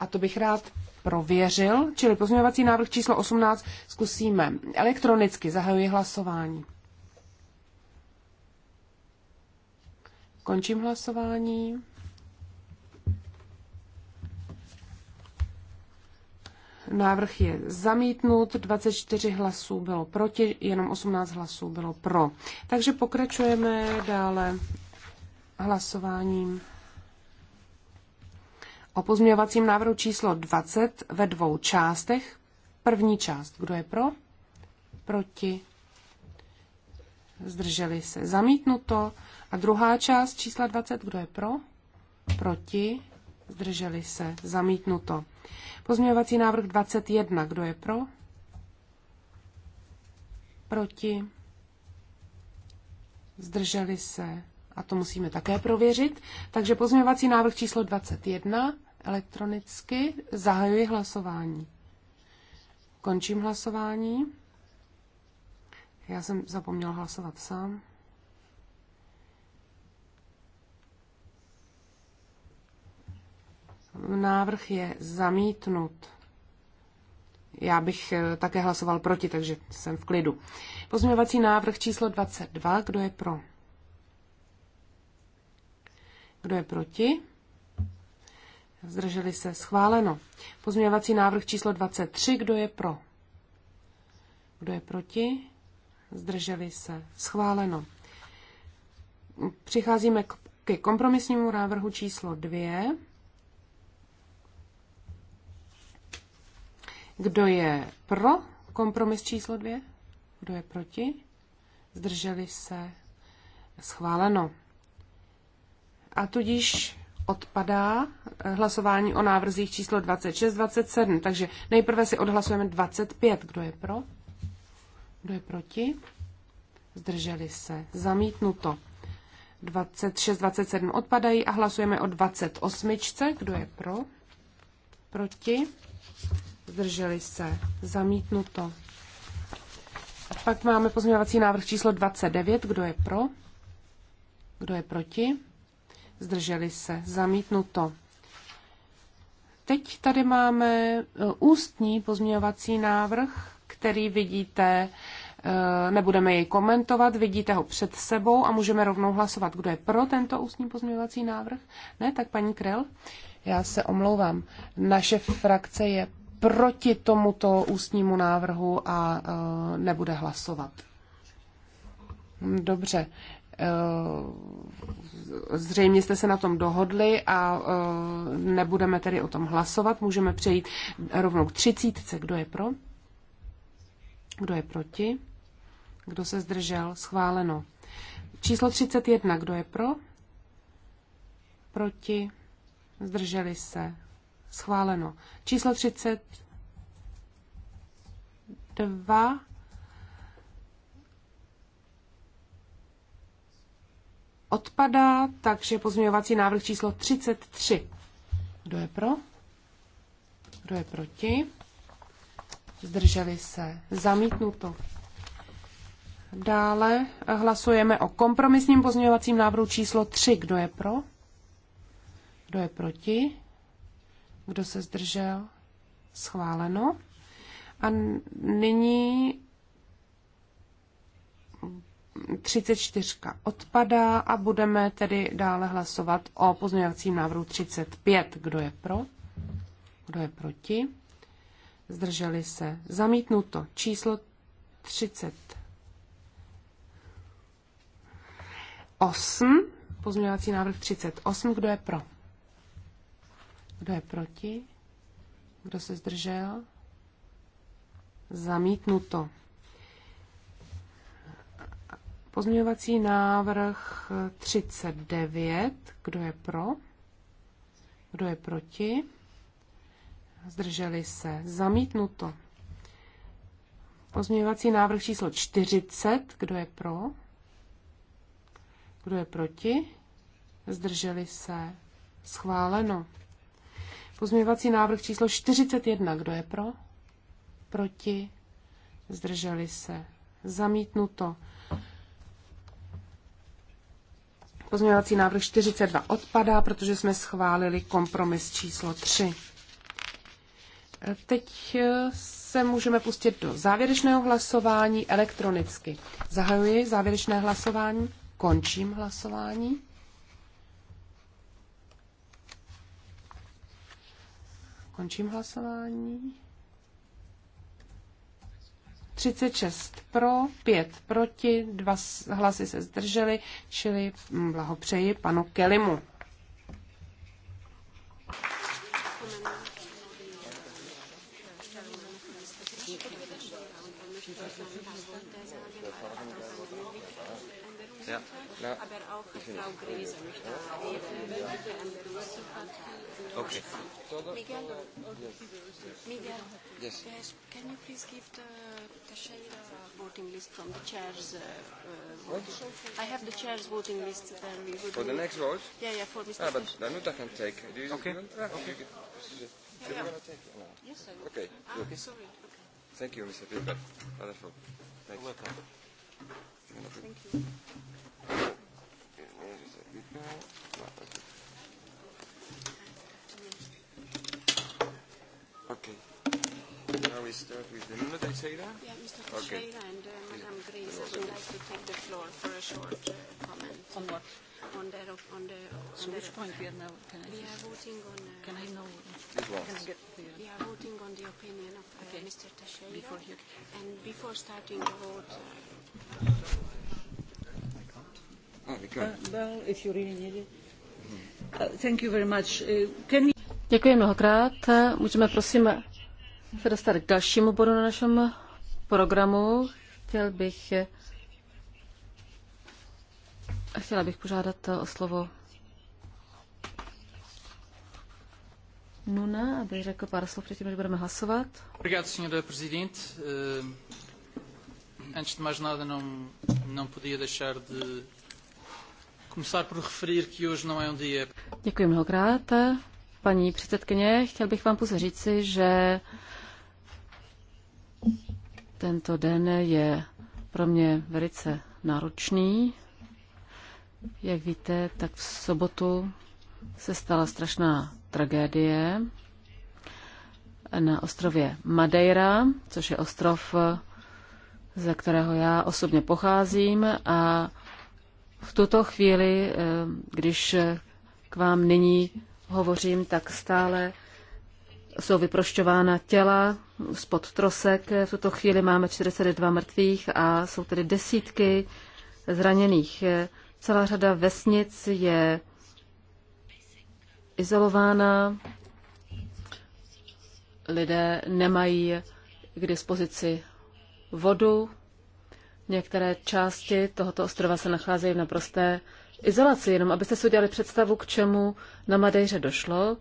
A to bych rád prověřil, čili pozměňovací návrh číslo 18 zkusíme elektronicky. Zahajuji hlasování. Končím hlasování. Návrh je zamítnut, 24 hlasů bylo proti, jenom 18 hlasů bylo pro. Takže pokračujeme dále hlasováním o pozměňovacím návrhu číslo 20 ve dvou částech. První část, kdo je pro? Proti? Zdrželi se. Zamítnuto. A druhá část čísla 20, kdo je pro? Proti? Zdrželi se. Zamítnuto. Pozměňovací návrh 21. Kdo je pro? Proti? Zdrželi se? A to musíme také prověřit. Takže pozměňovací návrh číslo 21 elektronicky. Zahajuji hlasování. Končím hlasování. Já jsem zapomněl hlasovat sám. Návrh je zamítnut. Já bych eh, také hlasoval proti, takže jsem v klidu. Pozměňovací návrh číslo 22. Kdo je pro? Kdo je proti? Zdrželi se. Schváleno. Pozměňovací návrh číslo 23. Kdo je pro? Kdo je proti? Zdrželi se. Schváleno. Přicházíme k, ke kompromisnímu návrhu číslo 2. Kdo je pro kompromis číslo dvě? Kdo je proti? Zdrželi se? Schváleno. A tudíž odpadá hlasování o návrzích číslo 26, 27. Takže nejprve si odhlasujeme 25. Kdo je pro? Kdo je proti? Zdrželi se. Zamítnuto. 26, 27 odpadají a hlasujeme o 28. Kdo je pro? Proti? zdrželi se, zamítnuto. A pak máme pozměňovací návrh číslo 29, kdo je pro, kdo je proti, zdrželi se, zamítnuto. Teď tady máme e, ústní pozměňovací návrh, který vidíte, e, nebudeme jej komentovat, vidíte ho před sebou a můžeme rovnou hlasovat, kdo je pro tento ústní pozměňovací návrh. Ne, tak paní Krel, já se omlouvám. Naše frakce je proti tomuto ústnímu návrhu a e, nebude hlasovat. Dobře. E, zřejmě jste se na tom dohodli a e, nebudeme tedy o tom hlasovat. Můžeme přejít rovnou k třicítce. Kdo je pro? Kdo je proti? Kdo se zdržel? Schváleno. Číslo 31. Kdo je pro? Proti? Zdrželi se? Schváleno. Číslo 32. Odpadá, takže pozměňovací návrh číslo 33. Kdo je pro? Kdo je proti? Zdrželi se. Zamítnuto. Dále hlasujeme o kompromisním pozměňovacím návrhu číslo 3. Kdo je pro? Kdo je proti? Kdo se zdržel? Schváleno. A nyní 34 odpadá a budeme tedy dále hlasovat o pozměňovacím návrhu 35. Kdo je pro? Kdo je proti? Zdrželi se. Zamítnuto. Číslo 38. Pozměňovací návrh 38. Kdo je pro? Kdo je proti? Kdo se zdržel? Zamítnuto. Pozměňovací návrh 39. Kdo je pro? Kdo je proti? Zdrželi se. Zamítnuto. Pozměňovací návrh číslo 40. Kdo je pro? Kdo je proti? Zdrželi se. Schváleno. Pozměňovací návrh číslo 41. Kdo je pro? Proti? Zdrželi se. Zamítnuto. Pozměňovací návrh 42 odpadá, protože jsme schválili kompromis číslo 3. Teď se můžeme pustit do závěrečného hlasování elektronicky. Zahajuji závěrečné hlasování, končím hlasování. Končím hlasování. 36 pro, 5 proti, 2 hlasy se zdrželi, čili blahopřeji panu Kelimu. Na. Äh, okay. Miguel, Miguel yes. yes. can you please give the, the share uh, voting list from the chair's uh, uh, what? I have the chair's voting list uh, there. We would for the next vote? Yeah, yeah, for Mr. Ah, but Danuta can take. Do you okay. Ah, okay. Yeah, yeah. Take it? No. Yes, I will. Okay. Ah, okay. sorry. Okay. Thank you, Mr. Pieper. Wonderful. Thanks. Welcome. Thank you. Okay. Now we start with the minute I Yeah, Mr. Teixeira okay. and uh, Madam Grace would like to take the floor for a short uh, comment. On what? On the... On the on so the, which point we are now... Can I we are voting on... Uh, can I know... This one. Can I get the... Uh, we are voting on the opinion of uh, okay. Mr. Teixeira. Before he... And before starting the vote... Uh, Ah, uh, uh, uh, Děkuji mnohokrát. Můžeme prosím se dostat k dalšímu bodu na našem programu. Chtěl bych, chtěla bych požádat o slovo Nuna, aby řekl pár slov předtím, než budeme hlasovat. Obrigado, senhora presidente. Eh, antes de mais nada, não, não podia deixar de Um Děkuji mnohokrát. Paní předsedkyně, chtěl bych vám pouze říci, že tento den je pro mě velice náročný. Jak víte, tak v sobotu se stala strašná tragédie na ostrově Madeira, což je ostrov, ze kterého já osobně pocházím a v tuto chvíli, eh, když k vám nyní hovořím, tak stále jsou vyprošťována těla spod trosek. V tuto chvíli máme 42 mrtvých a jsou tedy desítky zraněných. Celá řada vesnic je izolována, lidé nemají k dispozici vodu, Některé části tohoto ostrova se nacházejí v naprosté izolaci, jenom abyste si udělali představu, k čemu na Madejře došlo.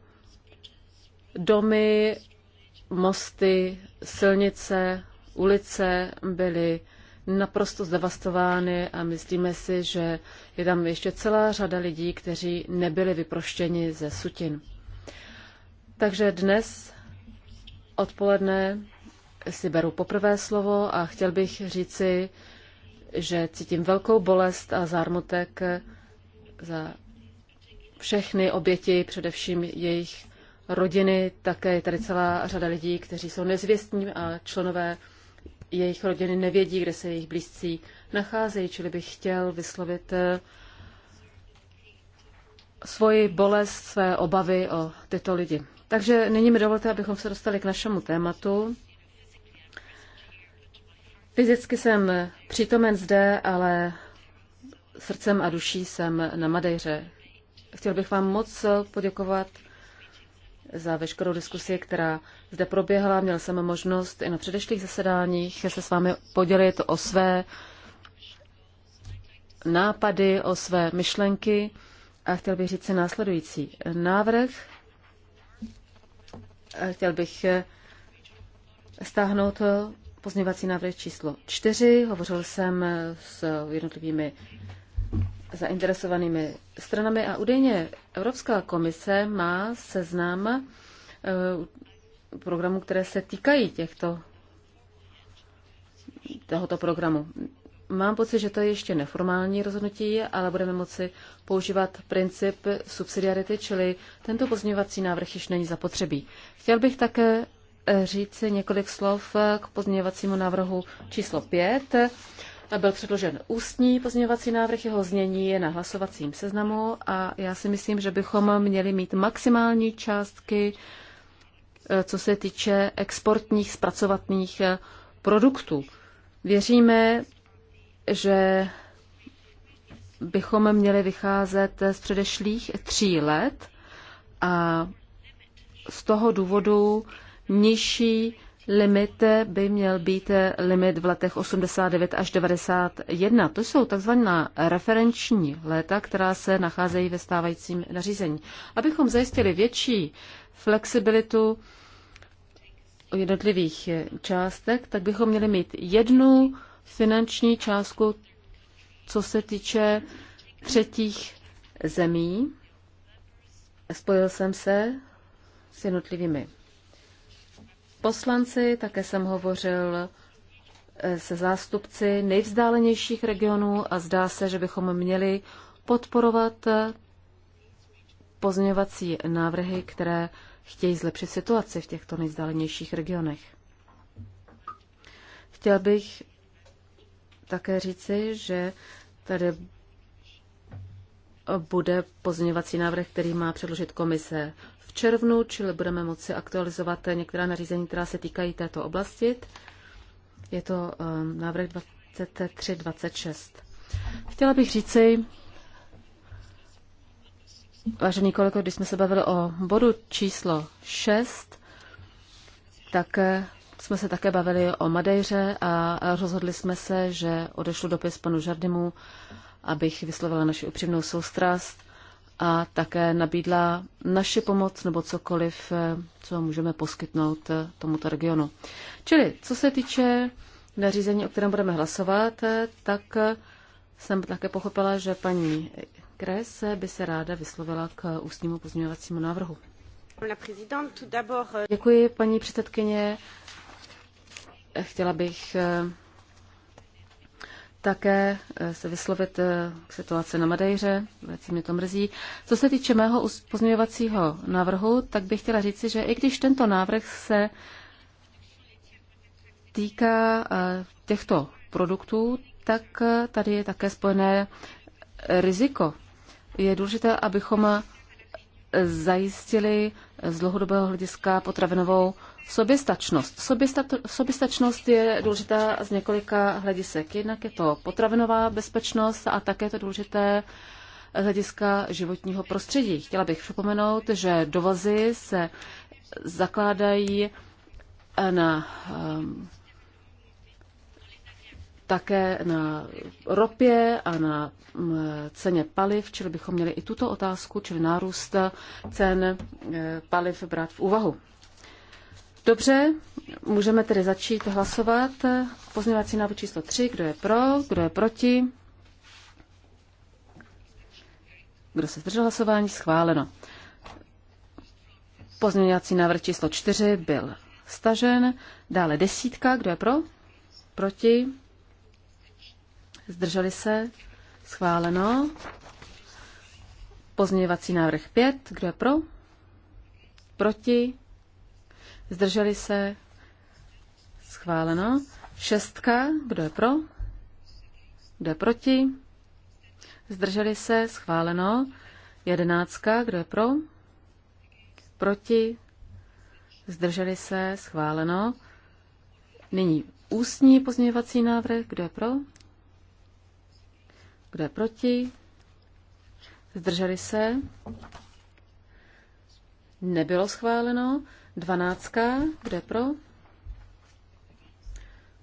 Domy, mosty, silnice, ulice byly naprosto zdevastovány a myslíme si, že je tam ještě celá řada lidí, kteří nebyli vyproštěni ze sutin. Takže dnes odpoledne si beru poprvé slovo a chtěl bych říci že cítím velkou bolest a zármutek za všechny oběti, především jejich rodiny, také je tady celá řada lidí, kteří jsou nezvěstní a členové jejich rodiny nevědí, kde se jejich blízcí nacházejí, čili bych chtěl vyslovit eh, svoji bolest, své obavy o tyto lidi. Takže nyní mi dovolte, abychom se dostali k našemu tématu. Fyzicky jsem přítomen zde, ale srdcem a duší jsem na Madejře. Chtěl bych vám moc poděkovat za veškerou diskusi, která zde proběhla. Měl jsem možnost i na předešlých zasedáních se s vámi podělit o své nápady, o své myšlenky a chtěl bych říct si následující návrh. Chtěl bych stáhnout Pozměvací návrh číslo 4. Hovořil jsem s jednotlivými zainteresovanými stranami a údajně Evropská komise má seznam eh, programů, které se týkají těchto tohoto programu. Mám pocit, že to je ještě neformální rozhodnutí, ale budeme moci používat princip subsidiarity, čili tento pozměňovací návrh již není zapotřebí. Chtěl bych také říct několik slov k pozměňovacímu návrhu číslo 5. Byl předložen ústní pozměňovací návrh, jeho znění je na hlasovacím seznamu a já si myslím, že bychom měli mít maximální částky, eh, co se týče exportních zpracovatných eh, produktů. Věříme, že bychom měli vycházet z předešlých tří let a z toho důvodu nižší limit by měl být limit v letech 89 až 91. To jsou takzvaná referenční léta, která se nacházejí ve stávajícím nařízení. Abychom zajistili větší flexibilitu jednotlivých částek, tak bychom měli mít jednu finanční částku, co se týče třetích zemí. Spojil jsem se s jednotlivými poslanci, také jsem hovořil eh, se zástupci nejvzdálenějších regionů a zdá se, že bychom měli podporovat eh, pozměňovací návrhy, které chtějí zlepšit situaci v těchto nejvzdálenějších regionech. Chtěl bych také říci, že tady bude pozměňovací návrh, který má předložit komise v červnu, čili budeme moci aktualizovat některá nařízení, která se týkají této oblasti. Je to um, návrh 2326. Chtěla bych říci, vážený kolego, když jsme se bavili o bodu číslo 6, tak eh, jsme se také bavili o Madejře a rozhodli jsme se, že odešlu dopis panu Žardimu, abych vyslovila naši upřímnou soustrast a také nabídla naši pomoc nebo cokoliv, eh, co můžeme poskytnout eh, tomuto regionu. Čili, co se týče nařízení, o kterém budeme hlasovat, eh, tak jsem také pochopila, že paní Kres by se ráda vyslovila k ústnímu pozměňovacímu návrhu. Euh, Děkuji, paní předsedkyně. Chtěla bych také eh, se vyslovit eh, k situaci na Madejře, velice mě to mrzí. Co se týče mého pozměňovacího návrhu, tak bych chtěla říci, že i když tento návrh se týká eh, těchto produktů, tak tady je také spojené riziko. Je důležité, abychom zajistili z dlouhodobého hlediska potravinovou soběstačnost. Soběsta- soběstačnost je důležitá z několika hledisek. Jednak je to potravinová bezpečnost a také je to důležité z hlediska životního prostředí. Chtěla bych připomenout, že dovozy se zakládají na um, také na ropě a na mm, ceně paliv, čili bychom měli i tuto otázku, čili nárůst cen eh, paliv brát v úvahu. Dobře, můžeme tedy začít hlasovat. Pozměňovací návrh číslo 3, kdo je pro, kdo je proti, kdo se zdržel hlasování, schváleno. Pozměňovací návrh číslo 4 byl stažen. Dále desítka, kdo je pro, proti, zdrželi se, schváleno. Pozměňovací návrh 5, kdo je pro, proti, zdrželi se, schváleno. Šestka, kdo je pro, kdo je proti, zdrželi se, schváleno. Jedenáctka, kdo je pro, proti, zdrželi se, schváleno. Nyní ústní pozměňovací návrh, kdo je pro, kdo je proti? Zdrželi se? Nebylo schváleno. Dvanáctka. Kdo je pro?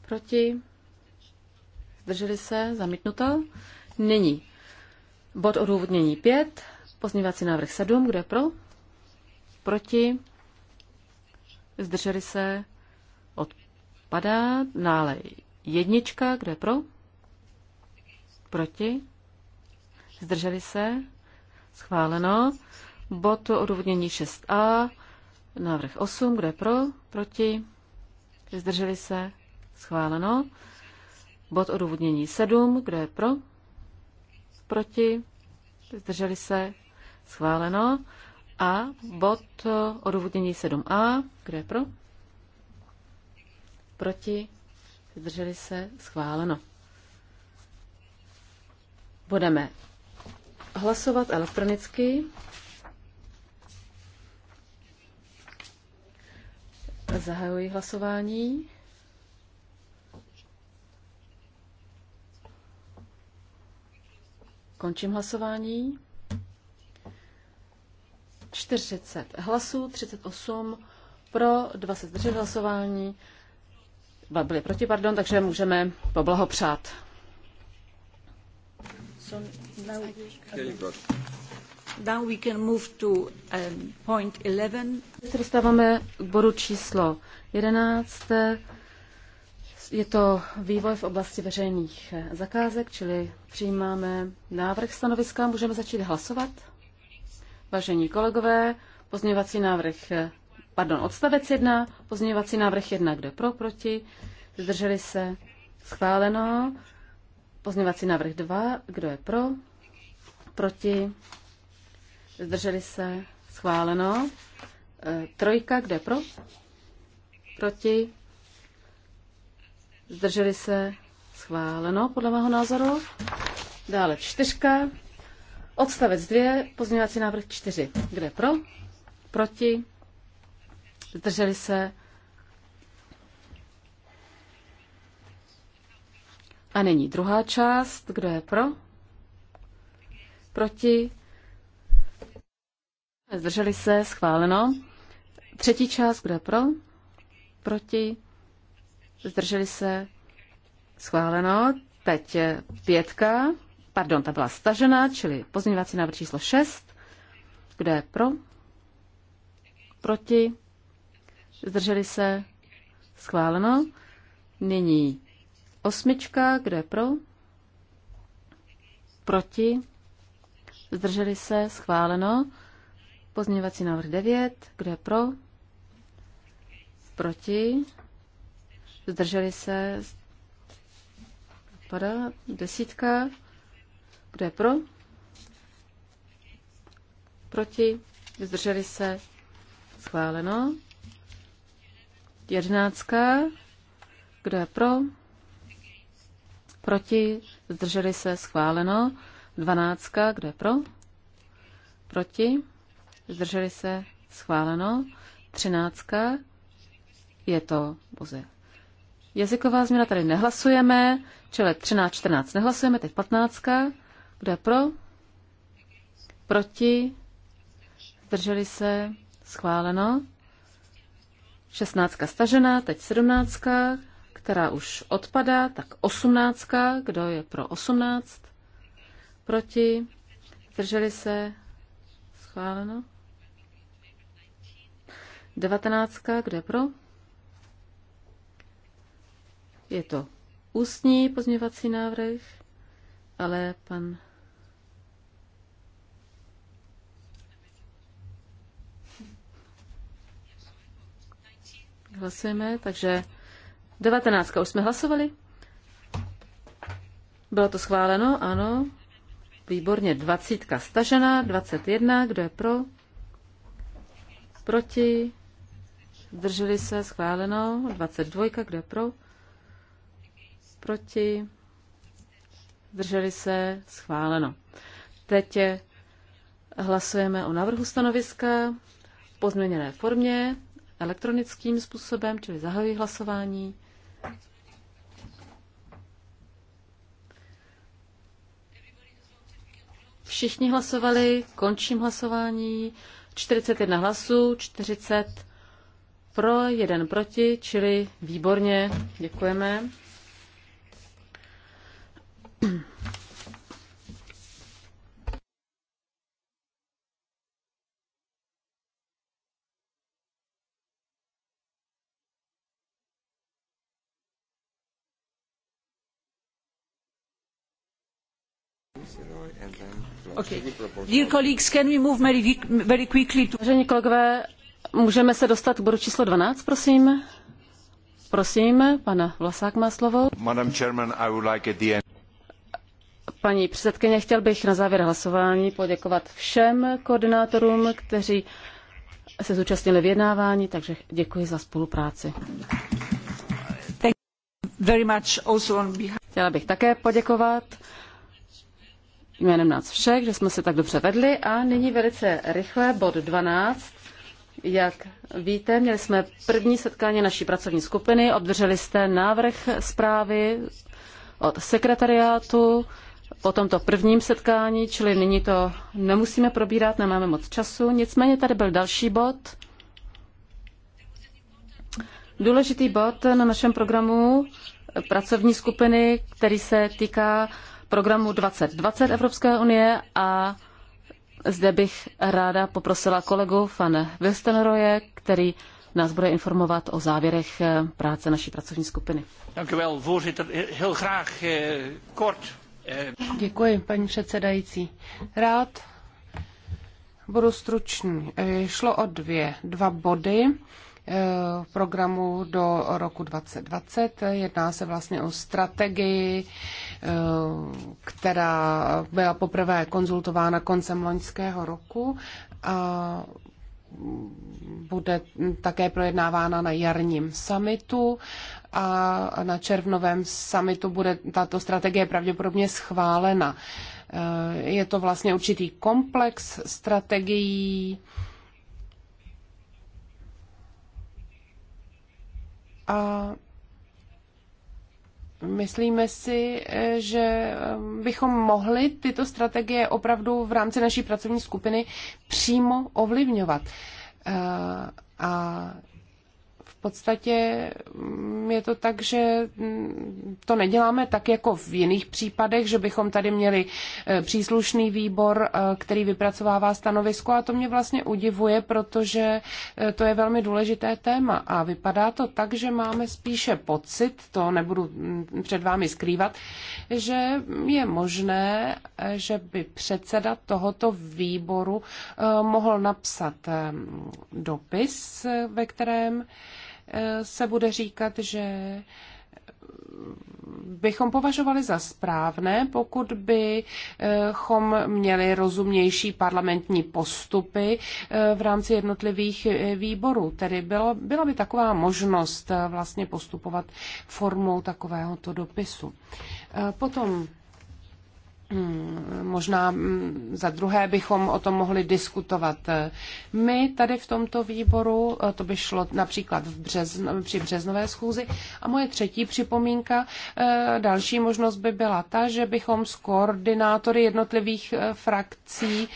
Proti? Zdrželi se? Zamítnuto? Není. Bod odůvodnění 5. Pozměňovací návrh 7. Kdo je pro? Proti? Zdrželi se? Odpadá. nálej jednička. Kdo je pro? Proti? Zdrželi se? Schváleno. Bod odůvodnění 6a. Návrh 8. Kdo je pro? Proti? Zdrželi se? Schváleno. Bod odůvodnění 7. Kdo je pro? Proti? Zdrželi se? Schváleno. A bod odůvodnění 7a. Kdo je pro? Proti? Zdrželi se? Schváleno. Budeme hlasovat elektronicky. Zahajuji hlasování. Končím hlasování. 40 hlasů, 38 pro, 20 hlasování, dva proti, pardon, takže můžeme poblahopřát. So now, now we can move to um, point 11. Se dostáváme k bodu číslo 11. Je to vývoj v oblasti veřejných eh, zakázek, čili přijímáme návrh stanoviska. Můžeme začít hlasovat? Vážení kolegové, pozměňovací návrh, eh, pardon, odstavec 1, pozměňovací návrh 1, kdo pro, proti, zdrželi se, schváleno. Pozměvací návrh 2. Kdo je pro? Proti? Zdrželi se? Schváleno. E, trojka. Kdo je pro? Proti? Zdrželi se? Schváleno, podle mého názoru. Dále čtyřka. Odstavec 2. Pozměvací návrh 4. Kdo je pro? Proti? Zdrželi se? A není druhá část. Kdo je pro? Proti? Zdrželi se? Schváleno. Třetí část. Kdo je pro? Proti? Zdrželi se? Schváleno. Teď pětka. Pardon, ta byla stažená, čili pozměňovací návrh číslo 6. Kdo je pro? Proti? Zdrželi se? Schváleno. Nyní Osmička, kdo je pro? Proti? Zdrželi se? Schváleno. Pozměňovací návrh 9. Kdo je pro? Proti? Zdrželi se? Pada, desítka. Kdo je pro? Proti? Zdrželi se? Schváleno. Jedenáctka. Kdo je pro? proti, zdrželi se, schváleno. Dvanáctka, kdo je pro, proti, zdrželi se, schváleno. Třináctka, je to buze. jazyková změna, tady nehlasujeme, čili 13, 14 nehlasujeme, teď 15, Kdo je pro, proti, zdrželi se, schváleno. 16 stažena, teď 17 která už odpadá, tak osmnáctka, kdo je pro osmnáct, proti, zdrželi se, schváleno. Devatenáctka, kdo je pro? Je to ústní pozměvací návrh, ale pan Hlasujeme, takže 19. Už jsme hlasovali? Bylo to schváleno? Ano. Výborně. 20. Stažena. 21. Kdo je pro? Proti? Zdrželi se? Schváleno. 22. Kdo je pro? Proti? Zdrželi se? Schváleno. Teď je hlasujeme o návrhu stanoviska v pozměněné formě, elektronickým způsobem, čili zahajují hlasování. Všichni hlasovali, končím hlasování. 41 hlasů, 40 pro, jeden proti, čili výborně, děkujeme. Vážení kolegové, můžeme se dostat k bodu číslo 12, prosím? Prosím, pan Vlasák má slovo. Paní předsedkyně, chtěl bych na závěr hlasování poděkovat všem koordinátorům, kteří se zúčastnili vyjednávání, takže děkuji za spolupráci. Chtěla bych také poděkovat jménem nás všech, že jsme se tak dobře vedli a nyní velice rychle bod 12. Jak víte, měli jsme první setkání naší pracovní skupiny, obdrželi jste návrh zprávy od sekretariátu po tomto prvním setkání, čili nyní to nemusíme probírat, nemáme moc času. Nicméně tady byl další bod, důležitý bod na našem programu pracovní skupiny, který se týká programu 2020 Evropské unie a zde bych ráda poprosila kolegu van Wilstenroje, který nás bude informovat o závěrech eh, práce naší pracovní skupiny. Eh, eh, Děkuji, paní předsedající. Rád budu stručný. Šlo o dvě, dva body programu do roku 2020. Jedná se vlastně o strategii, eh, která byla poprvé konzultována koncem loňského roku a bude také projednávána na jarním summitu a na červnovém summitu bude tato strategie pravděpodobně schválena. Eh, je to vlastně určitý komplex strategií, A myslíme si, eh, že eh, bychom mohli tyto strategie opravdu v rámci naší pracovní skupiny přímo ovlivňovat. Eh, a podstatě mm, je to tak, že mm, to neděláme tak jako v jiných případech, že bychom tady měli e, příslušný výbor, e, který vypracovává stanovisko a to mě vlastně udivuje, protože e, to je velmi důležité téma a vypadá to tak, že máme spíše pocit, to nebudu mm, před vámi skrývat, že je možné, že by předseda tohoto výboru mohl napsat dopis, ve kterém se bude říkat, že bychom považovali za správné, pokud bychom měli rozumnější parlamentní postupy eh, v rámci jednotlivých eh, výborů. Tedy bylo, byla by taková možnost eh, vlastně postupovat formou takovéhoto dopisu. Potom Mm, možná mm, za druhé bychom o tom mohli diskutovat. My tady v tomto výboru, eh, to by šlo například v březn, při březnové schůzi. A moje třetí připomínka, eh, další možnost by byla ta, že bychom s koordinátory jednotlivých eh, frakcí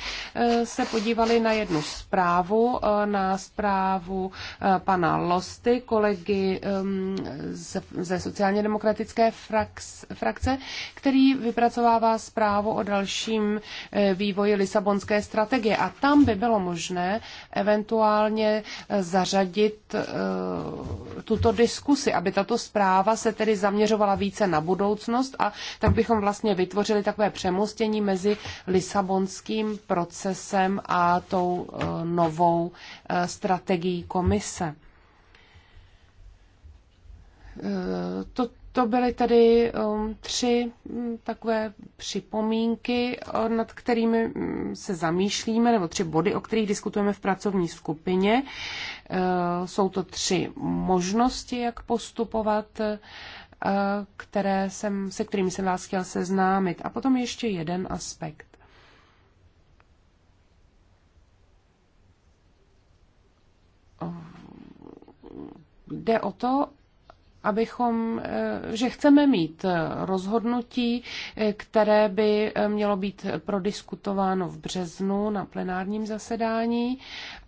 se podívali na jednu zprávu, na zprávu pana Losty, kolegy ehm, ze sociálně demokratické frakce, který vypracovává zprávu zprávu o dalším e, vývoji Lisabonské strategie a tam by bylo možné eventuálně e, zařadit e, tuto diskusi, aby tato zpráva se tedy zaměřovala více na budoucnost a tak bychom vlastně vytvořili takové přemostění mezi Lisabonským procesem a tou novou strategií komise to to byly tedy um, tři mm, takové připomínky, nad kterými mm, se zamýšlíme, nebo tři body, o kterých diskutujeme v pracovní skupině. Uh, jsou to tři možnosti, jak postupovat, uh, které jsem, se kterými jsem vás chtěl seznámit. A potom ještě jeden aspekt. Jde o to, abychom, eh, že chceme mít eh, rozhodnutí, eh, které by mělo být prodiskutováno v březnu na plenárním zasedání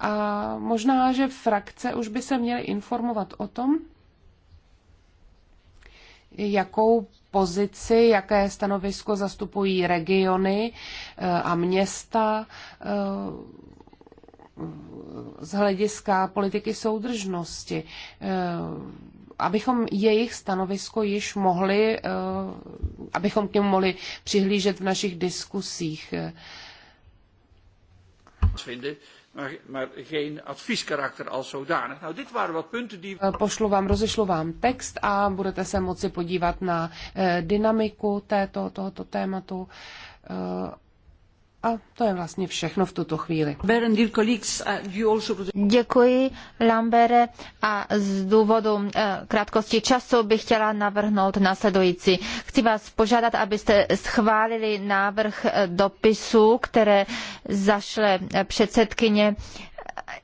a možná, že frakce už by se měly informovat o tom, jakou pozici, jaké stanovisko zastupují regiony a města z hlediska politiky soudržnosti abychom jejich stanovisko již mohli, eh, abychom k němu mohli přihlížet v našich diskusích. Eh, pošlu vám, rozešlu vám text a budete se moci podívat na eh, dynamiku této, tohoto tématu a to je vlastně všechno v tuto chvíli. Uh, Děkuji, Lambere. A z důvodu uh, krátkosti času bych chtěla navrhnout následující. Chci vás požádat, abyste schválili návrh uh, dopisu, které zašle předsedkyně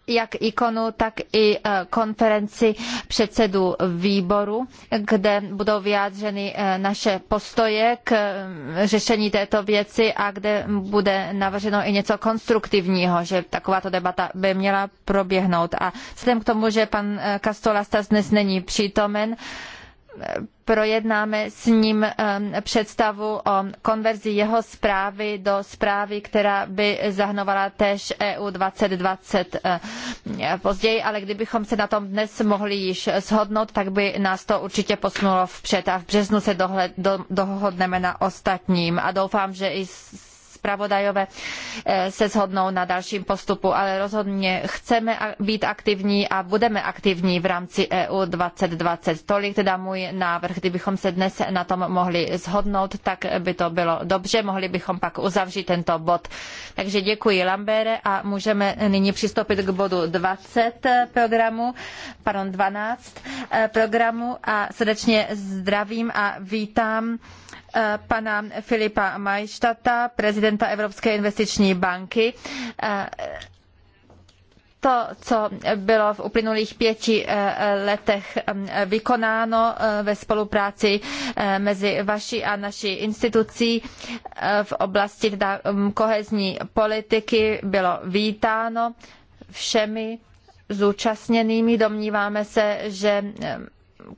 jak ikonu, tak i eh, konferenci předsedů výboru, kde budou vyjádřeny eh, naše postoje k eh, řešení této věci a kde bude navrženo i něco konstruktivního, že takováto debata by měla proběhnout. A vzhledem k tomu, že pan Kastolastas dnes není přítomen, projednáme s ním eh, představu o konverzi jeho zprávy do zprávy, která by zahrnovala též EU 2020 eh, později, ale kdybychom se na tom dnes mohli již shodnout, tak by nás to určitě posunulo vpřed a v březnu se dohled, do, dohodneme na ostatním a doufám, že i s spravodajové eh, se shodnou na dalším postupu, ale rozhodně chceme být aktivní a budeme aktivní v rámci EU 2020. Tolik teda můj návrh. Kdybychom se dnes na tom mohli shodnout, tak by to bylo dobře. Mohli bychom pak uzavřít tento bod. Takže děkuji Lambere a můžeme nyní přistoupit k bodu 20 programu, pardon 12 eh, programu a srdečně zdravím a vítám Eh, pana Filipa Maystadta, prezidenta Evropské investiční banky eh, to, co bylo v uplynulých pěti eh, letech mm, vykonáno ve spolupráci mezi vaší a naší institucí v oblasti mm, kohezní politiky, bylo vítáno všemi zúčastněnými. Domníváme se, že mm,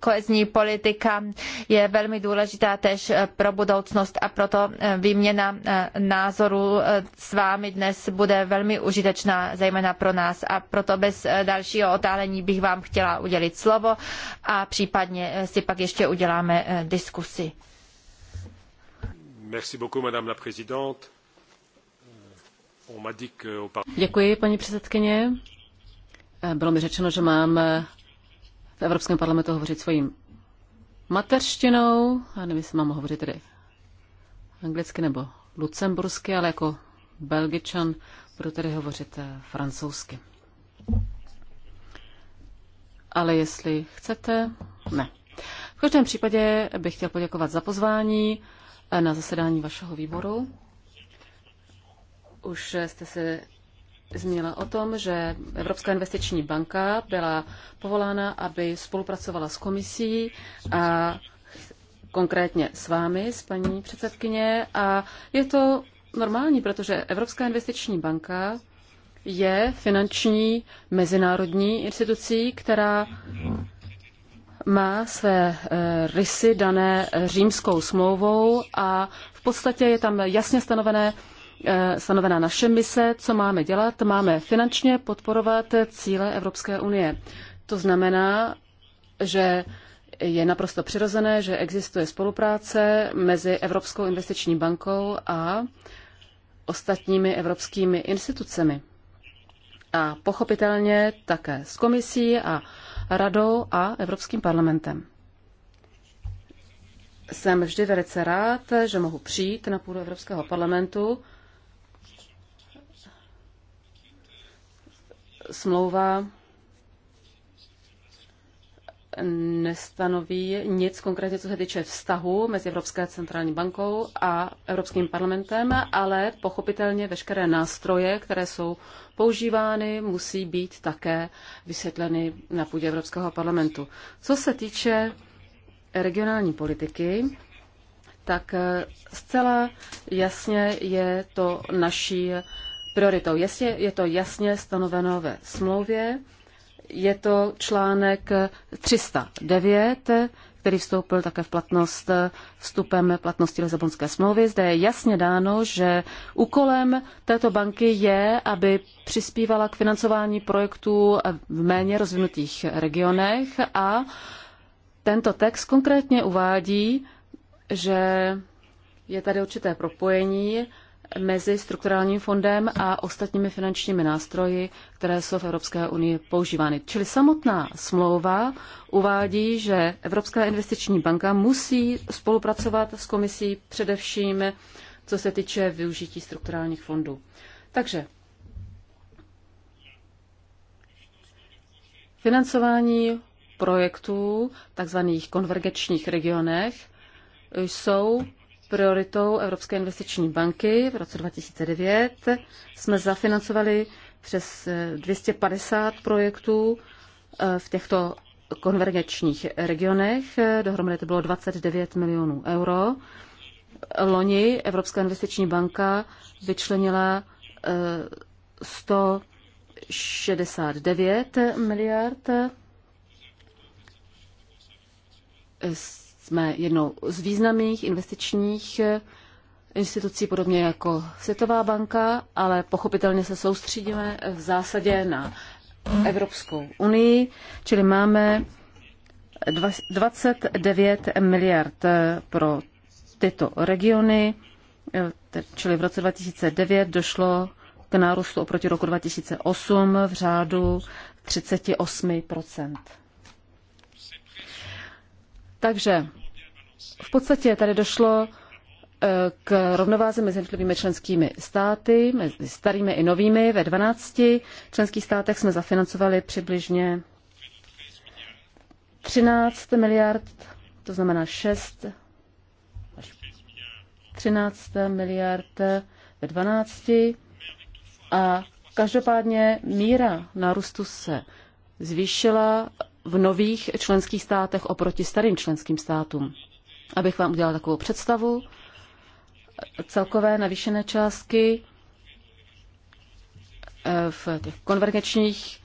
kohezní politika je velmi důležitá též pro budoucnost a proto eh, výměna eh, názorů eh, s vámi dnes bude velmi užitečná, zejména pro nás. A proto bez dalšího otálení bych vám chtěla udělit slovo a případně si pak ještě uděláme diskusi. Děkuji, paní předsedkyně. Bylo mi řečeno, že mám v Evropském parlamentu hovořit svým mateřštinou, a nevím, jestli mám hovořit tedy anglicky nebo lucembursky, ale jako belgičan budu tedy hovořit eh, francouzsky. Ale jestli chcete, ne. V každém případě bych chtěl poděkovat za pozvání eh, na zasedání vašeho výboru. Už eh, jste se zmínila o tom, že Evropská investiční banka byla povolána, aby spolupracovala s komisí a konkrétně s vámi, s paní předsedkyně. A je to normální, protože Evropská investiční banka je finanční mezinárodní institucí, která má své eh, rysy dané římskou smlouvou a v podstatě je tam jasně stanovené Eh, stanovená naše mise, co máme dělat. Máme finančně podporovat cíle Evropské unie. To znamená, že je naprosto přirozené, že existuje spolupráce mezi Evropskou investiční bankou a ostatními evropskými institucemi. A pochopitelně také s komisí a radou a Evropským parlamentem. Jsem vždy velice rád, že mohu přijít na půdu Evropského parlamentu smlouva nestanoví nic konkrétně, co se týče vztahu mezi Evropské centrální bankou a Evropským parlamentem, ale pochopitelně veškeré nástroje, které jsou používány, musí být také vysvětleny na půdě Evropského parlamentu. Co se týče regionální politiky, tak zcela jasně je to naší prioritou. Jestli je to jasně stanoveno ve smlouvě. Je to článek 309, který vstoupil také v platnost vstupem platnosti Lisabonské smlouvy. Zde je jasně dáno, že úkolem této banky je, aby přispívala k financování projektů v méně rozvinutých regionech a tento text konkrétně uvádí, že je tady určité propojení mezi strukturálním fondem a ostatními finančními nástroji, které jsou v Evropské unii používány. Čili samotná smlouva uvádí, že Evropská investiční banka musí spolupracovat s komisí především co se týče využití strukturálních fondů. Takže financování projektů v takzvaných konvergenčních regionech jsou prioritou Evropské investiční banky v roce 2009 jsme zafinancovali přes 250 eh, projektů eh, v těchto konvergenčních regionech. Eh, dohromady to bylo 29 milionů euro. Loni Evropská investiční banka vyčlenila 169 miliard. Jsme jednou z významných investičních eh, institucí, podobně jako Světová banka, ale pochopitelně se soustředíme v zásadě na Evropskou unii, čili máme 29 miliard eh, pro tyto regiony, eh, čili v roce 2009 došlo k nárůstu oproti roku 2008 v řádu 38 Takže v podstatě tady došlo e, k rovnováze mezi jednotlivými členskými státy, mezi starými i novými. Ve 12 členských státech jsme zafinancovali přibližně 13 miliard, to znamená 6 13 miliard ve 12 a každopádně míra nárůstu se zvýšila v nových členských státech oproti starým členským státům abych vám udělal takovou představu. Celkové navýšené částky eh, v těch konvergenčních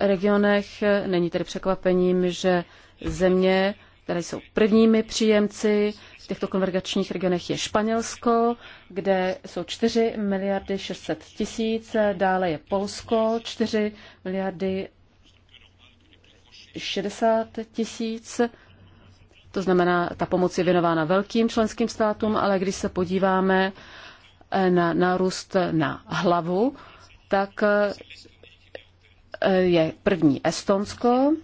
regionech eh, není tedy překvapením, že země, které jsou prvními příjemci v těchto konvergačních regionech, je Španělsko, kde jsou 4 miliardy 600 tisíc, dále je Polsko 4 miliardy 60 tisíc to znamená, ta pomoc je věnována velkým členským státům, ale když se podíváme eh, na nárůst na hlavu, tak eh, je první Estonsko,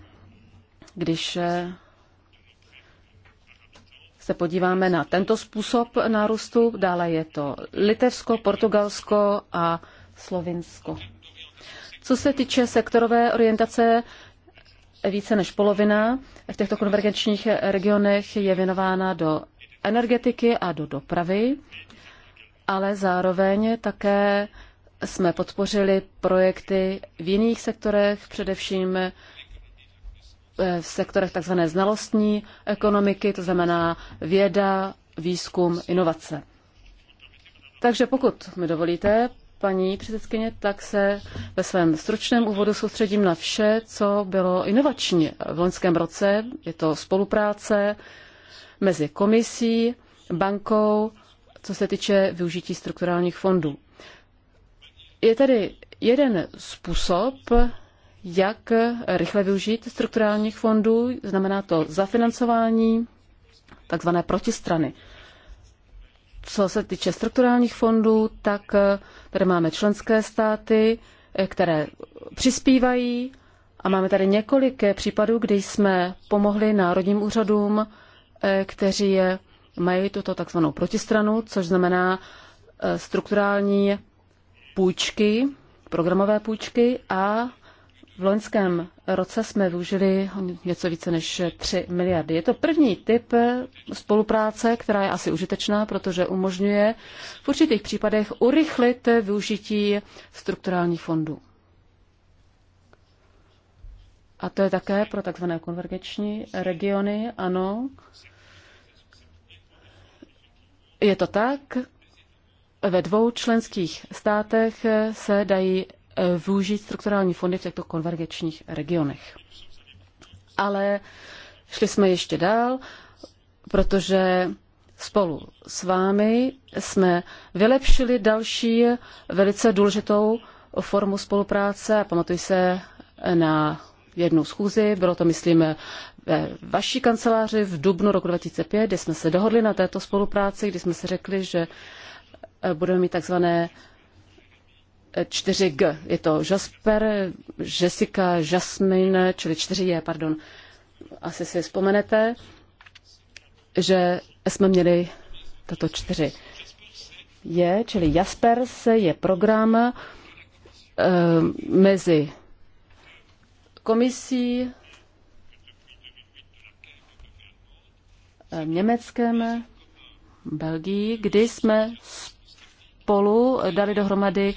když eh, se podíváme na tento způsob nárůstu, dále je to Litevsko, Portugalsko a Slovinsko. Co se týče sektorové orientace, více než polovina v těchto konvergenčních regionech je věnována do energetiky a do dopravy, ale zároveň také jsme podpořili projekty v jiných sektorech, především eh, v sektorech tzv. znalostní ekonomiky, to znamená věda, výzkum, inovace. Takže pokud mi dovolíte, paní předsedkyně, tak se ve svém stručném úvodu soustředím na vše, co bylo inovační v loňském roce. Je to spolupráce mezi komisí, bankou, co se týče využití strukturálních fondů. Je tady jeden způsob, jak rychle využít strukturálních fondů, znamená to zafinancování takzvané protistrany. Co se týče strukturálních fondů, tak eh, tady máme členské státy, eh, které přispívají a máme tady několik eh, případů, kdy jsme pomohli národním úřadům, kteří mají tuto takzvanou protistranu, což znamená strukturální půjčky, programové půjčky a v loňském roce jsme využili něco více než 3 miliardy. Je to první typ spolupráce, která je asi užitečná, protože umožňuje v určitých případech urychlit využití strukturálních fondů. A to je také pro takzvané konvergenční regiony, ano. Je to tak, ve dvou členských státech se dají Eh, využít strukturální fondy v těchto konvergenčních regionech. Ale šli jsme ještě dál, protože spolu s vámi jsme vylepšili další velice důležitou formu spolupráce. Pamatuj se na jednu schůzi, bylo to, myslím, ve vaší kanceláři v dubnu roku 2005, kde jsme se dohodli na této spolupráci, kdy jsme si řekli, že budeme mít takzvané 4G. Je to Jasper, Jessica, Jasmine, čili 4J, pardon. Asi si vzpomenete, že jsme měli tato čtyři je, čili Jaspers je program e, mezi komisí eh, Německém, Belgii, kdy jsme spolu dali dohromady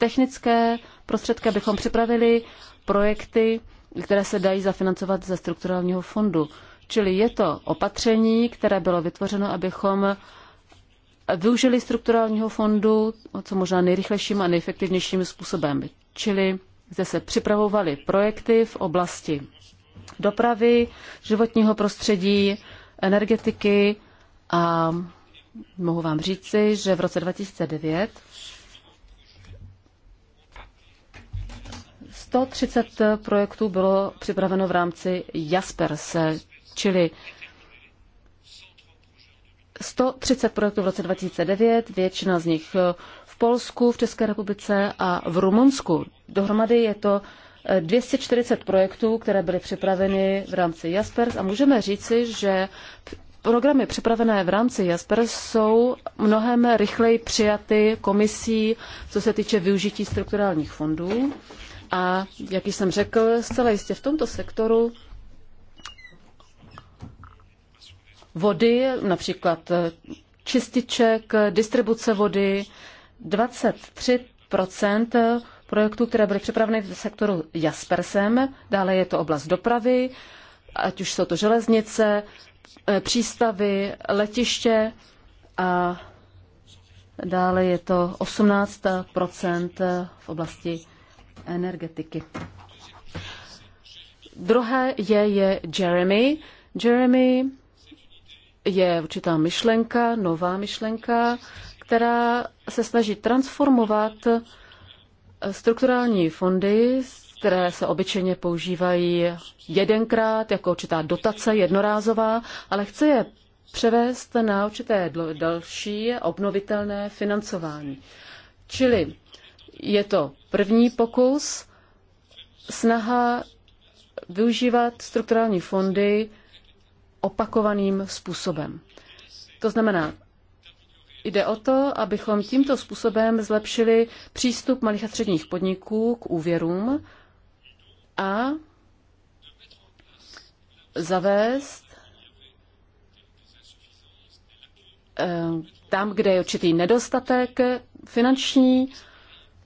technické prostředky, abychom připravili projekty, které se dají zafinancovat ze strukturálního fondu. Čili je to opatření, které bylo vytvořeno, abychom využili strukturálního fondu co možná nejrychlejším a nejefektivnějším způsobem. Čili zde se připravovaly projekty v oblasti dopravy, životního prostředí, energetiky a mohu vám říci, že v roce 2009 130 projektů bylo připraveno v rámci Jaspers, čili 130 projektů v roce 2009, většina z nich v Polsku, v České republice a v Rumunsku. Dohromady je to 240 projektů, které byly připraveny v rámci Jaspers a můžeme říci, že programy připravené v rámci Jaspers jsou mnohem rychleji přijaty komisí, co se týče využití strukturálních fondů. A jak jsem řekl, zcela jistě v tomto sektoru vody, například eh, čističek, distribuce vody, 23 projektů, které byly připraveny v sektoru Jaspersem. Dále je to oblast dopravy, ať už jsou to železnice, eh, přístavy, letiště a dále je to 18 v oblasti energetiky. Druhé je, je Jeremy. Jeremy je určitá myšlenka, nová myšlenka, která se snaží transformovat strukturální fondy, které se obyčejně používají jedenkrát jako určitá dotace jednorázová, ale chce je převést na určité další obnovitelné financování. Čili je to první pokus, snaha využívat strukturální fondy opakovaným způsobem. To znamená, jde o to, abychom tímto způsobem zlepšili přístup malých a středních podniků k úvěrům a zavést eh, tam, kde je určitý nedostatek finanční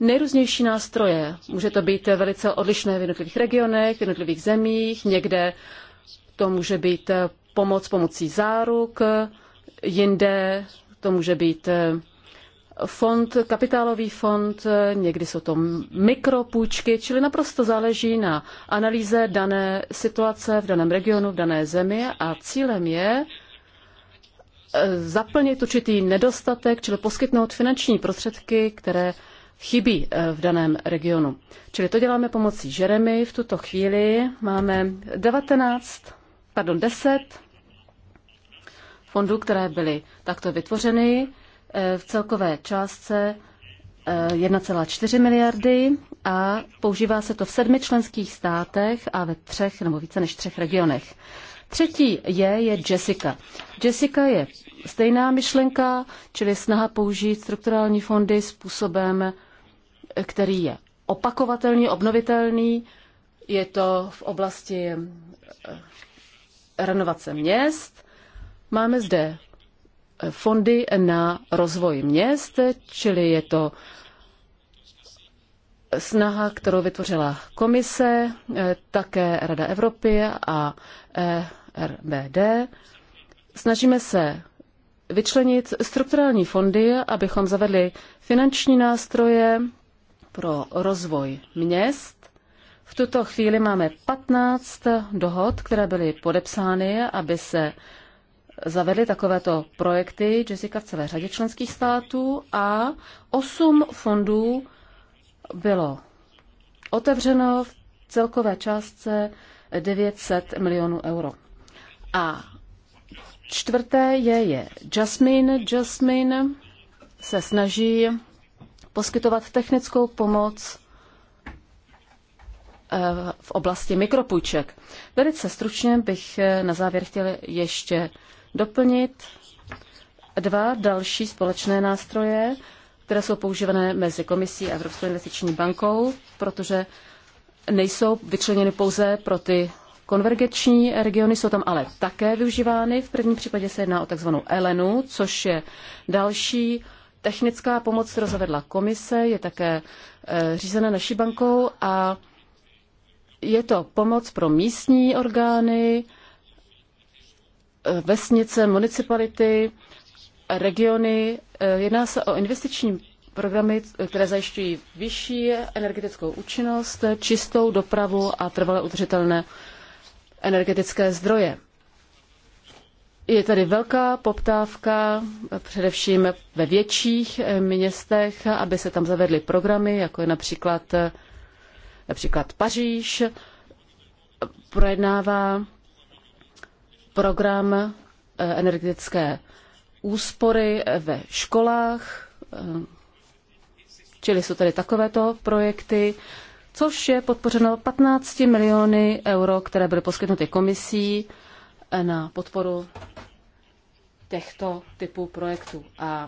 nejrůznější nástroje. Může to být velice odlišné v jednotlivých regionech, v jednotlivých zemích, někde to může být pomoc pomocí záruk, jinde to může být eh, fond, kapitálový fond, eh, někdy jsou to mikropůjčky, čili naprosto záleží na analýze dané situace v daném regionu, v dané zemi a cílem je eh, zaplnit určitý nedostatek, čili poskytnout finanční prostředky, které chybí eh, v daném regionu. Čili to děláme pomocí Jeremy. V tuto chvíli máme 19, pardon 10 fondů, které byly takto vytvořeny eh, v celkové částce 1,4 eh, miliardy a používá se to v sedmi členských státech a ve třech nebo více než třech regionech. Třetí je, je Jessica. Jessica je stejná myšlenka, čili snaha použít strukturální fondy způsobem, který je opakovatelný, obnovitelný. Je to v oblasti eh, renovace měst. Máme zde eh, fondy na rozvoj měst, čili je to snaha, kterou vytvořila komise, eh, také Rada Evropy a RBD. Snažíme se vyčlenit strukturální fondy, abychom zavedli finanční nástroje, pro rozvoj měst. V tuto chvíli máme 15 dohod, které byly podepsány, aby se zavedly takovéto projekty Jessica v celé řadě členských států a 8 fondů bylo otevřeno v celkové částce 900 milionů euro. A čtvrté je, je Jasmine. Jasmine se snaží poskytovat technickou pomoc eh, v oblasti mikropůjček. Velice stručně bych eh, na závěr chtěl ještě doplnit dva další společné nástroje, které jsou používané mezi Komisí a Evropskou investiční bankou, protože nejsou vyčleněny pouze pro ty konvergenční regiony, jsou tam ale také využívány. V prvním případě se jedná o takzvanou ELENu, což je další Technická pomoc, rozvedla komise, je také eh, řízena naší bankou a je to pomoc pro místní orgány, eh, vesnice, municipality, regiony. Eh, jedná se o investiční programy, které zajišťují vyšší energetickou účinnost, čistou dopravu a trvale udržitelné energetické zdroje. Je tady velká poptávka, především ve větších eh, městech, aby se tam zavedly programy, jako je například, eh, například Paříž, projednává program eh, energetické úspory ve školách, čili jsou tady takovéto projekty, což je podpořeno 15 miliony euro, které byly poskytnuty komisí na podporu těchto typů projektů. A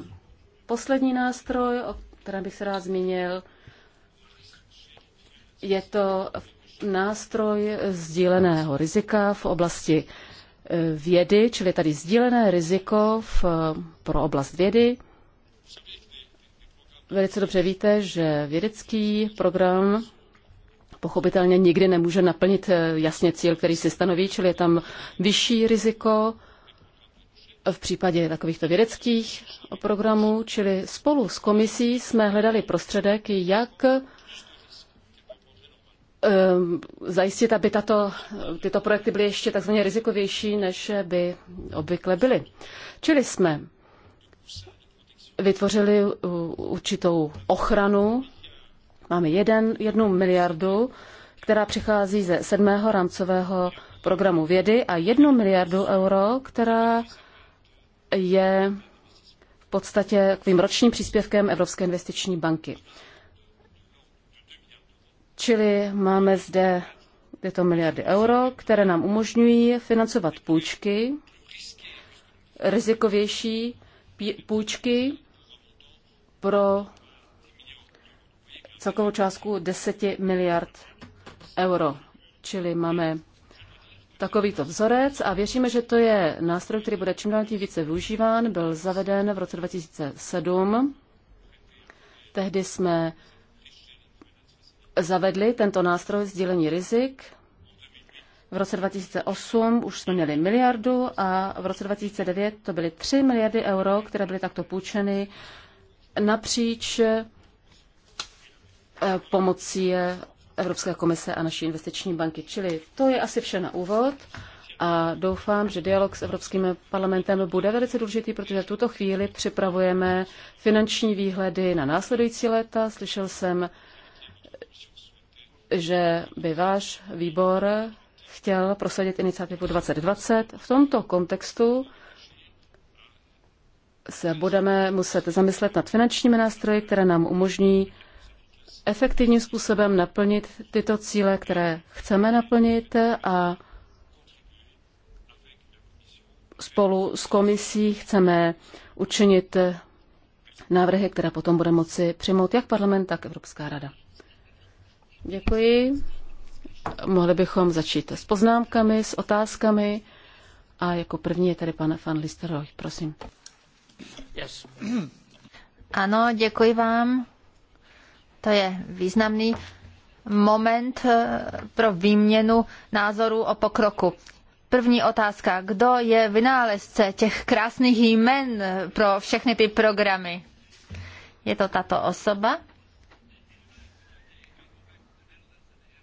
poslední nástroj, o kterém bych se rád zmínil, je to nástroj sdíleného rizika v oblasti e, vědy, čili tady sdílené riziko v, pro oblast vědy. Velice dobře víte, že vědecký program pochopitelně nikdy nemůže naplnit eh, jasně cíl, který si stanoví, čili je tam vyšší riziko v případě takovýchto vědeckých programů, čili spolu s komisí jsme hledali prostředek, jak eh, zajistit, aby tato, tyto projekty byly ještě takzvaně rizikovější, než by obvykle byly. Čili jsme vytvořili určitou ochranu Máme jeden, jednu miliardu, která přichází ze sedmého rámcového programu vědy a jednu miliardu euro, která je v podstatě takovým ročním příspěvkem Evropské investiční banky. Čili máme zde tyto miliardy euro, které nám umožňují financovat půjčky, rizikovější půjčky pro celkovou částku 10 miliard euro. Čili máme takovýto vzorec a věříme, že to je nástroj, který bude čím dál tím více využíván. Byl zaveden v roce 2007. Tehdy jsme zavedli tento nástroj sdílení rizik. V roce 2008 už jsme měli miliardu a v roce 2009 to byly 3 miliardy euro, které byly takto půjčeny napříč Eh, pomocí Evropské komise a naší investiční banky. Čili to je asi vše na úvod a doufám, že dialog s Evropským parlamentem bude velice důležitý, protože v tuto chvíli připravujeme finanční výhledy na následující léta. Slyšel jsem, že by váš výbor chtěl prosadit iniciativu 2020. V tomto kontextu se budeme muset zamyslet nad finančními nástroji, které nám umožní efektivním způsobem naplnit tyto cíle, které chceme naplnit a spolu s komisí chceme učinit návrhy, které potom bude moci přijmout jak parlament, tak Evropská rada. Děkuji. Mohli bychom začít s poznámkami, s otázkami. A jako první je tady pan Van Listeroy, prosím. Yes. Ano, děkuji vám. To je významný moment eh, pro výměnu názorů o pokroku. První otázka. Kdo je vynálezce těch krásných jmen eh, pro všechny ty programy? Je to tato osoba?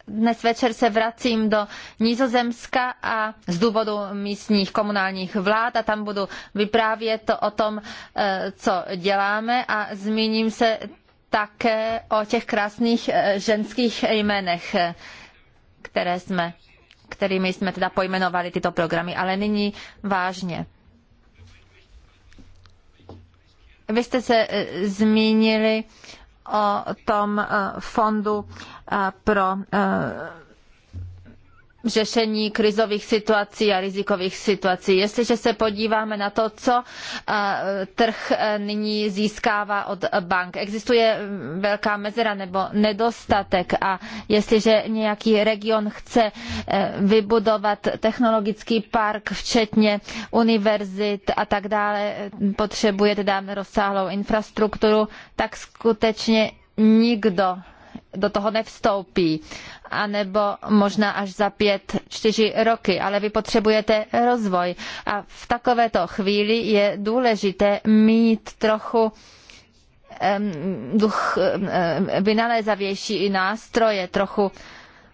Dnes večer se vracím do Nizozemska a z důvodu místních komunálních vlád a tam budu vyprávět o tom, eh, co děláme a zmíním se také o těch krásných eh, ženských jménech, eh, které jsme, kterými jsme teda pojmenovali tyto programy. Ale nyní vážně. Vy jste se eh, zmínili o tom fondu pro řešení krizových situací a rizikových situací. Jestliže se podíváme na to, co eh, trh eh, nyní získává od bank, existuje velká mezera nebo nedostatek a jestliže nějaký region chce eh, vybudovat technologický park, včetně univerzit a tak dále, potřebuje teda rozsáhlou infrastrukturu, tak skutečně nikdo do toho nevstoupí, anebo možná až za pět, čtyři roky, ale vy potřebujete rozvoj. A v takovéto chvíli je důležité mít trochu duch vynalézavější nástroje, trochu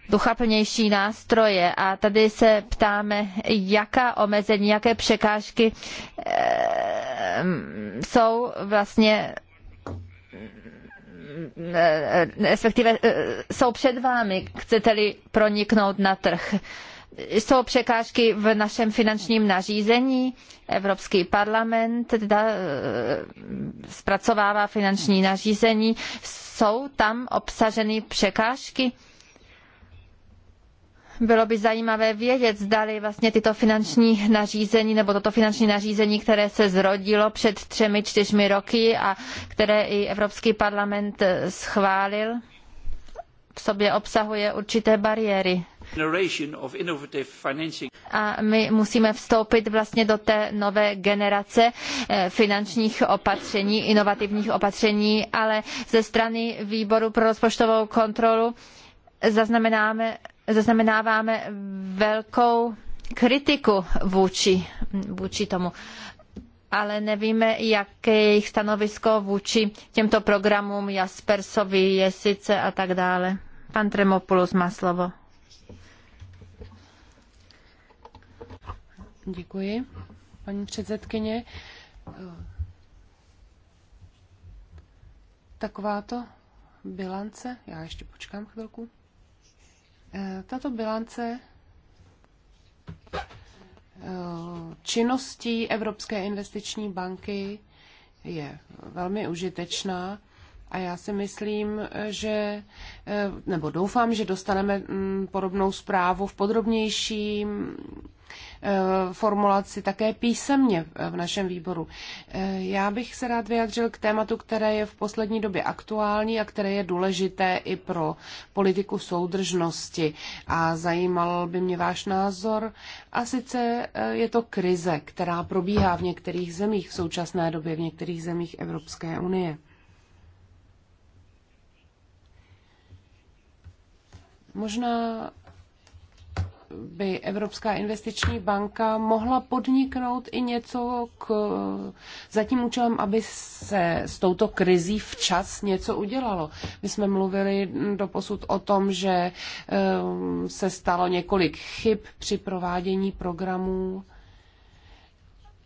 duchaplnější nástroje. A tady se ptáme, jaká omezení, jaké překážky jsou vlastně Mm, respektive eh, jsou před vámi, chcete-li proniknout na trh. Jsou překážky v našem finančním nařízení. Evropský parlament teda eh, zpracovává finanční nařízení. Jsou tam obsaženy překážky? Bylo by zajímavé vědět, zdali vlastně tyto finanční nařízení nebo toto finanční nařízení, které se zrodilo před třemi, čtyřmi roky a které i Evropský parlament eh, schválil, v sobě obsahuje určité bariéry. A my musíme vstoupit vlastně do té nové generace eh, finančních opatření, inovativních opatření, ale ze strany výboru pro rozpočtovou kontrolu zaznamenáme zaznamenáváme velkou kritiku vůči, vůči tomu ale nevíme, jaké je jejich stanovisko vůči těmto programům Jaspersovi, Jesice a tak dále. Pan Tremopoulos má slovo. Děkuji, paní předsedkyně. Takováto bilance, já ještě počkám chvilku. Tato bilance eh, činností Evropské investiční banky je velmi užitečná a já si myslím, že, eh, nebo doufám, že dostaneme mm, podobnou zprávu v podrobnějším Eh, formulaci také písemně eh, v našem výboru. Eh, já bych se rád vyjadřil k tématu, které je v poslední době aktuální a které je důležité i pro politiku soudržnosti. A zajímal by mě váš názor. A sice je to krize, která probíhá v některých zemích v současné době, v některých zemích Evropské unie. Možná by Evropská investiční banka mohla podniknout i něco k, za tím účelem, aby se s touto krizí včas něco udělalo. My jsme mluvili do posud o tom, že eh, se stalo několik chyb při provádění programů.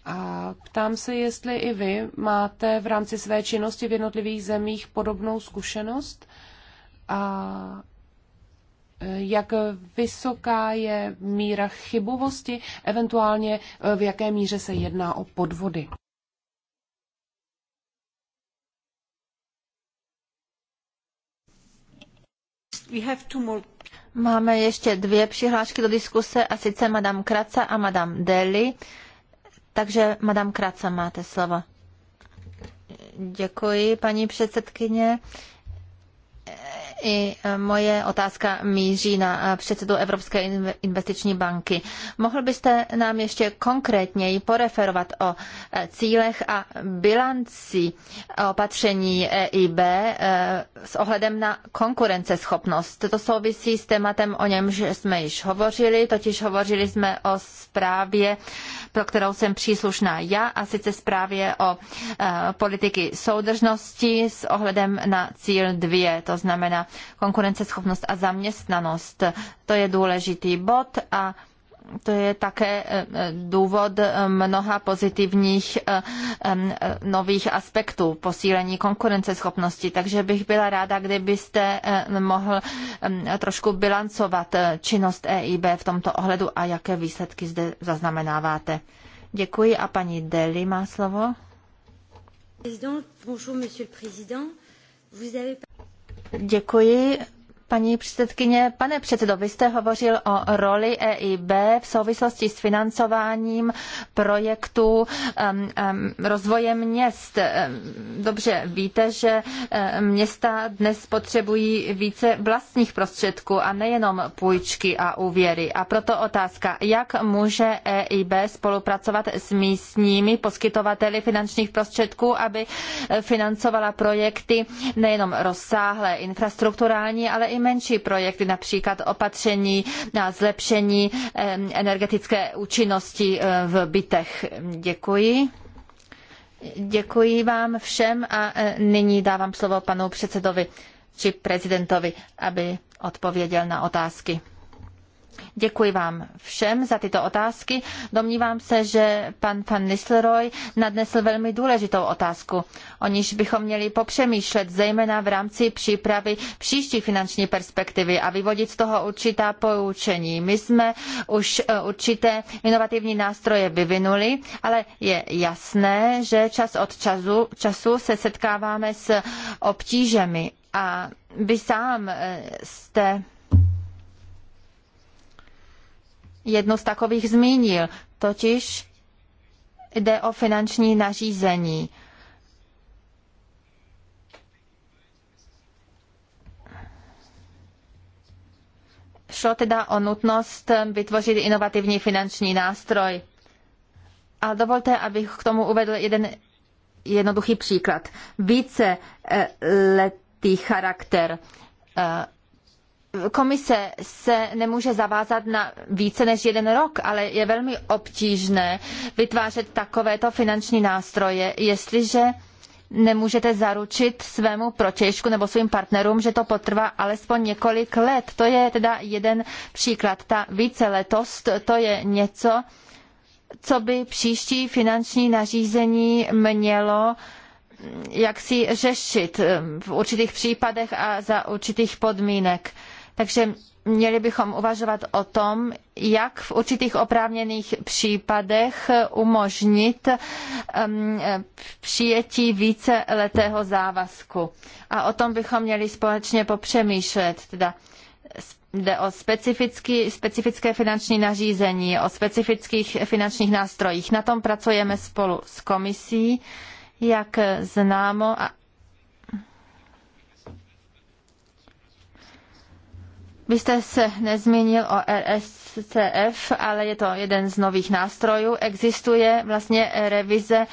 A ptám se, jestli i vy máte v rámci své činnosti v jednotlivých zemích podobnou zkušenost a jak vysoká je míra chybovosti, eventuálně eh, v jaké míře se jedná o podvody. Máme ještě dvě přihlášky do diskuse, a sice Madame Kraca a Madame Deli. Takže Madame Kraca máte slovo. Děkuji, paní předsedkyně. I e, moje otázka míří na e, předsedu Evropské investiční banky. Mohl byste nám ještě konkrétněji poreferovat o e, cílech a bilanci opatření EIB s ohledem na konkurenceschopnost? To souvisí s tématem, o němž jsme již hovořili, totiž hovořili jsme o zprávě pro kterou jsem příslušná já, a sice zprávě o eh, politiky soudržnosti s ohledem na cíl 2, to znamená konkurenceschopnost a zaměstnanost. To je důležitý bod a to je také eh, eh, důvod eh, mnoha pozitivních nových aspektů posílení konkurenceschopnosti. Takže bych byla ráda, kdybyste mohl trošku bilancovat činnost EIB v tomto ohledu a jaké výsledky zde zaznamenáváte. Děkuji a paní Deli má slovo. Děkuji, Paní předsedkyně, pane předsedo, vy jste hovořil o roli EIB v souvislosti s financováním projektů um, um, rozvoje měst. Um, dobře, víte, že um, města dnes potřebují více vlastních prostředků a nejenom půjčky a úvěry. A proto otázka, jak může EIB spolupracovat s místními poskytovateli finančních prostředků, aby financovala projekty nejenom rozsáhlé infrastrukturální, ale i menší projekty, například opatření na zlepšení energetické účinnosti e, v bytech. Děkuji. Děkuji vám všem a e, nyní dávám slovo panu předsedovi či prezidentovi, aby odpověděl na otázky. Děkuji vám všem za tyto otázky. Domnívám se, že pan van Nistelrooy nadnesl velmi důležitou otázku, o níž bychom měli popřemýšlet, zejména v rámci přípravy příští finanční perspektivy a vyvodit z toho určitá poučení. My jsme už eh, určité inovativní nástroje vyvinuli, ale je jasné, že čas od času, času se setkáváme s obtížemi a vy sám eh, jste jednu z takových zmínil, totiž jde o finanční nařízení. Šlo teda o nutnost vytvořit inovativní finanční nástroj. A dovolte, abych k tomu uvedl jeden jednoduchý příklad. Více eh, letý charakter eh, komise se nemůže zavázat na více než jeden rok, ale je velmi obtížné vytvářet takovéto finanční nástroje, jestliže nemůžete zaručit svému protějšku nebo svým partnerům, že to potrvá alespoň několik let. To je teda jeden příklad. Ta víceletost, to je něco, co by příští finanční nařízení mělo mm, jak si řešit mm, v určitých případech a za určitých podmínek. Takže měli bychom uvažovat o tom, jak v určitých oprávněných případech umožnit um, přijetí víceletého závazku. A o tom bychom měli společně popřemýšlet. Teda jde o specifické finanční nařízení, o specifických finančních nástrojích. Na tom pracujeme spolu s komisí, jak známo, a Vy jste se nezmínil o RSCF, ale je to jeden z nových nástrojů. Existuje vlastně revize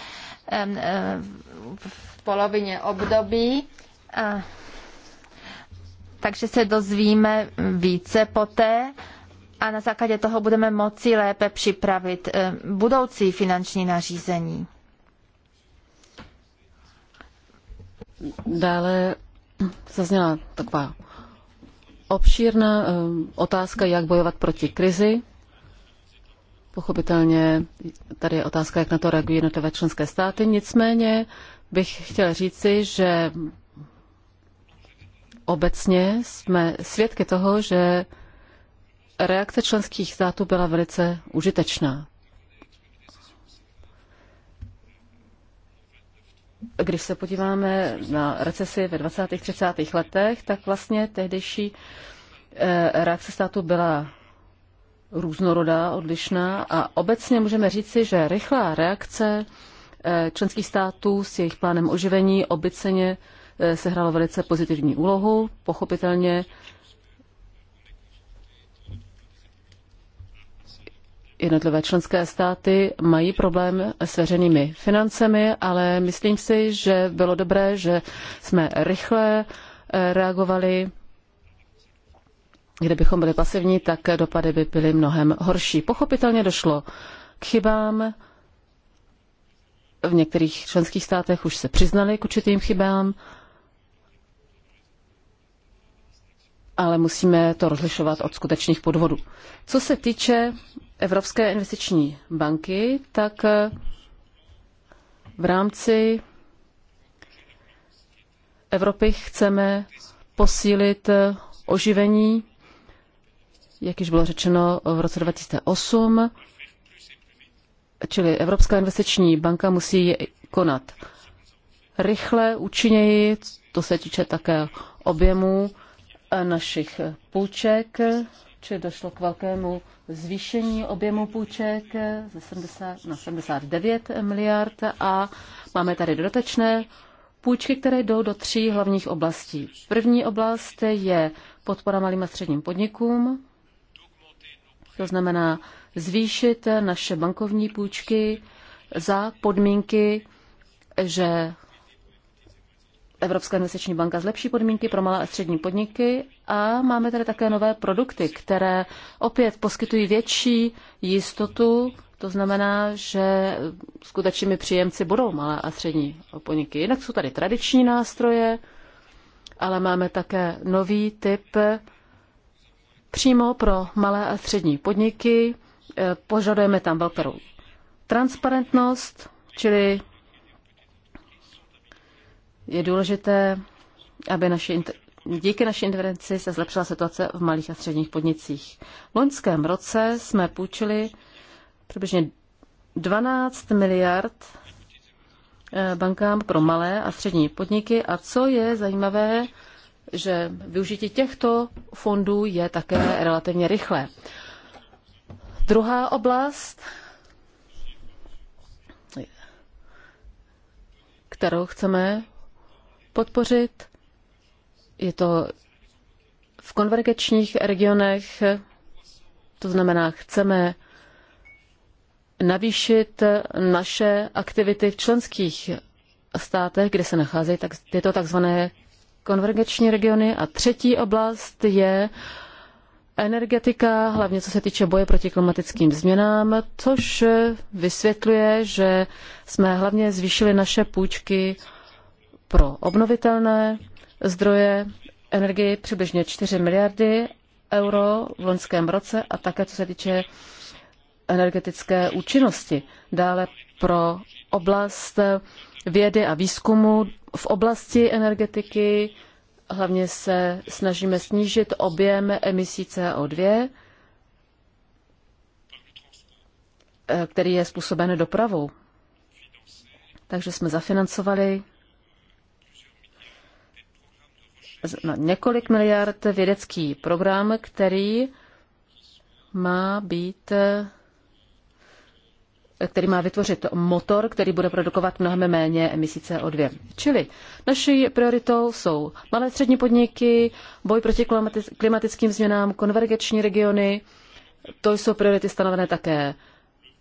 v polovině období. A takže se dozvíme více poté a na základě toho budeme moci lépe připravit budoucí finanční nařízení. Dále zazněla taková obšírná eh, otázka, jak bojovat proti krizi. Pochopitelně tady je otázka, jak na to reagují jednotlivé členské státy. Nicméně bych chtěl říci, že obecně jsme svědky toho, že reakce členských států byla velice užitečná. když se podíváme na recesi ve 20. 30. letech, tak vlastně tehdejší eh, reakce státu byla různorodá, odlišná a obecně můžeme říci, že rychlá reakce eh, členských států s jejich plánem oživení obyceně eh, sehrálo velice pozitivní úlohu. Pochopitelně Jednotlivé členské státy mají problém s veřejnými financemi, ale myslím si, že bylo dobré, že jsme rychle eh, reagovali. Kdybychom byli pasivní, tak dopady by byly mnohem horší. Pochopitelně došlo k chybám. V některých členských státech už se přiznali k určitým chybám. ale musíme to rozlišovat od skutečných podvodů. Co se týče Evropské investiční banky, tak eh, v rámci Evropy chceme posílit eh, oživení, jak již bylo řečeno v roce 2008, čili Evropská investiční banka musí konat rychle, účinněji, to se týče také objemu eh, našich půjček, či došlo k velkému zvýšení objemu půjček ze 70 na 79 miliard a máme tady dodatečné půjčky, které jdou do tří hlavních oblastí. První oblast je podpora malým a středním podnikům, to znamená zvýšit naše bankovní půjčky za podmínky, že Evropská investiční banka zlepší podmínky pro malé a střední podniky a máme tady také nové produkty, které opět poskytují větší jistotu, to znamená, že skutečnými příjemci budou malé a střední podniky. Jinak jsou tady tradiční nástroje, ale máme také nový typ přímo pro malé a střední podniky. Eh, požadujeme tam velkou transparentnost, čili je důležité, aby naši, díky naší intervenci se zlepšila situace v malých a středních podnicích. V loňském roce jsme půjčili přibližně 12 miliard eh, bankám pro malé a střední podniky. A co je zajímavé, že využití těchto fondů je také relativně rychlé. Druhá oblast, kterou chceme podpořit. Je to v konvergenčních regionech, to znamená, chceme navýšit naše aktivity v členských státech, kde se nacházejí tak, tyto takzvané konvergenční regiony. A třetí oblast je energetika, hlavně co se týče boje proti klimatickým změnám, což vysvětluje, že jsme hlavně zvýšili naše půjčky pro obnovitelné zdroje energie přibližně 4 miliardy euro v loňském roce a také co se týče energetické účinnosti. Dále pro oblast vědy a výzkumu v oblasti energetiky hlavně se snažíme snížit objem emisí CO2, eh, který je způsoben dopravou. Takže jsme zafinancovali na několik miliard vědecký program, který má být který má vytvořit motor, který bude produkovat mnohem méně emisí CO2. Čili naší prioritou jsou malé střední podniky, boj proti klimatickým změnám, konvergeční regiony. To jsou priority stanovené také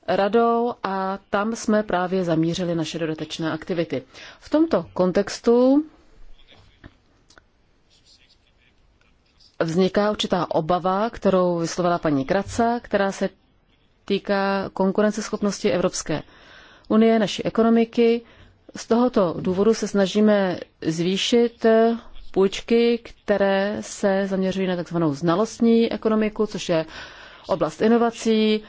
radou a tam jsme právě zamířili naše dodatečné aktivity. V tomto kontextu vzniká určitá obava, kterou vyslovila paní Kraca, která se týká konkurenceschopnosti Evropské unie, naší ekonomiky. Z tohoto důvodu se snažíme zvýšit půjčky, které se zaměřují na tzv. znalostní ekonomiku, což je oblast inovací,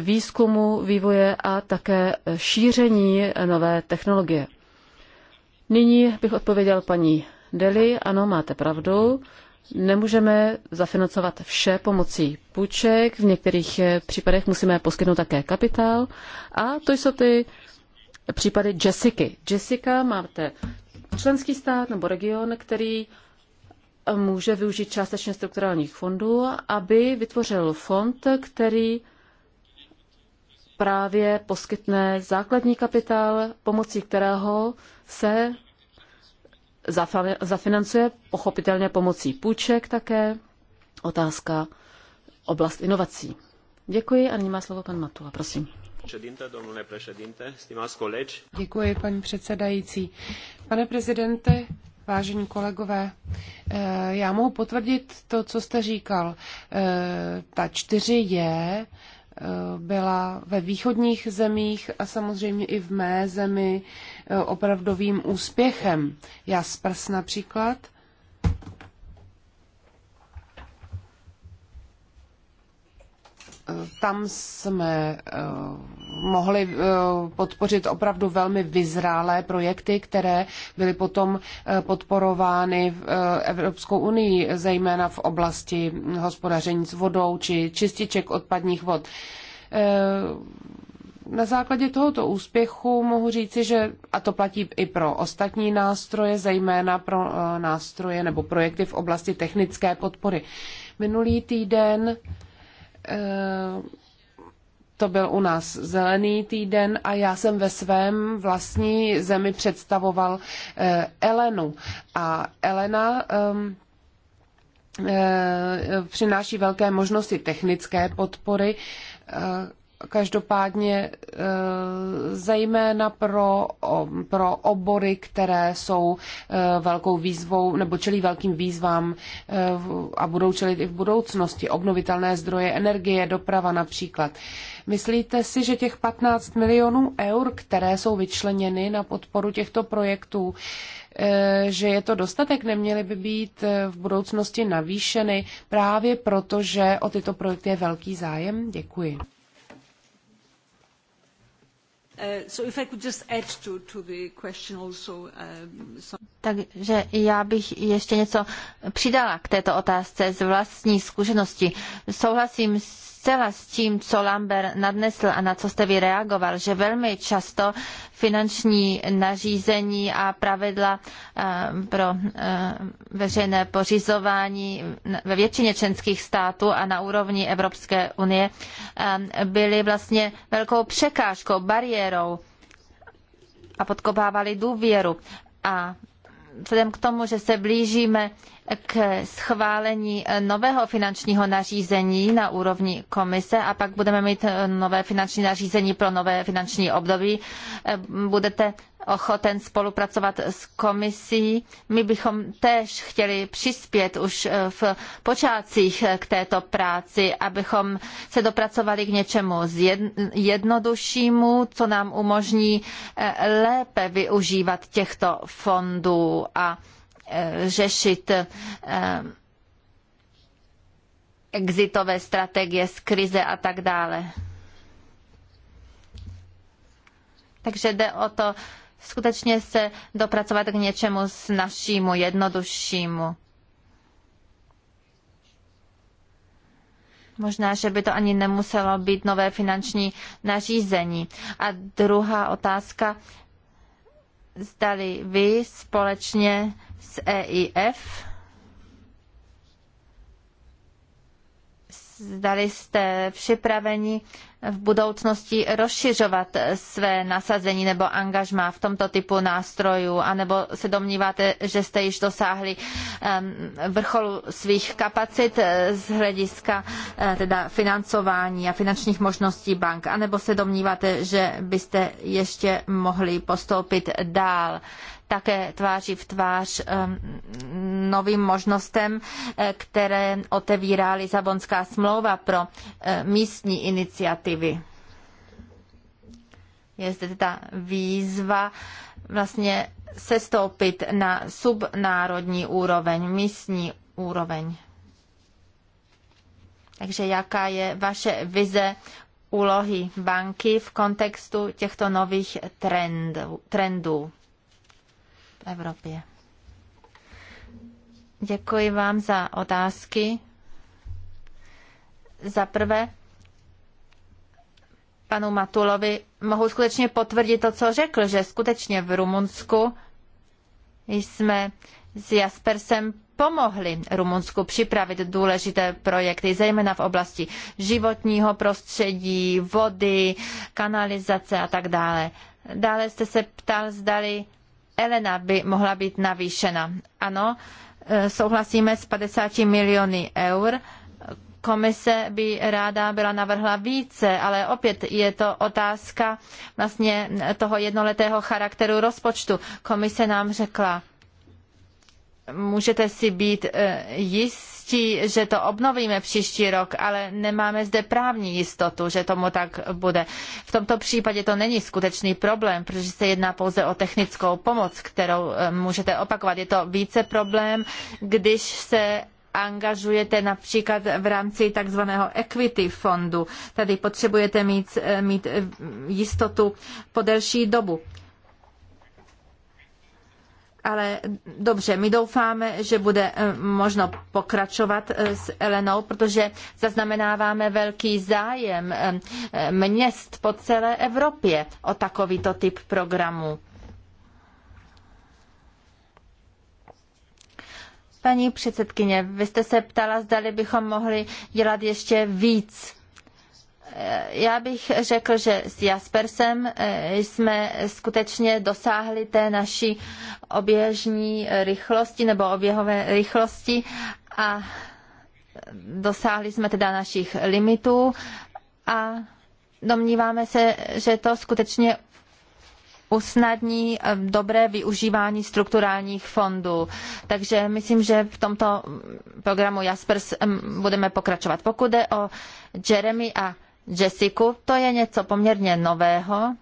výzkumu, vývoje a také šíření nové technologie. Nyní bych odpověděl paní Deli, ano, máte pravdu nemůžeme zafinancovat vše pomocí půjček, v některých eh, případech musíme poskytnout také kapitál a to jsou ty případy Jessica. Jessica máte členský stát nebo region, který eh, může využít částečně strukturálních fondů, aby vytvořil fond, který právě poskytne základní kapitál, pomocí kterého se zafinancuje, pochopitelně pomocí půjček také. Otázka oblast inovací. Děkuji a nyní má slovo pan Matula, prosím. Děkuji, paní předsedající. Pane prezidente, vážení kolegové, eh, já mohu potvrdit to, co jste říkal. Eh, ta čtyři je eh, byla ve východních zemích a samozřejmě i v mé zemi opravdovým úspěchem. Jaspers například. Tam jsme eh, mohli eh, podpořit opravdu velmi vyzrálé projekty, které byly potom eh, podporovány v Evropskou unii, zejména v oblasti hospodaření s vodou či čističek odpadních vod na základě tohoto úspěchu mohu říci, že, a to platí i pro ostatní nástroje, zejména pro eh, nástroje nebo projekty v oblasti technické podpory. Minulý týden eh, to byl u nás zelený týden a já jsem ve svém vlastní zemi představoval eh, Elenu. A Elena ehm, přináší velké možnosti technické podpory Každopádně eh, zejména pro, pro obory, které jsou eh, velkou výzvou nebo čelí velkým výzvám eh, a budou čelit i v budoucnosti, obnovitelné zdroje energie, doprava například. Myslíte si, že těch 15 milionů eur, které jsou vyčleněny na podporu těchto projektů, že je to dostatek, neměly by být v budoucnosti navýšeny právě proto, že o tyto projekty je velký zájem? Děkuji. Uh, if I could just add to, the question also, um, some... Takže já bych ještě něco přidala k této otázce z vlastní zkušenosti. Souhlasím s zcela s tím, co Lambert nadnesl a na co jste vy reagoval, že velmi často finanční nařízení a pravidla eh, pro eh, veřejné pořizování ve většině členských států a na úrovni Evropské unie eh, byly vlastně velkou překážkou, bariérou a podkopávaly důvěru. A vzhledem k tomu, že se blížíme k schválení nového finančního nařízení na úrovni komise a pak budeme mít nové finanční nařízení pro nové finanční období, eh, budete ochoten spolupracovat s komisí. My bychom též chtěli přispět už eh, v počátcích eh, k této práci, abychom se dopracovali k něčemu jednoduššímu, co nám umožní eh, lépe využívat těchto fondů a řešit exitové strategie z krize a tak dále. Takže jde o to skutečně se dopracovat k něčemu snažšímu, jednoduššímu. Možná, že by to ani nemuselo být nové finanční nařízení. A druhá otázka, zdali vy společně s EIF zdali jste připraveni v budoucnosti rozšiřovat své nasazení nebo angažmá v tomto typu nástrojů, anebo se domníváte, že jste již dosáhli vrcholu svých kapacit eh, z hlediska eh, teda financování a finančních možností bank, anebo se domníváte, že byste ještě mohli postoupit dál také tváří v tvář ehm, novým možnostem, eh, které otevírá Lisabonská smlouva pro eh, místní iniciativy. Je zde ta výzva vlastně sestoupit na subnárodní úroveň, místní úroveň. Takže jaká je vaše vize úlohy banky v kontextu těchto nových trendů? v Evropě. Děkuji vám za otázky. Za prvé, panu Matulovi mohu skutečně potvrdit to, co řekl, že skutečně v Rumunsku jsme s Jaspersem pomohli Rumunsku připravit důležité projekty, zejména v oblasti životního prostředí, vody, kanalizace a tak dále. Dále jste se ptal, zdali Elena by mohla být navýšena. Ano, e, souhlasíme s 50 miliony eur. Komise by ráda byla navrhla více, ale opět je to otázka vlastně toho jednoletého charakteru rozpočtu. Komise nám řekla, můžete si být e, jist, jistí, že to obnovíme příští rok, ale nemáme zde právní jistotu, že tomu tak bude. V tomto případě to není skutečný problém, protože se jedná pouze o technickou pomoc, kterou eh, můžete opakovat. Je to více problém, když se angažujete například v rámci takzvaného equity fondu. Tady potřebujete mít, eh, mít eh, jistotu po delší dobu ale dobře, my doufáme, že bude eh, možno pokračovat eh, s Elenou, protože zaznamenáváme velký zájem eh, měst po celé Evropě o takovýto typ programu. Paní předsedkyně, vy jste se ptala, zdali bychom mohli dělat ještě víc já bych řekl, že s Jaspersem eh, jsme skutečně dosáhli té naší oběžní rychlosti nebo oběhové rychlosti a dosáhli jsme teda našich limitů a domníváme se, že to skutečně usnadní eh, dobré využívání strukturálních fondů. Takže myslím, že v tomto programu Jaspers mm, budeme pokračovat. Pokud jde o Jeremy a Jessiku. To je něco poměrně nového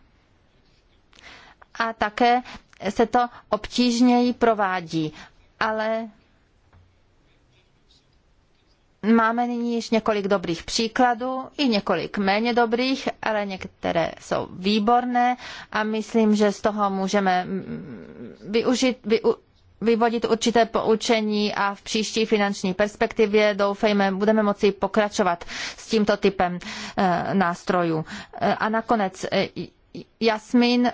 a také se to obtížněji provádí, ale Máme nyní již několik dobrých příkladů i několik méně dobrých, ale některé jsou výborné a myslím, že z toho můžeme využít, vyu, vyvodit určité poučení a v příští finanční perspektivě doufejme, budeme moci pokračovat s tímto typem eh, nástrojů. Eh, a nakonec eh, Jasmin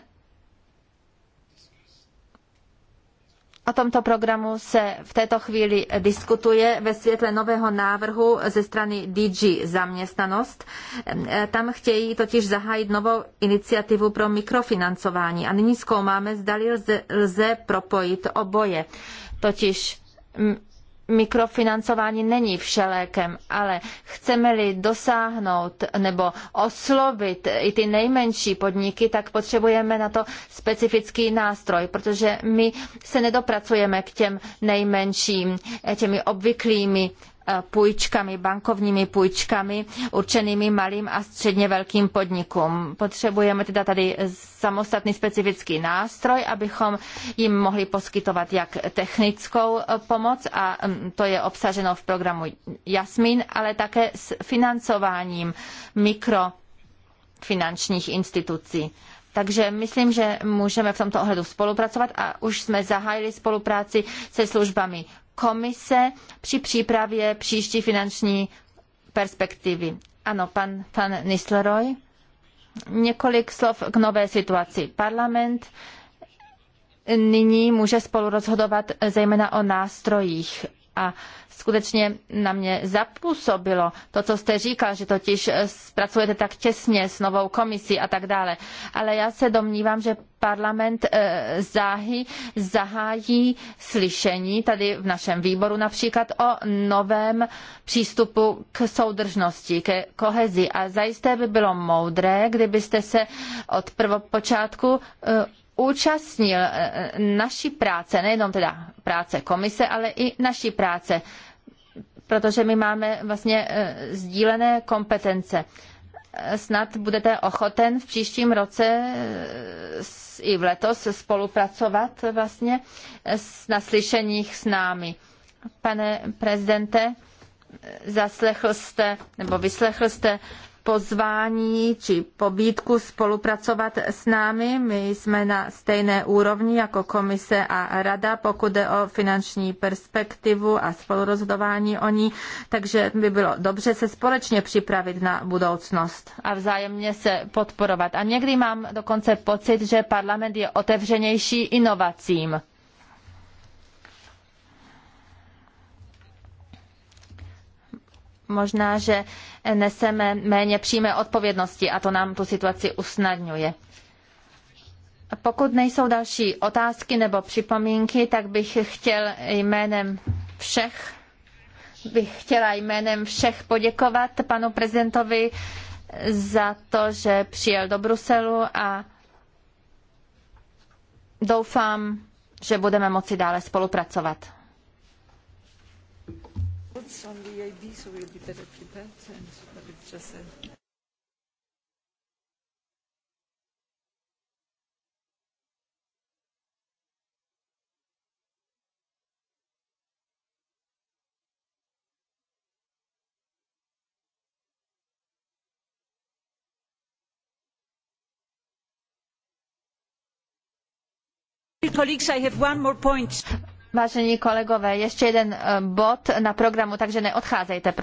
O tomto programu se v této chvíli diskutuje ve světle nového návrhu ze strany DG Zaměstnanost. Tam chtějí totiž zahájit novou iniciativu pro mikrofinancování a nyní zkoumáme, zdali lze, lze propojit oboje, totiž mikrofinancování není všelékem, ale chceme-li dosáhnout nebo oslovit i ty nejmenší podniky, tak potřebujeme na to specifický nástroj, protože my se nedopracujeme k těm nejmenším, těmi obvyklými Eh, půjčkami, bankovními půjčkami určenými malým a středně velkým podnikům. Potřebujeme teda tady samostatný specifický nástroj, abychom jim mohli poskytovat jak technickou eh, pomoc, a mm, to je obsaženo v programu Jasmin, ale také s financováním mikrofinančních institucí. Takže myslím, že můžeme v tomto ohledu spolupracovat a už jsme zahájili spolupráci se službami komise při přípravě příští finanční perspektivy. Ano, pan, pan Nisleroy. Několik slov k nové situaci. Parlament nyní může spolurozhodovat zejména o nástrojích a skutečně na mě zapůsobilo to, co jste říkal, že totiž eh, pracujete tak těsně s novou komisí a tak dále. Ale já se domnívám, že parlament eh, záhy zahájí slyšení tady v našem výboru například o novém přístupu k soudržnosti, ke kohezi. A zajisté by bylo moudré, kdybyste se od prvopočátku eh, účastnil eh, eh, naší práce, nejenom teda práce komise, ale i naší práce, protože my máme vlastně eh, sdílené kompetence. Snad budete ochoten v příštím roce i v letos spolupracovat vlastně na slyšeních s námi. Pane prezidente, zaslechl jste nebo vyslechl jste pozvání či pobídku spolupracovat s námi. My jsme na stejné úrovni jako komise a rada, pokud jde o finanční perspektivu a spolurozhodování o ní, takže by bylo dobře se společně připravit na budoucnost a vzájemně se podporovat. A někdy mám dokonce pocit, že parlament je otevřenější inovacím. možná, že neseme méně přímé odpovědnosti a to nám tu situaci usnadňuje. Pokud nejsou další otázky nebo připomínky, tak bych chtěl jménem všech bych chtěla jménem všech poděkovat panu prezidentovi za to, že přijel do Bruselu a doufám, že budeme moci dále spolupracovat notes on the EIB, so we'll be better prepared. And it's just a colleagues i have one more point. Vážení kolegové, ještě jeden eh, bod na programu, takže neodcházejte.